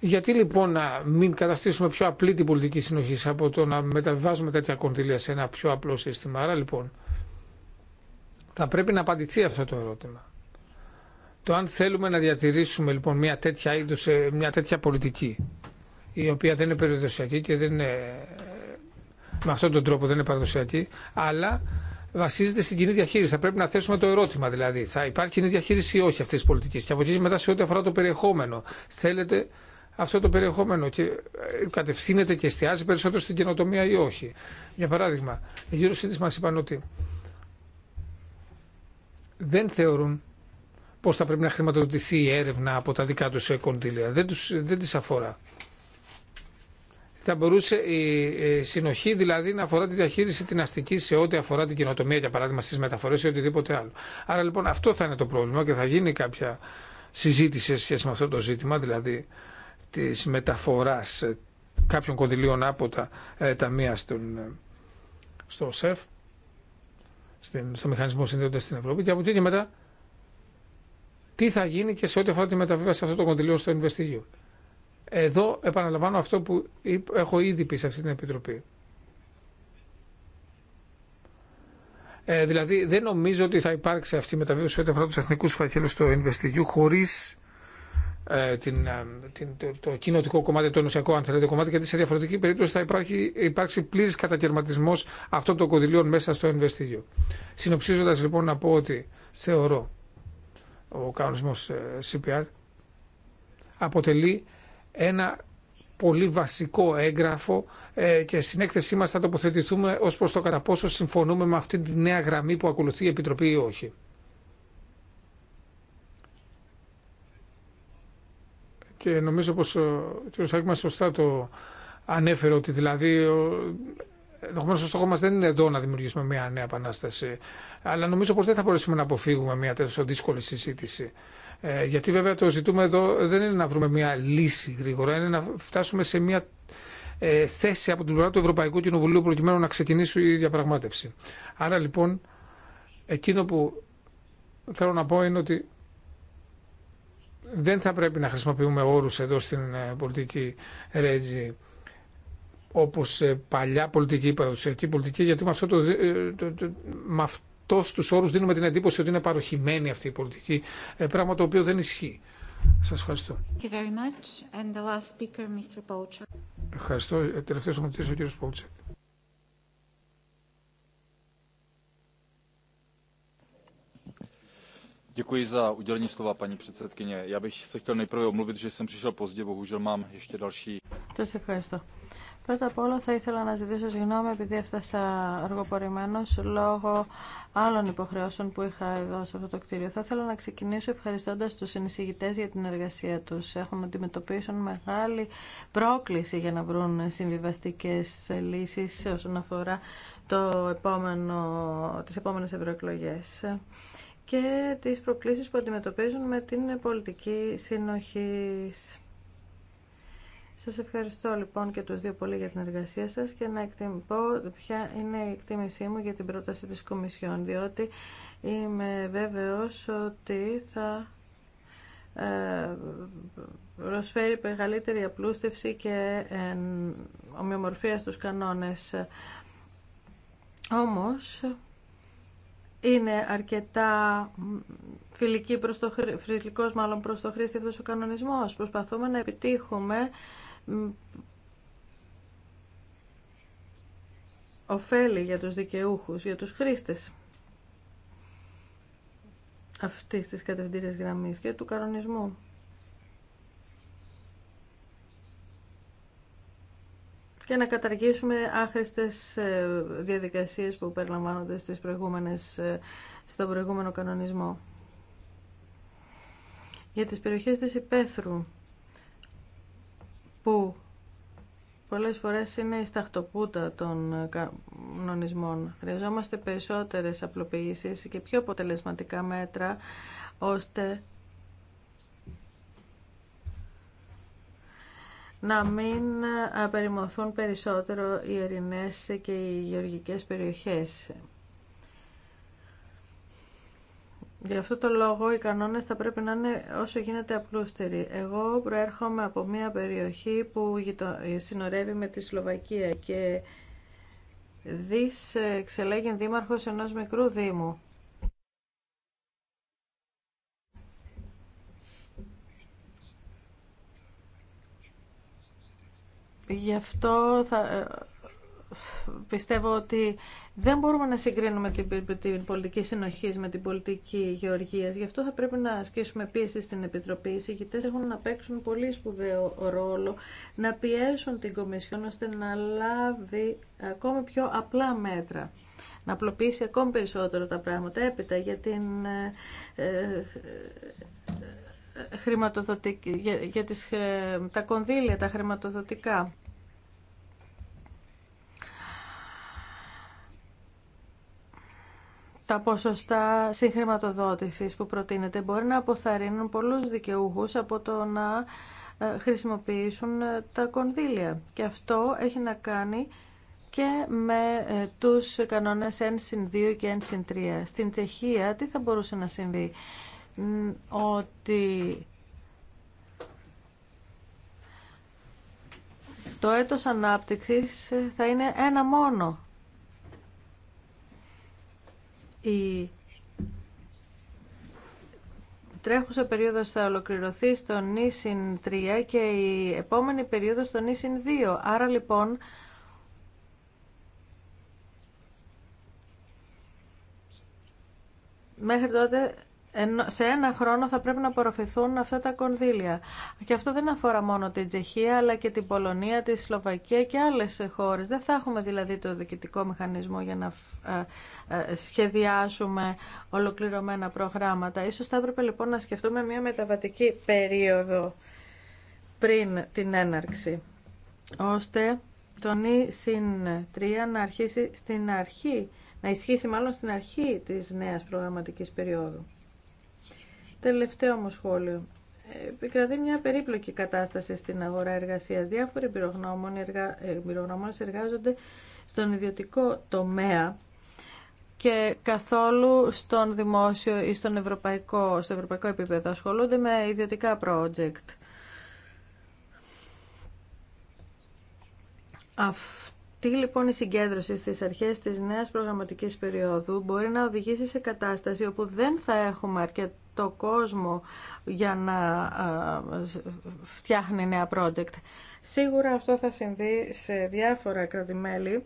[SPEAKER 2] Γιατί λοιπόν να μην καταστήσουμε πιο απλή την πολιτική συνοχή από το να μεταβιβάζουμε τέτοια κονδύλια σε ένα πιο απλό σύστημα. Άρα λοιπόν θα πρέπει να απαντηθεί αυτό το ερώτημα. Το αν θέλουμε να διατηρήσουμε λοιπόν μια τέτοια είδους, ε, μια τέτοια πολιτική η οποία δεν είναι περιοδοσιακή και δεν με αυτόν τον τρόπο δεν είναι παραδοσιακή, αλλά βασίζεται στην κοινή διαχείριση. Θα πρέπει να θέσουμε το ερώτημα δηλαδή. Θα υπάρχει κοινή διαχείριση ή όχι αυτή τη πολιτική. Και από εκεί μετά σε ό,τι αφορά το περιεχόμενο. Θέλετε αυτό το περιεχόμενο και ε, κατευθύνεται και εστιάζει περισσότερο στην καινοτομία ή όχι. Για παράδειγμα, οι γύρω συντη μα είπαν ότι δεν θεωρούν πως θα πρέπει να χρηματοδοτηθεί η έρευνα από τα δικά του κονδύλια. Δεν, τους, δεν τις αφορά θα μπορούσε η συνοχή δηλαδή να αφορά τη διαχείριση την αστική σε ό,τι αφορά την κοινοτομία, για παράδειγμα στι μεταφορέ ή οτιδήποτε άλλο. Άρα λοιπόν αυτό θα είναι το πρόβλημα και θα γίνει κάποια συζήτηση σε σχέση με αυτό το ζήτημα, δηλαδή τη μεταφορά κάποιων κονδυλίων από τα ε, ταμεία στον, ε, στο ΣΕΦ, στην, στο Μηχανισμό Συνδέοντα στην Ευρώπη και από εκεί και μετά τι θα γίνει και σε ό,τι αφορά τη μεταβίβαση αυτού των κονδυλίων στο InvestEU. Εδώ επαναλαμβάνω αυτό που έχω ήδη πει σε αυτή την Επιτροπή. Ε, δηλαδή δεν νομίζω ότι θα υπάρξει αυτή η μεταβίωση ό,τι αφορά του εθνικού φακέλου στο InvestEU χωρίς ε, την, ε, την, το, το κοινοτικό κομμάτι, το ενωσιακό αν θέλετε κομμάτι, γιατί σε διαφορετική περίπτωση θα υπάρχει, υπάρξει πλήρης κατακαιρματισμός αυτών των κονδυλίων μέσα στο InvestEU. Συνοψίζοντας, λοιπόν να πω ότι θεωρώ ο κανονισμό ε, CPR αποτελεί ένα πολύ βασικό έγγραφο ε, και στην έκθεσή μας θα τοποθετηθούμε ως προς το κατά πόσο συμφωνούμε με αυτή τη νέα γραμμή που ακολουθεί η Επιτροπή ή όχι. Και νομίζω πως ε, ο κ. Σάκη μας σωστά το ανέφερε ότι δηλαδή το ε, ο στόχο μα δεν είναι εδώ να δημιουργήσουμε μια νέα επανάσταση. Αλλά νομίζω πως δεν θα μπορέσουμε να αποφύγουμε μια τέτοια δύσκολη συζήτηση. Ε, γιατί βέβαια το ζητούμε εδώ δεν είναι να βρούμε μια λύση γρήγορα, είναι να φτάσουμε σε μια ε, θέση από την πλευρά του Ευρωπαϊκού Κοινοβουλίου προκειμένου να ξεκινήσει η διαπραγμάτευση. Άρα λοιπόν, εκείνο που θέλω να πω είναι ότι δεν θα πρέπει να χρησιμοποιούμε όρους εδώ στην ε, πολιτική ρέτζη όπως παλιά πολιτική, παραδοσιακή πολιτική, γιατί με αυτό το, το, στους όρους δίνουμε την εντύπωση ότι είναι παροχημένη αυτή η πολιτική, ε, πράγμα το οποίο δεν ισχύει. Σας ευχαριστώ.
[SPEAKER 3] Thank you very much.
[SPEAKER 2] Ευχαριστώ. Ε, τελευταίος ομιλητής ο κ. Πολτσέκ.
[SPEAKER 1] Děkuji za udělení slova, paní předsedkyně. Já bych se chtěl nejprve omluvit, že jsem přišel pozdě, bohužel mám ještě další. To se ευχαριστώ. Πρώτα απ' όλα θα ήθελα να ζητήσω συγγνώμη επειδή έφτασα αργοπορημένος λόγω άλλων υποχρεώσεων που είχα εδώ σε αυτό το κτίριο. Θα ήθελα να ξεκινήσω ευχαριστώντας τους συνεισηγητές για την εργασία τους. Έχουν αντιμετωπίσει αντιμετωπίσουν μεγάλη πρόκληση για να βρουν συμβιβαστικές λύσεις όσον αφορά το επόμενο, τις επόμενες και τις προκλήσεις που αντιμετωπίζουν με την πολιτική συνοχής. Σας ευχαριστώ λοιπόν και τους δύο πολύ για την εργασία σας και να εκτιμώ ποια είναι η εκτίμησή μου για την πρόταση της Κομισιόν, διότι είμαι βέβαιος ότι θα ε, προσφέρει μεγαλύτερη απλούστευση και ε, ομοιομορφία στους κανόνες. Όμως, είναι αρκετά φιλική προς το, φιλικός μάλλον προς το χρήστη αυτός ο κανονισμός. Προσπαθούμε να επιτύχουμε ωφέλη για τους δικαιούχους, για τους χρήστες αυτής της κατευθυντήριας γραμμής και του κανονισμού. και να καταργήσουμε άχρηστες ε, διαδικασίες που περιλαμβάνονται στις προηγούμενες, ε, στο προηγούμενο κανονισμό. Για τις περιοχές της υπαίθρου που πολλές φορές είναι η σταχτοπούτα των ε, κανονισμών. Χρειαζόμαστε περισσότερες απλοποιήσεις και πιο αποτελεσματικά μέτρα ώστε να μην ε, απεριμωθούν περισσότερο οι ερηνές και οι γεωργικές περιοχές. Γι' αυτό το λόγο οι κανόνες θα πρέπει να είναι όσο γίνεται απλούστεροι. Εγώ προέρχομαι από μια περιοχή που συνορεύει με τη Σλοβακία και δις εξελέγει δήμαρχος ενός μικρού δήμου. Γι' αυτό θα, ε, πιστεύω ότι δεν μπορούμε να συγκρίνουμε την, την πολιτική συνοχή με την πολιτική γεωργία. Γι' αυτό θα πρέπει να ασκήσουμε πίεση στην Επιτροπή. Οι συγκητέ έχουν να παίξουν πολύ σπουδαίο ρόλο να πιέσουν την Κομισιόν ώστε να λάβει ακόμη πιο απλά μέτρα να απλοποιήσει ακόμη περισσότερο τα πράγματα έπειτα για την ε, ε, χρηματοδοτική για, τις, ε, τα κονδύλια, τα χρηματοδοτικά. Τα ποσοστά συγχρηματοδότησης που προτείνεται μπορεί να αποθαρρύνουν πολλούς δικαιούχους από το να ε, χρησιμοποιήσουν ε, τα κονδύλια. Και αυτό έχει να κάνει και με τους κανόνες 1 2 και 1 3. Στην Τσεχία τι θα μπορούσε να συμβεί ότι το έτος ανάπτυξης θα είναι ένα μόνο. Η τρέχουσα περίοδος θα ολοκληρωθεί στον νησιν 3 και η επόμενη περίοδος στο νησιν 2. Άρα λοιπόν μέχρι τότε σε ένα χρόνο θα πρέπει να απορροφηθούν αυτά τα κονδύλια. Και αυτό δεν αφορά μόνο την Τσεχία, αλλά και την Πολωνία, τη Σλοβακία και άλλες χώρες. Δεν θα έχουμε δηλαδή το διοικητικό μηχανισμό για να ε, ε, σχεδιάσουμε ολοκληρωμένα προγράμματα. Ίσως θα έπρεπε λοιπόν να σκεφτούμε μια μεταβατική περίοδο πριν την έναρξη, ώστε το νη συν 3 να αρχίσει στην αρχή, να ισχύσει μάλλον στην αρχή της νέας προγραμματικής περίοδου. Τελευταίο μου σχόλιο. Επικρατεί μια περίπλοκη κατάσταση στην αγορά εργασία. Διάφοροι εργα... Ε, εργάζονται στον ιδιωτικό τομέα και καθόλου στον δημόσιο ή στον ευρωπαϊκό, στο ευρωπαϊκό επίπεδο. Ασχολούνται με ιδιωτικά project. Αυτή λοιπόν η συγκέντρωση στις αρχές της νέας προγραμματικής περίοδου μπορεί να οδηγήσει σε κατάσταση όπου δεν θα έχουμε αρκετά το κόσμο για να ε, φτιάχνει νέα project. Σίγουρα αυτό θα συμβεί σε διάφορα κρατημέλη,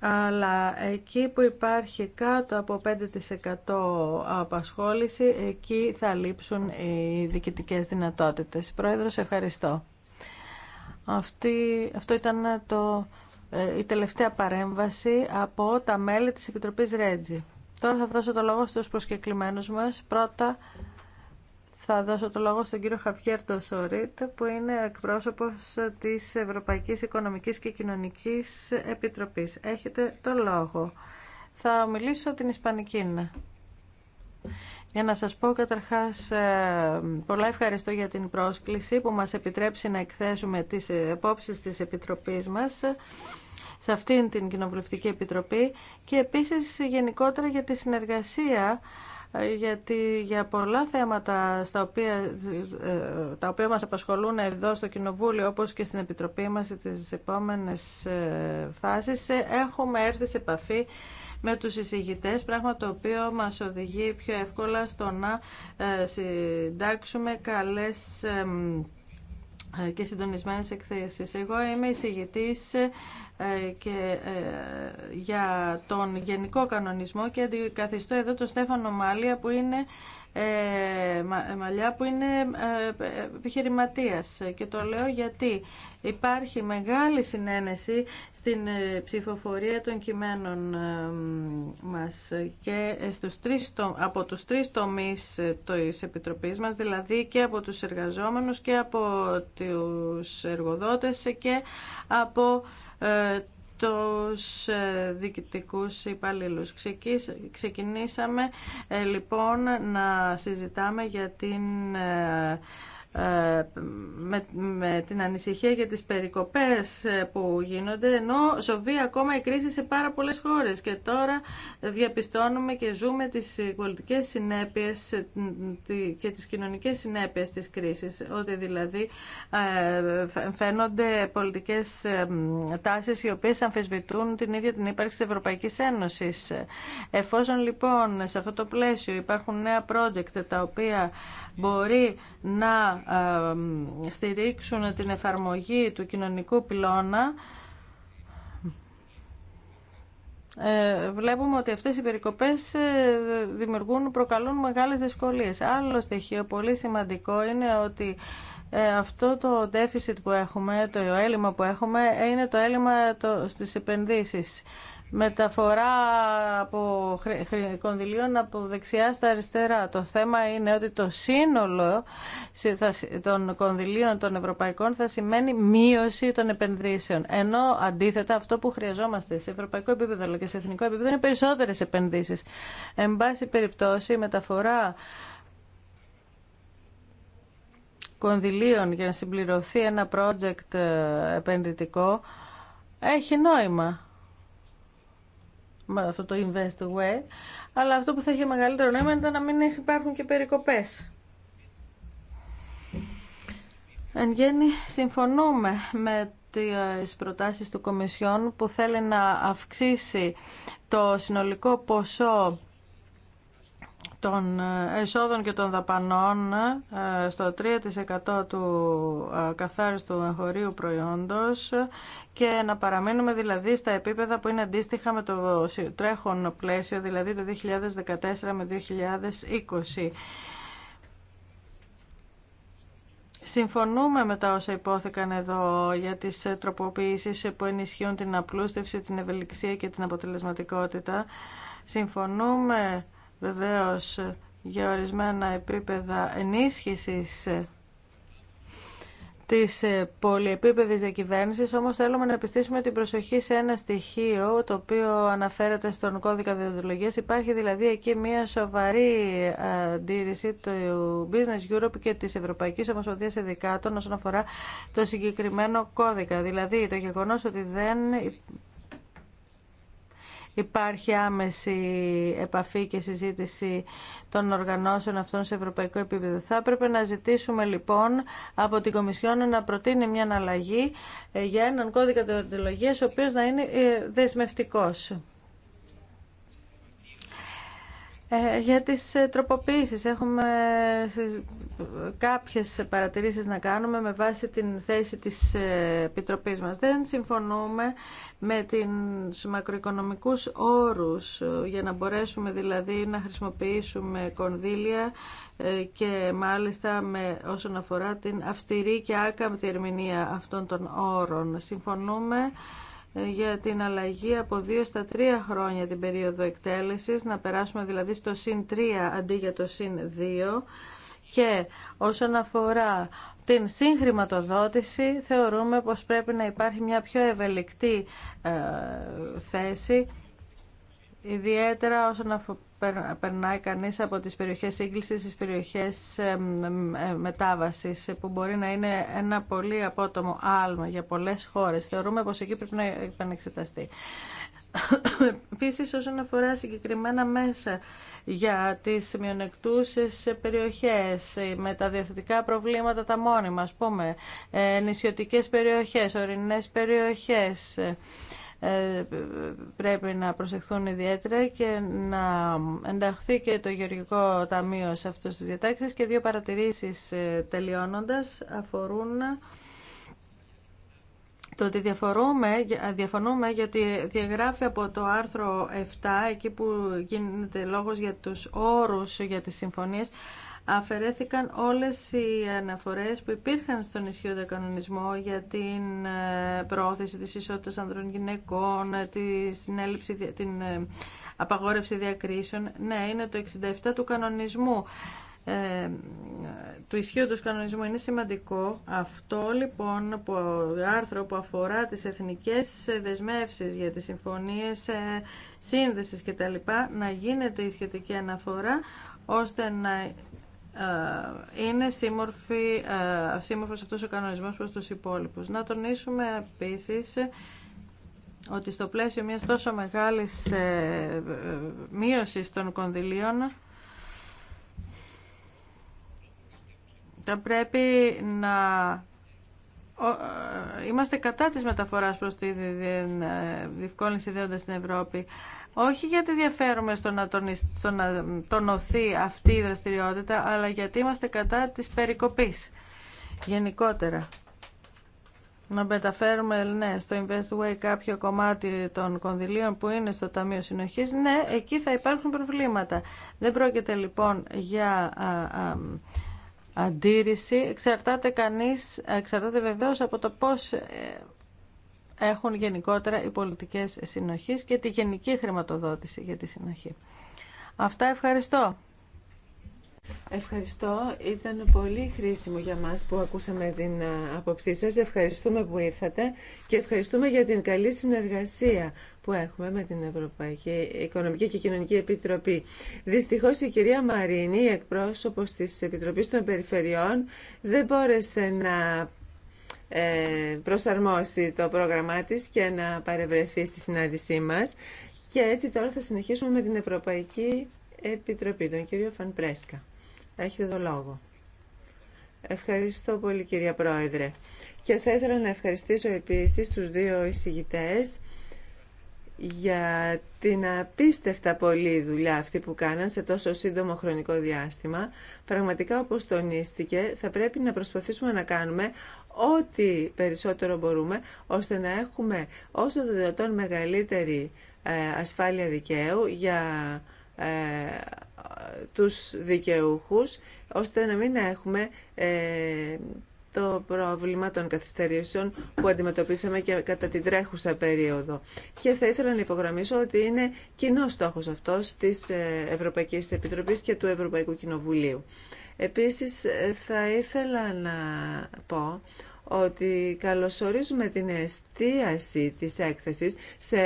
[SPEAKER 1] αλλά εκεί που υπάρχει κάτω από 5% απασχόληση, εκεί θα λείψουν οι διοικητικές δυνατότητες. Πρόεδρος, ευχαριστώ. Αυτή, αυτό ήταν το, ε, η τελευταία παρέμβαση από τα μέλη της Επιτροπής Ρέτζι τώρα θα δώσω το λόγο στους προσκεκλημένους μας. Πρώτα θα δώσω το λόγο στον κύριο Χαβιέρτο Σορίτ, που είναι εκπρόσωπος της Ευρωπαϊκής Οικονομικής και Κοινωνικής Επιτροπής. Έχετε το λόγο. Θα μιλήσω την Ισπανική. Ναι. Για να σας πω καταρχάς ε, πολλά ευχαριστώ για την πρόσκληση που μας επιτρέψει να εκθέσουμε τις ε, απόψεις της Επιτροπής μας σε αυτήν την Κοινοβουλευτική Επιτροπή και επίσης γενικότερα για τη συνεργασία ε, γιατί για πολλά θέματα στα οποία, ε, τα οποία μας απασχολούν εδώ στο Κοινοβούλιο όπως και στην Επιτροπή μας τις επόμενες ε, φάσεις έχουμε έρθει σε επαφή με τους εισηγητές, πράγμα το οποίο μας οδηγεί πιο εύκολα στο να συντάξουμε καλές ε, και συντονισμένες εκθέσεις. Εγώ είμαι εισηγητής ε, και, ε, για τον Γενικό Κανονισμό και αντικαθιστώ εδώ τον Στέφανο Μάλια που είναι ε, ε, μαλλιά που είναι ε, επιχειρηματίας και το λέω γιατί υπάρχει μεγάλη συνένεση στην ψηφοφορία των κειμένων μας και στους από τους τρεις τομείς της Επιτροπής μας, δηλαδή και από τους εργαζόμενους και από τους εργοδότες και από τους ε, διοικητικούς υπαλλήλους. Ξεκινήσαμε ε, λοιπόν να συζητάμε για την ε, με, την ανησυχία για τις περικοπές ε, που γίνονται ενώ σοβεί ακόμα η κρίση σε πάρα πολλές χώρες και τώρα διαπιστώνουμε και ζούμε τις πολιτικές συνέπειες ε, και τις κοινωνικές συνέπειες της κρίσης ότι δηλαδή ε, φαίνονται πολιτικές τάσεις οι οποίες αμφισβητούν την ίδια την ύπαρξη της Ευρωπαϊκής Ένωσης. Εφόσον λοιπόν σε αυτό το πλαίσιο υπάρχουν νέα project τα οποία μπορεί να στηρίξουν την εφαρμογή του κοινωνικού πυλώνα ε, βλέπουμε ότι αυτές οι περικοπές ε, δημιουργούν, προκαλούν μεγάλες δυσκολίες. Άλλο στοιχείο πολύ σημαντικό είναι ότι ε, αυτό το deficit που έχουμε, το έλλειμμα που έχουμε, είναι το έλλειμμα στις επενδύσεις μεταφορά από κονδυλίων από δεξιά στα αριστερά. Το θέμα είναι ότι το σύνολο των κονδυλίων των ευρωπαϊκών θα σημαίνει μείωση των επενδύσεων. Ενώ αντίθετα αυτό που χρειαζόμαστε σε ευρωπαϊκό επίπεδο αλλά και σε εθνικό επίπεδο είναι περισσότερες επενδύσεις. Εν πάση περιπτώσει η μεταφορά κονδυλίων για να συμπληρωθεί ένα project ε, επενδυτικό έχει νόημα με αυτό το invest away, αλλά αυτό που θα είχε μεγαλύτερο νόημα ήταν να μην υπάρχουν και περικοπές. Εν γέννη, συμφωνούμε με τις προτάσεις του Κομισιόν που θέλει να αυξήσει το συνολικό ποσό των ε, εσόδων και των δαπανών ε, στο 3% του ε, καθάριστου εγχωρίου προϊόντος και να παραμείνουμε δηλαδή στα επίπεδα που είναι αντίστοιχα με το τρέχον πλαίσιο, δηλαδή το 2014 με 2020. Συμφωνούμε με τα όσα υπόθηκαν εδώ για τις τροποποιήσεις που ενισχύουν την απλούστευση, την ευελιξία και την αποτελεσματικότητα. Συμφωνούμε βεβαίως ε, για ορισμένα επίπεδα ενίσχυσης ε, της ε, πολυεπίπεδης διακυβέρνησης, όμως θέλουμε να επιστήσουμε την προσοχή σε ένα στοιχείο το οποίο αναφέρεται στον κώδικα διοντολογίας. Υπάρχει δηλαδή εκεί μια σοβαρή αντίρρηση του Business Europe και της Ευρωπαϊκής Ομοσπονδίας Εδικάτων όσον αφορά το συγκεκριμένο κώδικα. Δηλαδή το γεγονός ότι δεν υπάρχει άμεση επαφή και συζήτηση των οργανώσεων αυτών σε ευρωπαϊκό επίπεδο. Θα έπρεπε να ζητήσουμε λοιπόν από την Κομισιόν να προτείνει μια αναλλαγή ε, για έναν κώδικα διοντολογίας ο οποίος να είναι ε, δεσμευτικός. Ε, για τις ε, τροποποίησεις έχουμε ε, κάποιες παρατηρήσεις να κάνουμε με βάση την θέση της Επιτροπής μας. Δεν συμφωνούμε με τους μακροοικονομικούς όρους για να μπορέσουμε δηλαδή να χρησιμοποιήσουμε κονδύλια και μάλιστα με όσον αφορά την αυστηρή και άκαμπτη ερμηνεία αυτών των όρων. Συμφωνούμε για την αλλαγή από 2 στα 3 χρόνια την περίοδο εκτέλεσης, να περάσουμε δηλαδή στο συν 3 αντί για το συν 2 και όσον αφορά την συγχρηματοδότηση θεωρούμε πως πρέπει να υπάρχει μια πιο ευελικτή ε, θέση Ιδιαίτερα όσον περνάει κανείς από τις περιοχές σύγκλησης στις περιοχές μετάβασης που μπορεί να είναι ένα πολύ απότομο άλμα για πολλές χώρες. Θεωρούμε πως εκεί πρέπει να επανεξεταστεί. Επίσης όσον αφορά συγκεκριμένα μέσα για τις μειονεκτούσες περιοχές, με τα διευθυντικά προβλήματα τα μόνιμα, ας πούμε, ε, νησιωτικές περιοχές, ορεινές περιοχές, ε, πρέπει να προσεχθούν ιδιαίτερα και να ενταχθεί και το Γεωργικό Ταμείο σε αυτές τις διατάξεις και δύο παρατηρήσεις ε, τελειώνοντας αφορούν το ότι διαφορούμε, διαφωνούμε γιατί διαγράφει από το άρθρο 7, εκεί που γίνεται λόγος για τους όρους για τις συμφωνίες, αφαιρέθηκαν όλες οι αναφορές που υπήρχαν στον ισχύοντα κανονισμό για την ε, πρόθεση της ισότητας ανδρών γυναικών, ε, τη την ε, απαγόρευση διακρίσεων. Ναι, είναι το 67 του κανονισμού. Ε, του ισχύοντος κανονισμού είναι σημαντικό αυτό λοιπόν που, άρθρο που αφορά τις εθνικές δεσμεύσεις για τις συμφωνίες ε, σύνδεσης κτλ να γίνεται η σχετική αναφορά ώστε να ε, είναι σύμμορφη, ε, σύμμορφος αυτός ο κανονισμός προς τους υπόλοιπους. Να τονίσουμε επίσης ότι στο πλαίσιο μιας τόσο μεγάλης ε, μείωσης των κονδυλίων θα πρέπει να είμαστε κατά της μεταφοράς προς τη διευκόλυνση ιδέοντας στην Ευρώπη. Όχι γιατί διαφέρουμε στο να, τον στο τονωθεί αυτή η δραστηριότητα, αλλά γιατί είμαστε κατά της περικοπής γενικότερα. Να μεταφέρουμε ναι, στο InvestWay κάποιο κομμάτι των κονδυλίων που είναι στο Ταμείο Συνοχής, ναι, εκεί θα υπάρχουν προβλήματα. Δεν πρόκειται λοιπόν για α, α, αντίρρηση. Εξαρτάται, κανείς, εξαρτάται βεβαίως από το πώς ε, έχουν γενικότερα οι πολιτικές συνοχής και τη γενική χρηματοδότηση για τη συνοχή. Αυτά ευχαριστώ.
[SPEAKER 3] Ευχαριστώ. Ήταν πολύ χρήσιμο για μας που ακούσαμε την ε, άποψή σας. Ευχαριστούμε που ήρθατε και ευχαριστούμε για την καλή συνεργασία που έχουμε με την Ευρωπαϊκή Οικονομική και Κοινωνική Επιτροπή. Δυστυχώς η κυρία Μαρίνη, εκπρόσωπος της Επιτροπής των Περιφερειών, δεν μπόρεσε να ε, προσαρμόσει το πρόγραμμά της και να παρευρεθεί στη συνάντησή μας. Και έτσι τώρα θα συνεχίσουμε με την Ευρωπαϊκή Επιτροπή, τον κύριο Φανπρέσκα. Έχετε το λόγο. Ευχαριστώ πολύ κυρία Πρόεδρε. Και θα ήθελα να ευχαριστήσω επίσης τους δύο εισηγητές για την απίστευτα πολλή δουλειά αυτή που κάναν σε τόσο σύντομο χρονικό διάστημα. Πραγματικά, όπως τονίστηκε, θα πρέπει να προσπαθήσουμε να κάνουμε ό,τι περισσότερο μπορούμε, ώστε να έχουμε όσο το δυνατόν μεγαλύτερη ε, ασφάλεια δικαίου για ε, τους δικαιούχους, ώστε να μην έχουμε ε, το πρόβλημα των καθυστερήσεων που αντιμετωπίσαμε και κατά την τρέχουσα περίοδο. Και θα ήθελα να υπογραμμίσω ότι είναι κοινό στόχος αυτός της ε, Ευρωπαϊκής Επιτροπής και του Ευρωπαϊκού Κοινοβουλίου. Επίσης ε, θα ήθελα να πω ότι καλωσορίζουμε την εστίαση της έκθεσης σε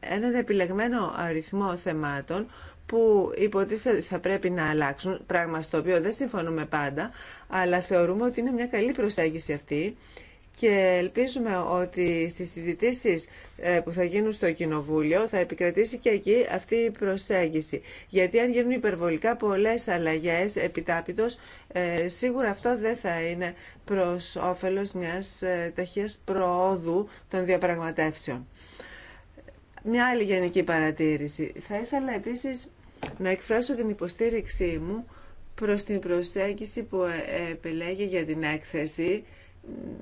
[SPEAKER 3] έναν επιλεγμένο αριθμό θεμάτων που υποτίθεται θα πρέπει να αλλάξουν, πράγμα στο οποίο δεν συμφωνούμε πάντα, αλλά θεωρούμε ότι είναι μια καλή προσέγγιση αυτή και ελπίζουμε ότι στις συζητήσεις ε, που θα γίνουν στο Κοινοβούλιο θα επικρατήσει και εκεί αυτή η προσέγγιση. Γιατί αν γίνουν υπερβολικά πολλές αλλαγές επιτάπητος, ε, σίγουρα αυτό δεν θα είναι προς όφελος μιας ε, ταχείας προόδου των διαπραγματεύσεων. Μια άλλη γενική παρατήρηση. Θα ήθελα επίσης να εκφράσω την υποστήριξή μου προς την προσέγγιση που ε, επιλέγει για την έκθεση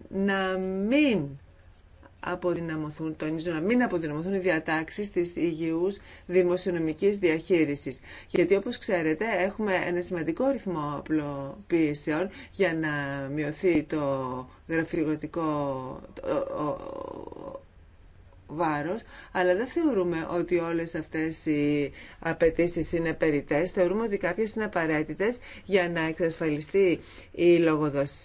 [SPEAKER 3] να μην αποδυναμωθούν, τονίζω να μην αποδυναμωθούν οι διατάξεις της υγιούς δημοσιονομικής διαχείρισης. Γιατί όπως ξέρετε έχουμε ένα σημαντικό ρυθμό απλοποίησεων για να μειωθεί το γραφειοκρατικό βάρος, αλλά δεν θεωρούμε ότι όλες αυτές οι απαιτήσει είναι περιττές. Θεωρούμε ότι κάποιες είναι απαραίτητες για να εξασφαλιστεί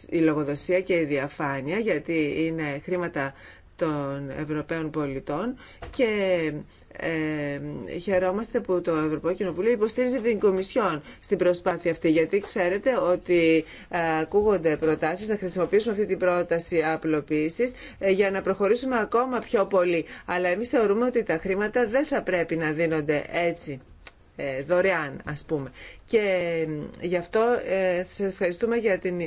[SPEAKER 3] η λογοδοσία και η διαφάνεια, γιατί είναι χρήματα των Ευρωπαίων πολιτών και ε, χαιρόμαστε που το Ευρωπαϊκό Κοινοβούλιο υποστήριζε την Κομισιόν στην προσπάθεια αυτή, γιατί ξέρετε ότι ε, ακούγονται προτάσεις να χρησιμοποιήσουμε αυτή την πρόταση απλοποίηση ε, για να προχωρήσουμε ακόμα πιο πολύ. Αλλά εμείς θεωρούμε ότι τα χρήματα δεν θα πρέπει να δίνονται έτσι ε, δωρεάν, ας πούμε. Και γι' αυτό σε ευχαριστούμε για την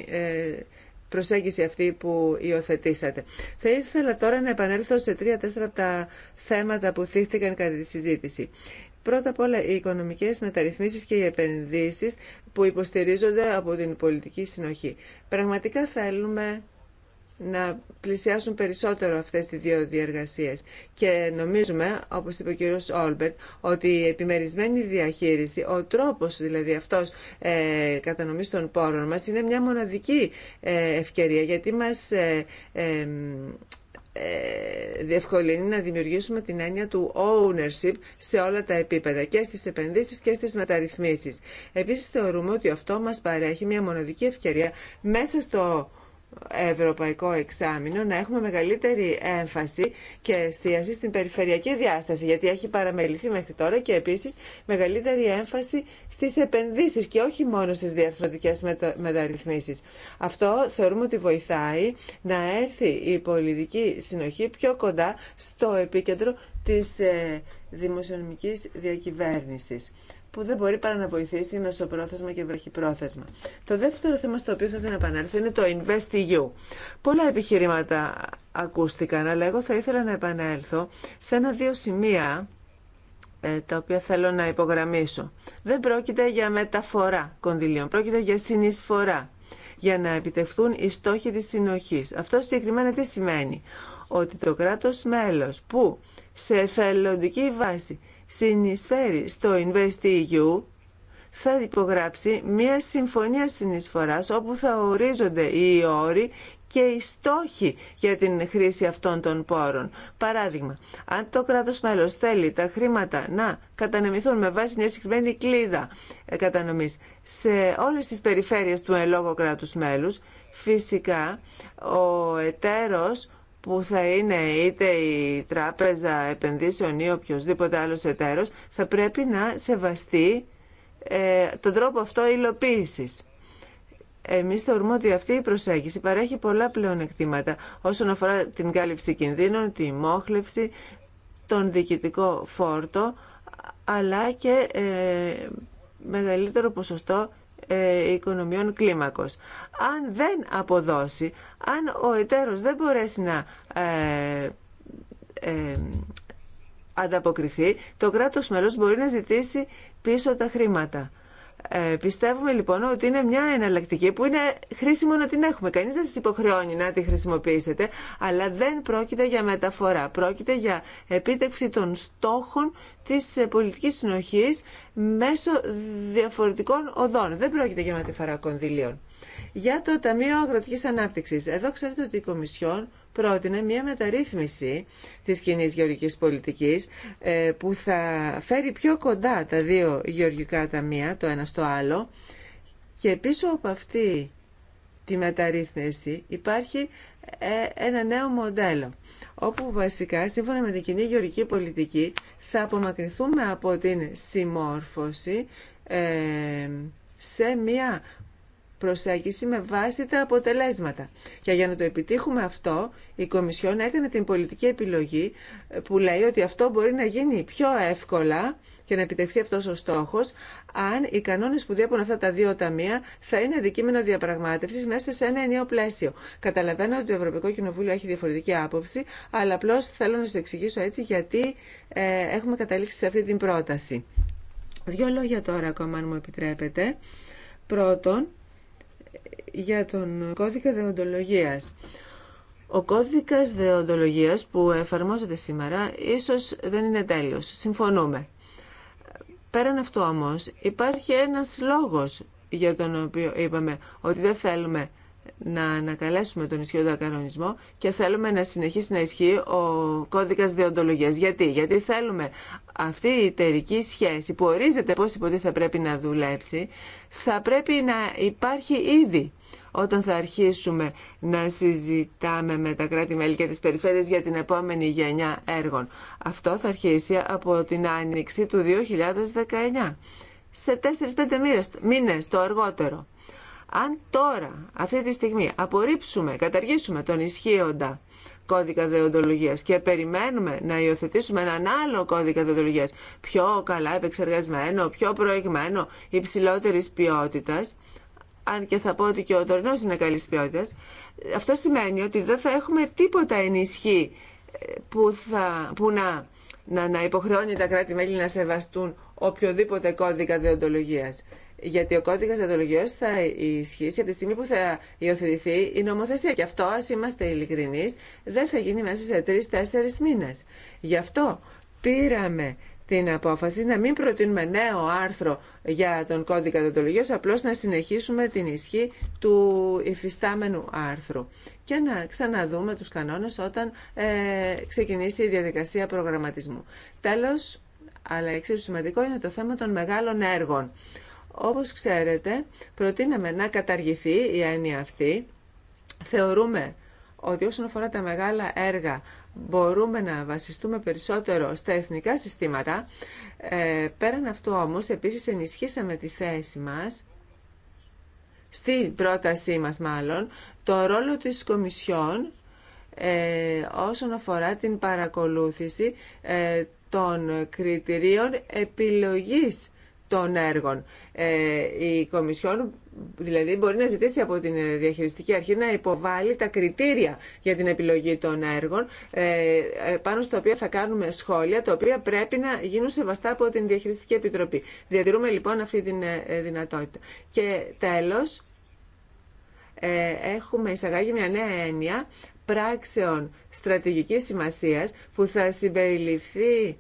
[SPEAKER 3] προσέγγιση αυτή που υιοθετήσατε. Θα ήθελα τώρα να επανέλθω σε τρία-τέσσερα από τα θέματα που θύχτηκαν κατά τη συζήτηση. Πρώτα απ' όλα οι οικονομικέ μεταρρυθμίσει και οι επενδύσει που υποστηρίζονται από την πολιτική συνοχή. Πραγματικά θέλουμε να πλησιάσουν περισσότερο αυτές οι δύο διεργασίες. Και νομίζουμε, όπως είπε ο κύριος Όλμπερτ, ότι η επιμερισμένη διαχείριση, ο τρόπος δηλαδή αυτός ε, κατανομής των πόρων μας είναι μια μοναδική ε, ευκαιρία γιατί μας ε, ε, ε διευκολύνει να δημιουργήσουμε την έννοια του ownership σε όλα τα επίπεδα, και στις επενδύσεις και στις μεταρρυθμίσεις. Επίσης θεωρούμε ότι αυτό μας παρέχει μια μοναδική ευκαιρία μέσα στο ευρωπαϊκό εξάμεινο να έχουμε μεγαλύτερη έμφαση και εστίαση στην περιφερειακή διάσταση, γιατί έχει παραμεληθεί μέχρι τώρα και επίσης μεγαλύτερη έμφαση στις επενδύσεις και όχι μόνο στις διαρθρωτικές μεταρρυθμίσεις. Αυτό θεωρούμε ότι βοηθάει να έρθει η πολιτική συνοχή πιο κοντά στο επίκεντρο της ε, δημοσιονομικής διακυβέρνησης που δεν μπορεί παρά να βοηθήσει μεσοπρόθεσμα και βραχυπρόθεσμα. Το δεύτερο θέμα στο οποίο θα ήθελα να επανέλθω είναι το InvestEU. Πολλά επιχειρήματα ακούστηκαν, αλλά εγώ θα ήθελα να επανέλθω σε ένα-δύο σημεία ε, τα οποία θέλω να υπογραμμίσω. Δεν πρόκειται για μεταφορά κονδυλίων, πρόκειται για συνεισφορά για να επιτευχθούν οι στόχοι της συνοχής. Αυτό συγκεκριμένα τι σημαίνει. Ότι το κράτος μέλος που σε εθελοντική βάση συνεισφέρει στο InvestEU θα υπογράψει μία συμφωνία συνεισφοράς όπου θα ορίζονται οι όροι και οι στόχοι για την χρήση αυτών των πόρων. Παράδειγμα, αν το κράτος μέλος θέλει τα χρήματα να κατανεμηθούν με βάση μια συγκεκριμένη κλίδα ε, κατανομής σε όλες τις περιφέρειες του ελόγω κράτους μέλους, φυσικά ο εταίρος που θα είναι είτε η Τράπεζα Επενδύσεων ή οποιοδήποτε άλλος εταίρος, θα πρέπει να σεβαστεί ε, τον τρόπο αυτό υλοποίησης. Εμείς θεωρούμε ότι αυτή η προσέγγιση παρέχει πολλά πλεονεκτήματα όσον αφορά την κάλυψη κινδύνων, τη μόχλευση, τον διοικητικό φόρτο, αλλά και ε, μεγαλύτερο ποσοστό ε, οικονομιών κλίμακος. Αν δεν αποδώσει, αν ο εταίρος δεν μπορέσει να ε, ε ανταποκριθεί, το κράτος μέλος μπορεί να ζητήσει πίσω τα χρήματα. Ε, πιστεύουμε λοιπόν ότι είναι μια εναλλακτική που είναι χρήσιμο να την έχουμε. Κανεί δεν σα υποχρεώνει να τη χρησιμοποιήσετε, αλλά δεν πρόκειται για μεταφορά. Πρόκειται για επίτευξη των στόχων τη ε, πολιτική συνοχή μέσω διαφορετικών οδών. Δεν πρόκειται για μεταφορά κονδυλίων. Για το Ταμείο αγροτική ανάπτυξη. Εδώ ξέρετε ότι η Κομισιόν πρότεινε μια μεταρρύθμιση της κοινή γεωργικής πολιτικής ε, που θα φέρει πιο κοντά τα δύο γεωργικά ταμεία, το ένα στο άλλο και πίσω από αυτή τη μεταρρύθμιση υπάρχει ε, ένα νέο μοντέλο όπου βασικά σύμφωνα με την κοινή γεωργική πολιτική θα απομακρυνθούμε από την συμμόρφωση ε, σε μια προσέγγιση με βάση τα αποτελέσματα. Και για να το επιτύχουμε αυτό, η Κομισιόν έκανε την πολιτική επιλογή που λέει ότι αυτό μπορεί να γίνει πιο εύκολα και να επιτευχθεί αυτός ο στόχος, αν οι κανόνες που διέπουν αυτά τα δύο ταμεία θα είναι αντικείμενο διαπραγμάτευσης μέσα σε ένα ενιαίο πλαίσιο. Καταλαβαίνω ότι το Ευρωπαϊκό Κοινοβούλιο έχει διαφορετική άποψη, αλλά απλώ θέλω να σα εξηγήσω έτσι γιατί ε, έχουμε καταλήξει σε αυτή την πρόταση. Δύο λόγια τώρα ακόμα, αν μου επιτρέπετε. Πρώτον, για τον κώδικα δεοντολογίας. Ο κώδικας δεοντολογίας που εφαρμόζεται σήμερα ίσως δεν είναι τέλειος. Συμφωνούμε. Πέραν αυτού όμως υπάρχει ένας λόγος για τον οποίο είπαμε ότι δεν θέλουμε να ανακαλέσουμε τον ισχύοντα κανονισμό και θέλουμε να συνεχίσει να ισχύει ο κώδικας διοντολογίας. Γιατί, Γιατί θέλουμε αυτή η εταιρική σχέση που ορίζεται πώς υποτίθεται θα πρέπει να δουλέψει, θα πρέπει να υπάρχει ήδη όταν θα αρχίσουμε να συζητάμε με τα κράτη-μέλη και τις περιφέρειες για την επόμενη γενιά έργων. Αυτό θα αρχίσει από την άνοιξη του 2019, σε 4-5 μήνες το αργότερο. Αν τώρα, αυτή τη στιγμή, απορρίψουμε, καταργήσουμε τον ισχύοντα κώδικα δεοντολογίας και περιμένουμε να υιοθετήσουμε έναν άλλο κώδικα δεοντολογίας πιο καλά επεξεργασμένο, πιο προηγμένο, υψηλότερη ποιότητας, αν και θα πω ότι και ο τωρινό είναι καλή ποιότητα, αυτό σημαίνει ότι δεν θα έχουμε τίποτα ενισχύ ε, που, θα, που να, να, να υποχρεώνει τα κράτη-μέλη να σεβαστούν οποιοδήποτε κώδικα δεοντολογίας. Γιατί ο κώδικα διοντολογία θα ισχύσει από τη στιγμή που θα υιοθετηθεί η νομοθεσία. Και αυτό, α είμαστε ειλικρινεί, δεν θα γίνει μέσα σε τρει-τέσσερι μήνε. Γι' αυτό πήραμε την απόφαση να μην προτείνουμε νέο άρθρο για τον κώδικα διοντολογία, απλώ να συνεχίσουμε την ισχύ του υφιστάμενου άρθρου και να ξαναδούμε του κανόνε όταν ε, ξεκινήσει η διαδικασία προγραμματισμού. Τέλο, αλλά εξίσου σημαντικό είναι το θέμα των μεγάλων έργων. Όπως ξέρετε, προτείναμε να καταργηθεί η έννοια αυτή. Θεωρούμε ότι όσον αφορά τα μεγάλα έργα μπορούμε να βασιστούμε περισσότερο στα εθνικά συστήματα. Ε, πέραν αυτού όμως, επίσης ενισχύσαμε τη θέση μας, στην πρότασή μας μάλλον, το ρόλο της Κομισιόν ε, όσον αφορά την παρακολούθηση ε, των κριτηρίων επιλογής των έργων. Ε, η Κομισιόν δηλαδή μπορεί να ζητήσει από την διαχειριστική αρχή να υποβάλει τα κριτήρια για την επιλογή των έργων ε, ε, πάνω στα οποία θα κάνουμε σχόλια τα οποία πρέπει να γίνουν σεβαστά από την Διαχειριστική Επιτροπή. Διατηρούμε λοιπόν αυτή τη δυνατότητα. Και τέλος έχουμε εισαγάγει μια νέα έννοια πράξεων στρατηγικής σημασίας που θα συμπεριληφθεί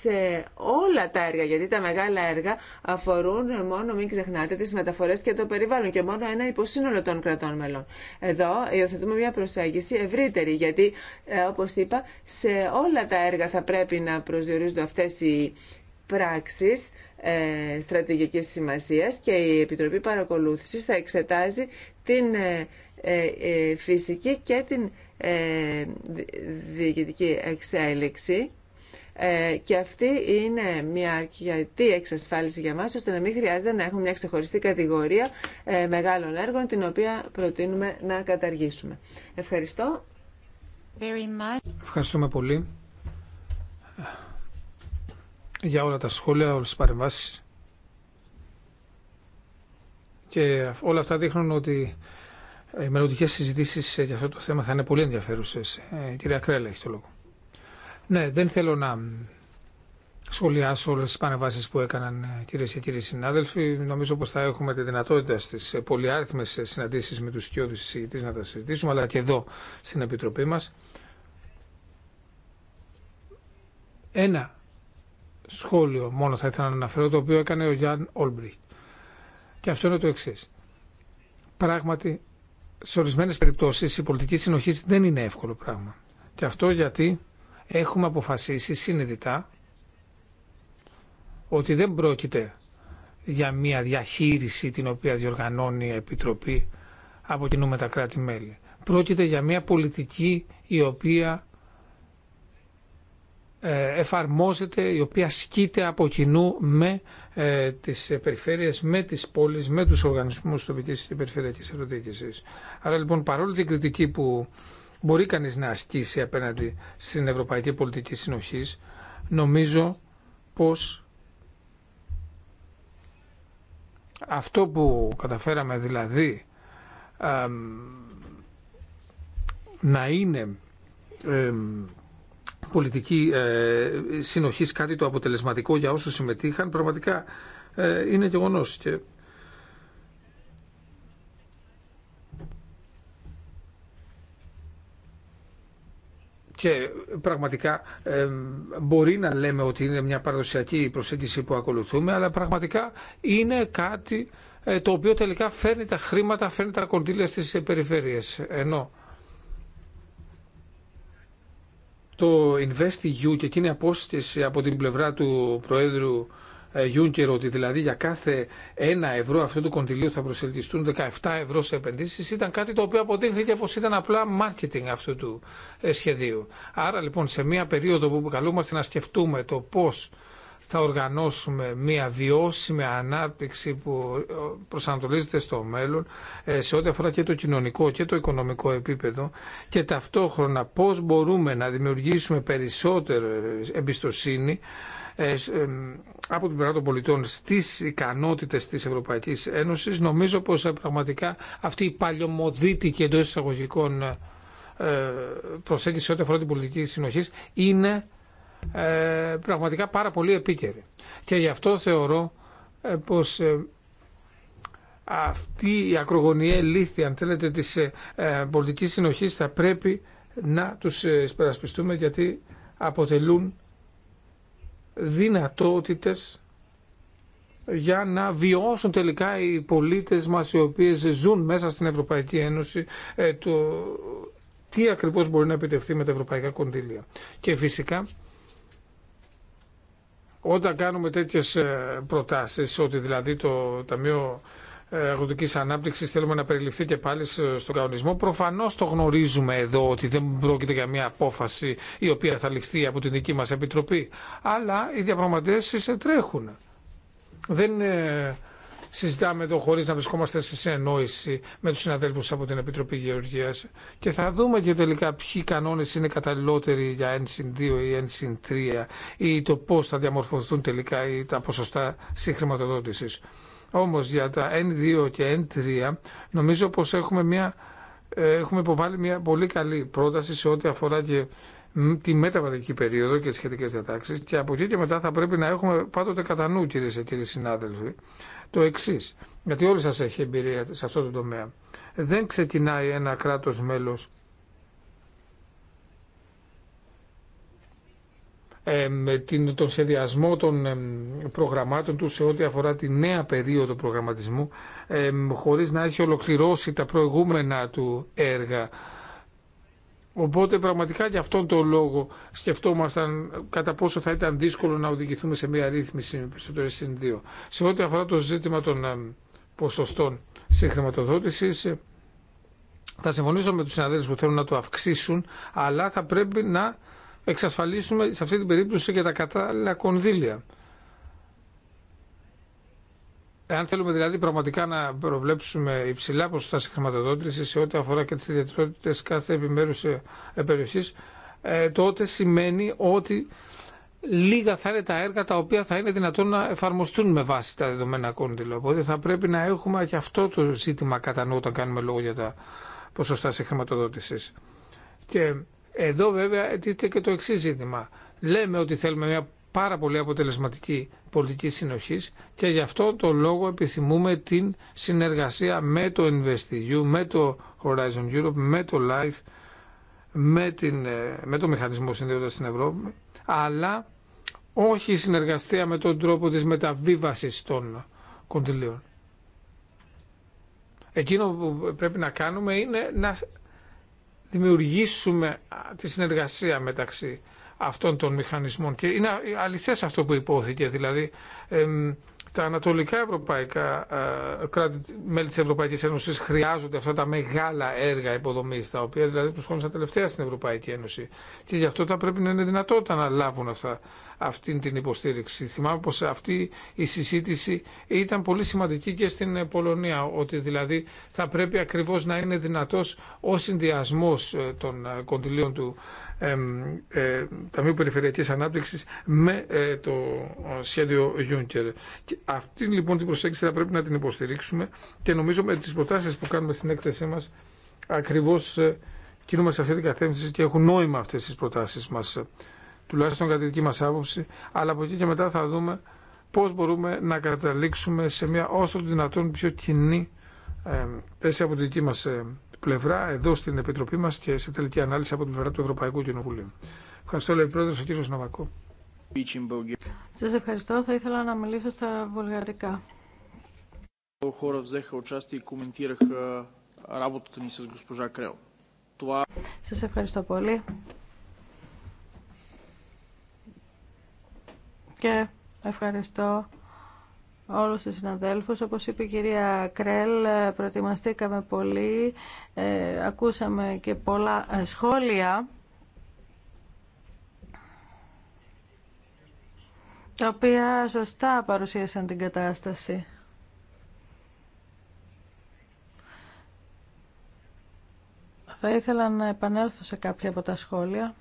[SPEAKER 3] σε όλα τα έργα, γιατί τα μεγάλα έργα αφορούν μόνο, μην ξεχνάτε, τις μεταφορές και το περιβάλλον και μόνο ένα υποσύνολο των κρατών μελών. Εδώ υιοθετούμε μια προσέγγιση ευρύτερη, γιατί, ε, όπως είπα, σε όλα τα έργα θα πρέπει να προσδιορίζονται αυτές οι πράξεις ε, στρατηγικής σημασίας και η Επιτροπή Παρακολούθησης θα εξετάζει την ε, ε, φυσική και την διοικητική εξέλιξη ε, και αυτή είναι μια αρκετή εξασφάλιση για μας, ώστε να μην χρειάζεται να έχουμε μια ξεχωριστή κατηγορία ε, μεγάλων έργων, την οποία προτείνουμε να καταργήσουμε. Ευχαριστώ.
[SPEAKER 2] Ευχαριστούμε πολύ ε, για όλα τα σχόλια, όλες τις παρεμβάσεις. Και όλα αυτά δείχνουν ότι ε, οι μελλοντικέ συζητήσει για αυτό το θέμα θα είναι πολύ ενδιαφέρουσε. Η κυρία Κρέλα έχει το λόγο. Ναι, δεν θέλω να σχολιάσω όλες τις πανεβάσεις που έκαναν ε, κυρίες και κύριοι συνάδελφοι. Νομίζω πως θα έχουμε τη δυνατότητα στις ε, πολυάριθμες ε, συναντήσεις με τους σκιώδους συζητητέ να τα συζητήσουμε, αλλά και εδώ στην Επιτροπή μας. Ένα σχόλιο μόνο θα ήθελα να αναφέρω, το οποίο έκανε ο Γιάνν Όλμπριχτ. Και αυτό είναι το εξή. Πράγματι, σε ορισμένες περιπτώσεις η πολιτική συνοχή δεν είναι εύκολο πράγμα. Και αυτό γιατί έχουμε αποφασίσει συνειδητά ότι δεν πρόκειται για μια διαχείριση την οποία διοργανώνει η Επιτροπή από κοινού με τα κράτη-μέλη. Πρόκειται για μια πολιτική η οποία ε, εφαρμόζεται, η οποία σκείται από κοινού με ε, τις περιφέρειες, με τις πόλεις, με τους οργανισμούς τοπικής και περιφερειακής ερωτήκησης. Άρα λοιπόν παρόλο την κριτική που μπορεί κανείς να ασκήσει απέναντι στην Ευρωπαϊκή Πολιτική Συνοχής, νομίζω πως αυτό που καταφέραμε δηλαδή να είναι πολιτική ε, συνοχής κάτι το αποτελεσματικό για όσους συμμετείχαν, πραγματικά ε, είναι γεγονός και πραγματικά μπορεί να λέμε ότι είναι μια παραδοσιακή προσέγγιση που ακολουθούμε, αλλά πραγματικά είναι κάτι ε, το οποίο τελικά φέρνει τα χρήματα, φέρνει τα κοντήλια στις περιφέρειες. Ενώ το InvestEU και εκείνη η απόσταση από την πλευρά του Προέδρου Γιούνκερ ότι δηλαδή για κάθε ένα ευρώ αυτού του κοντιλίου θα προσελκυστούν 17 ευρώ σε επενδύσεις ήταν κάτι το οποίο αποδείχθηκε πως ήταν απλά marketing αυτού του ε, σχεδίου. Άρα λοιπόν σε μια περίοδο που καλούμαστε να σκεφτούμε το πώς θα οργανώσουμε μια βιώσιμη ανάπτυξη που ε, προσανατολίζεται στο μέλλον ε, σε ό,τι αφορά και το κοινωνικό και το οικονομικό επίπεδο και ταυτόχρονα πώς μπορούμε να δημιουργήσουμε περισσότερη εμπιστοσύνη ε, ε, από την πλευρά των πολιτών στις ικανότητες της Ευρωπαϊκής Ένωσης νομίζω πως ε, πραγματικά αυτή η παλιωμοδίτικη εντό εισαγωγικών προσέγγιση ό,τι αφορά την πολιτική συνοχή είναι πραγματικά πάρα πολύ επίκαιρη. Και γι' αυτό θεωρώ πως αυτή η ακρογωνιαία λύθη, αν θέλετε, της πολιτικής συνοχής θα πρέπει να τους ε, γιατί αποτελούν δυνατότητες για να βιώσουν τελικά οι πολίτες μας οι οποίες ζουν μέσα στην Ευρωπαϊκή Ένωση ε, το τι ακριβώς μπορεί να επιτευχθεί με τα ευρωπαϊκά κονδύλια. Και φυσικά όταν κάνουμε τέτοιες ε, προτάσεις ότι δηλαδή το Ταμείο ε, αγροτικής ανάπτυξης θέλουμε να περιληφθεί και πάλι στον κανονισμό. Προφανώς το γνωρίζουμε εδώ ότι δεν πρόκειται για μια απόφαση η οποία θα ληφθεί από την δική μας Επιτροπή. Αλλά οι διαπραγματεύσεις τρέχουν. Δεν ε, συζητάμε εδώ χωρίς να βρισκόμαστε σε συνεννόηση με τους συναδέλφους από την Επιτροπή Γεωργίας και θα δούμε και τελικά ποιοι κανόνες είναι καταλληλότεροι για 1-2 ή 1-3 ή το πώς θα διαμορφωθούν τελικά τα ποσοστά συγχρηματοδότησης. Όμως για τα N2 και N3 νομίζω πως έχουμε, μια, ε, έχουμε υποβάλει μια πολύ καλή πρόταση σε ό,τι αφορά και τη μεταβατική περίοδο και τις σχετικές διατάξεις και από εκεί και μετά θα πρέπει να έχουμε πάντοτε κατά νου κυρίε και κύριοι συνάδελφοι το εξή. γιατί όλοι σας έχει εμπειρία σε αυτό το τομέα. Δεν ξεκινάει ένα κράτος μέλος τον σχεδιασμό των προγραμμάτων του σε ό,τι αφορά τη νέα περίοδο προγραμματισμού χωρίς να έχει ολοκληρώσει τα προηγούμενα του έργα. Οπότε πραγματικά για αυτόν τον λόγο σκεφτόμασταν κατά πόσο θα ήταν δύσκολο να οδηγηθούμε σε μια ρύθμιση με το συν Σε ό,τι αφορά το ζήτημα των ποσοστών συγχρηματοδότηση, θα συμφωνήσω με του συναδέλφου που θέλουν να το αυξήσουν, αλλά θα πρέπει να εξασφαλίσουμε σε αυτή την περίπτωση και τα κατάλληλα κονδύλια. Εάν θέλουμε δηλαδή πραγματικά να προβλέψουμε υψηλά ποσοστά συγχρηματοδότηση σε ό,τι αφορά και τι ιδιαιτερότητε κάθε επιμέρου ε, περιοχή, ε, τότε σημαίνει ότι λίγα θα είναι τα έργα τα οποία θα είναι δυνατόν να εφαρμοστούν με βάση τα δεδομένα κόντυλα. Οπότε θα πρέπει να έχουμε και αυτό το ζήτημα κατά νου όταν κάνουμε λόγο για τα ποσοστά συγχρηματοδότηση. Και εδώ βέβαια τίθεται και το εξή ζήτημα. Λέμε ότι θέλουμε μια πάρα πολύ αποτελεσματική πολιτική συνοχή και γι' αυτό το λόγο επιθυμούμε την συνεργασία με το InvestEU, με το Horizon Europe, με το LIFE, με, ε, με το Μηχανισμό Συνδέοντα στην Ευρώπη, αλλά όχι συνεργασία με τον τρόπο της μεταβίβασης των κοντιλίων. Εκείνο που πρέπει να κάνουμε είναι να δημιουργήσουμε τη συνεργασία μεταξύ αυτών των μηχανισμών. Και είναι αληθές αυτό που υπόθηκε, δηλαδή τα ανατολικά ευρωπαϊκά ε, κράτη, μέλη της Ευρωπαϊκής Ένωσης χρειάζονται αυτά τα μεγάλα έργα υποδομής, τα οποία δηλαδή προσχώρησαν τελευταία στην Ευρωπαϊκή Ένωση. Και γι' αυτό θα πρέπει να είναι δυνατότητα να λάβουν αυτά, αυτή την υποστήριξη. Θυμάμαι πως αυτή η συζήτηση ήταν πολύ σημαντική και στην Πολωνία, ότι δηλαδή θα πρέπει ακριβώς να είναι δυνατός ο συνδυασμός ε, των ε, κοντιλίων του ε, Ταμείου Περιφερειακής Ανάπτυξης με ε, το σχέδιο Juncker. αυτή λοιπόν την προσέγγιση θα πρέπει να την υποστηρίξουμε και νομίζω με τις προτάσεις που κάνουμε στην έκθεσή μας ακριβώς ε, κινούμε σε αυτή την κατεύθυνση και έχουν νόημα αυτές τις προτάσεις μας τουλάχιστον κατά τη δική μας άποψη αλλά από εκεί και μετά θα δούμε πώς μπορούμε να καταλήξουμε σε μια όσο δυνατόν πιο κοινή θέση από τη δική μας πλευρά εδώ στην Επιτροπή μας και σε τελική ανάλυση από την πλευρά του Ευρωπαϊκού Κοινοβουλίου. Ευχαριστώ, λέει πρόεδρος, ο κύριος
[SPEAKER 1] Σας ευχαριστώ. Θα ήθελα να μιλήσω στα βουλγαρικά. Ε, Σας ευχαριστώ πολύ. Και ευχαριστώ όλους τους συναδέλφους. Όπως είπε η κυρία Κρέλ, προετοιμαστήκαμε πολύ, ε, ακούσαμε και πολλά ε, σχόλια. τα οποία σωστά παρουσίασαν την κατάσταση. Θα ήθελα να επανέλθω σε κάποια από τα σχόλια.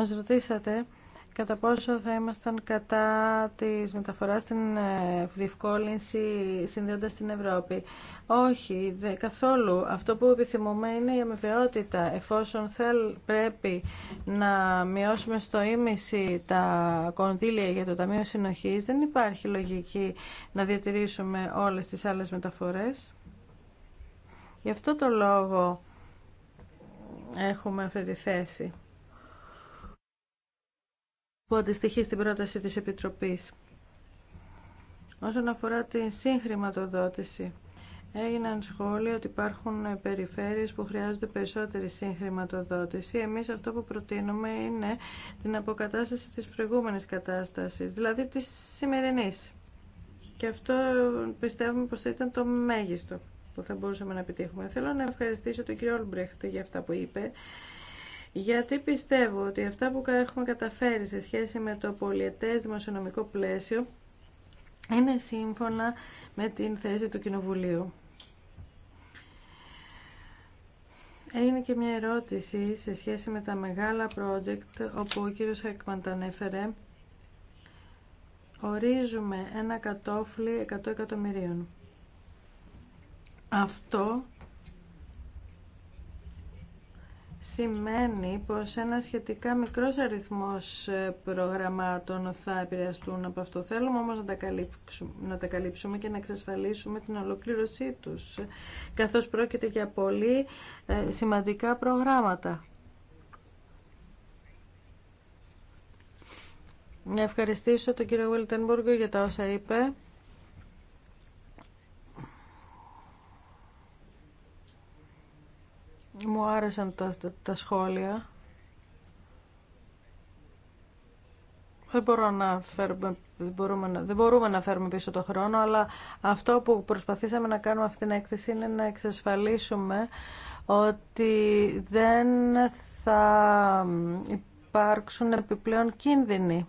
[SPEAKER 1] Μας ρωτήσατε κατά πόσο θα ήμασταν κατά της μεταφοράς στην ε, διευκόλυνση συνδέοντας την Ευρώπη. Όχι, δε, καθόλου. Αυτό που επιθυμούμε είναι η αμοιβαιότητα. Εφόσον θέλ, πρέπει να μειώσουμε στο ίμιση τα κονδύλια για το Ταμείο Συνοχής, δεν υπάρχει λογική να διατηρήσουμε όλες τις άλλες μεταφορές. Γι' αυτό το λόγο έχουμε αυτή τη θέση που αντιστοιχεί στην πρόταση της Επιτροπής. Όσον αφορά την συγχρηματοδότηση, έγιναν σχόλια ότι υπάρχουν περιφέρειες που χρειάζονται περισσότερη συγχρηματοδότηση. Εμείς αυτό που προτείνουμε είναι την αποκατάσταση της προηγούμενης κατάστασης, δηλαδή της σημερινής. Και αυτό πιστεύουμε πως ήταν το μέγιστο που θα μπορούσαμε να επιτύχουμε. Θέλω να ευχαριστήσω τον κύριο Ολμπρέχτη για αυτά που είπε γιατί πιστεύω ότι αυτά που έχουμε καταφέρει σε σχέση με το πολιετές δημοσιονομικό πλαίσιο είναι σύμφωνα με την θέση του Κοινοβουλίου. Έγινε και μια ερώτηση σε σχέση με τα μεγάλα project όπου ο κύριος Χέκμαν Ορίζουμε ένα κατόφλι 100 εκατομμυρίων. Αυτό σημαίνει πως ένα σχετικά μικρός αριθμός ε, προγραμμάτων θα επηρεαστούν από αυτό. Θέλουμε όμως να τα, καλύψουμε, και να εξασφαλίσουμε την ολοκλήρωσή τους, καθώς πρόκειται για πολύ ε, σημαντικά προγράμματα. Να ευχαριστήσω τον κύριο Βουλτενμπούργο για τα όσα είπε. Μου άρεσαν τα, τα, τα σχόλια. Δεν, μπορώ να δεν, μπορούμε να, δεν μπορούμε να φέρουμε πίσω το χρόνο, αλλά αυτό που προσπαθήσαμε να κάνουμε αυτήν την έκθεση είναι να εξασφαλίσουμε ότι δεν θα υπάρξουν επιπλέον κίνδυνοι.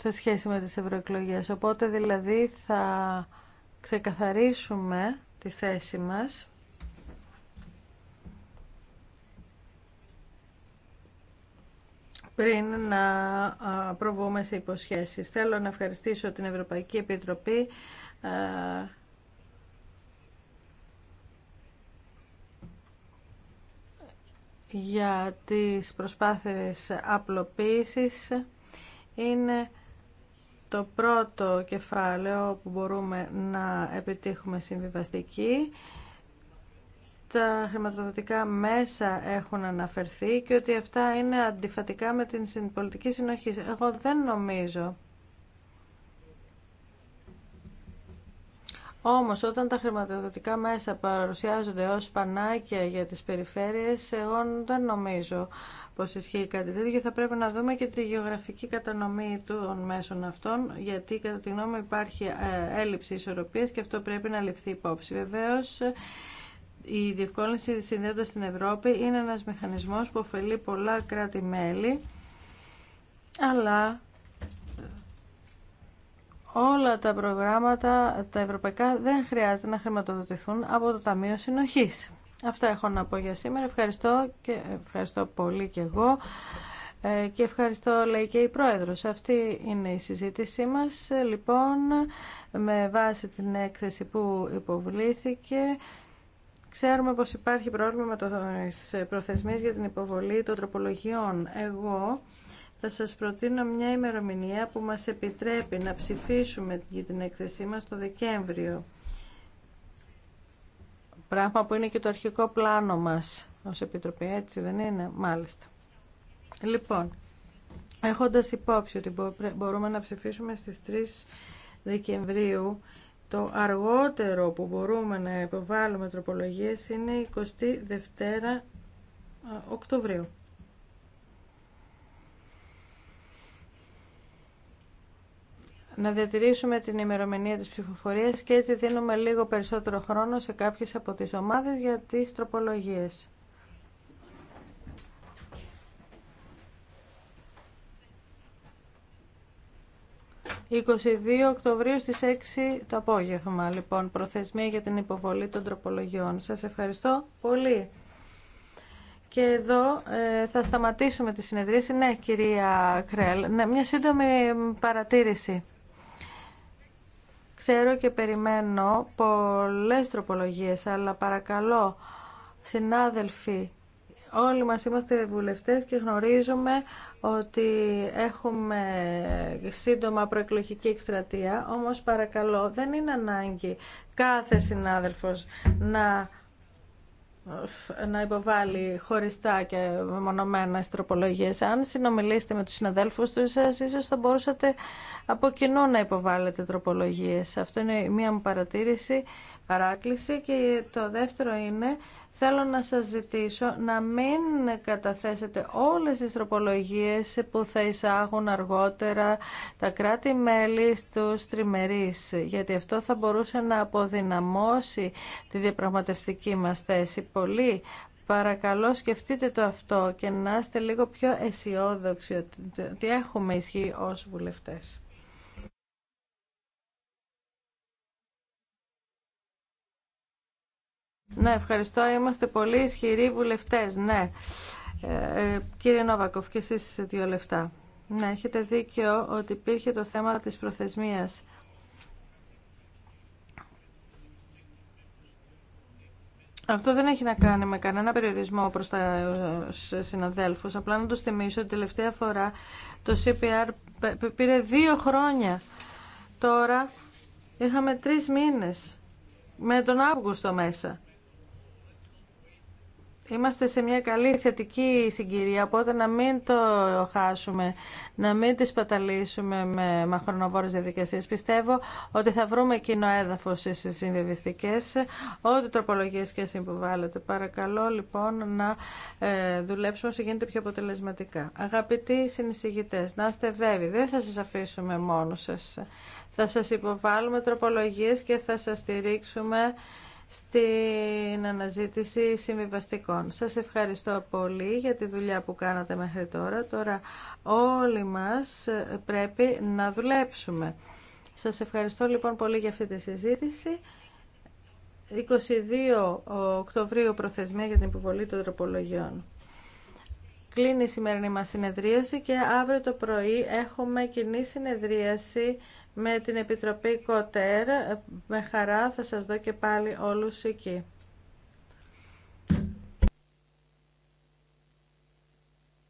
[SPEAKER 1] σε σχέση με τις ευρωεκλογές. Οπότε δηλαδή θα ξεκαθαρίσουμε τη θέση μας πριν να προβούμε σε υποσχέσεις. Θέλω να ευχαριστήσω την Ευρωπαϊκή Επιτροπή για τις προσπάθειες απλοποίησης. Είναι το πρώτο κεφάλαιο που μπορούμε να επιτύχουμε συμβιβαστική. Τα χρηματοδοτικά μέσα έχουν αναφερθεί και ότι αυτά είναι αντιφατικά με την πολιτική συνοχή. Εγώ δεν νομίζω. Όμως όταν τα χρηματοδοτικά μέσα παρουσιάζονται ως πανάκια για τις περιφέρειες, εγώ δεν νομίζω πως ισχύει κάτι τέτοιο, θα πρέπει να δούμε και τη γεωγραφική κατανομή των μέσων αυτών, γιατί κατά τη γνώμη υπάρχει ε, έλλειψη ισορροπίας και αυτό πρέπει να ληφθεί υπόψη. Βεβαίως, η διευκόλυνση συνδέοντας την Ευρώπη είναι ένας μηχανισμός που ωφελεί πολλά κράτη-μέλη, αλλά όλα τα προγράμματα, τα ευρωπαϊκά, δεν χρειάζεται να χρηματοδοτηθούν από το Ταμείο Συνοχής. Αυτά έχω να πω για σήμερα. Ευχαριστώ, και, ευχαριστώ πολύ και εγώ. Ε, και ευχαριστώ λέει και η Πρόεδρος. Αυτή είναι η συζήτησή μας. Λοιπόν, με βάση την έκθεση που υποβλήθηκε, ξέρουμε πως υπάρχει πρόβλημα με το για την υποβολή των τροπολογιών. Εγώ θα σας προτείνω μια ημερομηνία που μας επιτρέπει να ψηφίσουμε για την έκθεσή μας το Δεκέμβριο. Πράγμα που είναι και το αρχικό πλάνο μας ως Επιτροπή, έτσι δεν είναι, μάλιστα. Λοιπόν, έχοντας υπόψη ότι μπορούμε να ψηφίσουμε στις 3 Δεκεμβρίου, το αργότερο που μπορούμε να υποβάλουμε τροπολογίες είναι 22 Οκτωβρίου. να διατηρήσουμε την ημερομηνία της ψηφοφορίας και έτσι δίνουμε λίγο περισσότερο χρόνο σε κάποιες από τις ομάδες για τις τροπολογίες. «22 Οκτωβρίου στις 6 το απόγευμα, λοιπόν, προθεσμία για την υποβολή των τροπολογιών. Σας ευχαριστώ πολύ. Και εδώ ε, θα σταματήσουμε τη συνεδρίαση. Ναι, κυρία Κρέλ, ναι, μια σύντομη παρατήρηση. Ξέρω και περιμένω πολλές τροπολογίες, αλλά παρακαλώ, συνάδελφοι, όλοι μας είμαστε βουλευτές και γνωρίζουμε ότι έχουμε σύντομα προεκλογική εκστρατεία, όμως παρακαλώ, δεν είναι ανάγκη κάθε συνάδελφος να να υποβάλει χωριστά και μονομένα τροπολογίε. Αν συνομιλήσετε με τους συναδέλφου του σας, ίσως θα μπορούσατε από κοινού να υποβάλλετε τροπολογίε. Αυτό είναι μία μου παρατήρηση, παράκληση και το δεύτερο είναι Θέλω να σας ζητήσω να μην καταθέσετε όλες τις τροπολογίες που θα εισάγουν αργότερα τα κράτη-μέλη στους τριμερείς, γιατί αυτό θα μπορούσε να αποδυναμώσει τη διαπραγματευτική μας θέση πολύ. Παρακαλώ σκεφτείτε το αυτό και να είστε λίγο πιο αισιόδοξοι ότι έχουμε ισχύ ως βουλευτές. Ναι, ευχαριστώ. Είμαστε πολύ ισχυροί βουλευτέ. ναι. Ε, ε, κύριε Νόβακοφ, και εσείς σε δύο λεφτά. Ναι, έχετε δίκιο ότι υπήρχε το θέμα της προθεσμίας. Αυτό δεν έχει να κάνει με κανένα περιορισμό προς τα ε, συναδέλφους. Απλά να τους θυμίσω ότι τελευταία φορά το CPR πήρε δύο χρόνια. Τώρα είχαμε τρεις μήνες με τον Αύγουστο μέσα. Είμαστε σε μια καλή θετική συγκυρία, οπότε να μην το χάσουμε, να μην τις παταλήσουμε με μαχρονοβόρες διαδικασίες. Πιστεύω ότι θα βρούμε κοινό έδαφος στις συμβιβιστικές, ό,τι τροπολογίες και συμβουβάλλεται. Παρακαλώ λοιπόν να ε, δουλέψουμε όσο γίνεται πιο αποτελεσματικά. Αγαπητοί συνεισηγητές, να είστε βέβαιοι, δεν θα σας αφήσουμε μόνο σας. Θα σας υποβάλουμε τροπολογίες και θα σας στηρίξουμε στην αναζήτηση συμβιβαστικών. Σας ευχαριστώ πολύ για τη δουλειά που κάνατε μέχρι τώρα. Τώρα όλοι μας πρέπει να δουλέψουμε. Σας ευχαριστώ λοιπόν πολύ για αυτή τη συζήτηση. 22 Οκτωβρίου προθεσμία για την υποβολή των τροπολογιών. Κλείνει η σημερινή μας συνεδρίαση και αύριο το πρωί έχουμε κοινή συνεδρίαση με την Επιτροπή Κοτέρ. Με χαρά θα σας δω και πάλι όλους εκεί.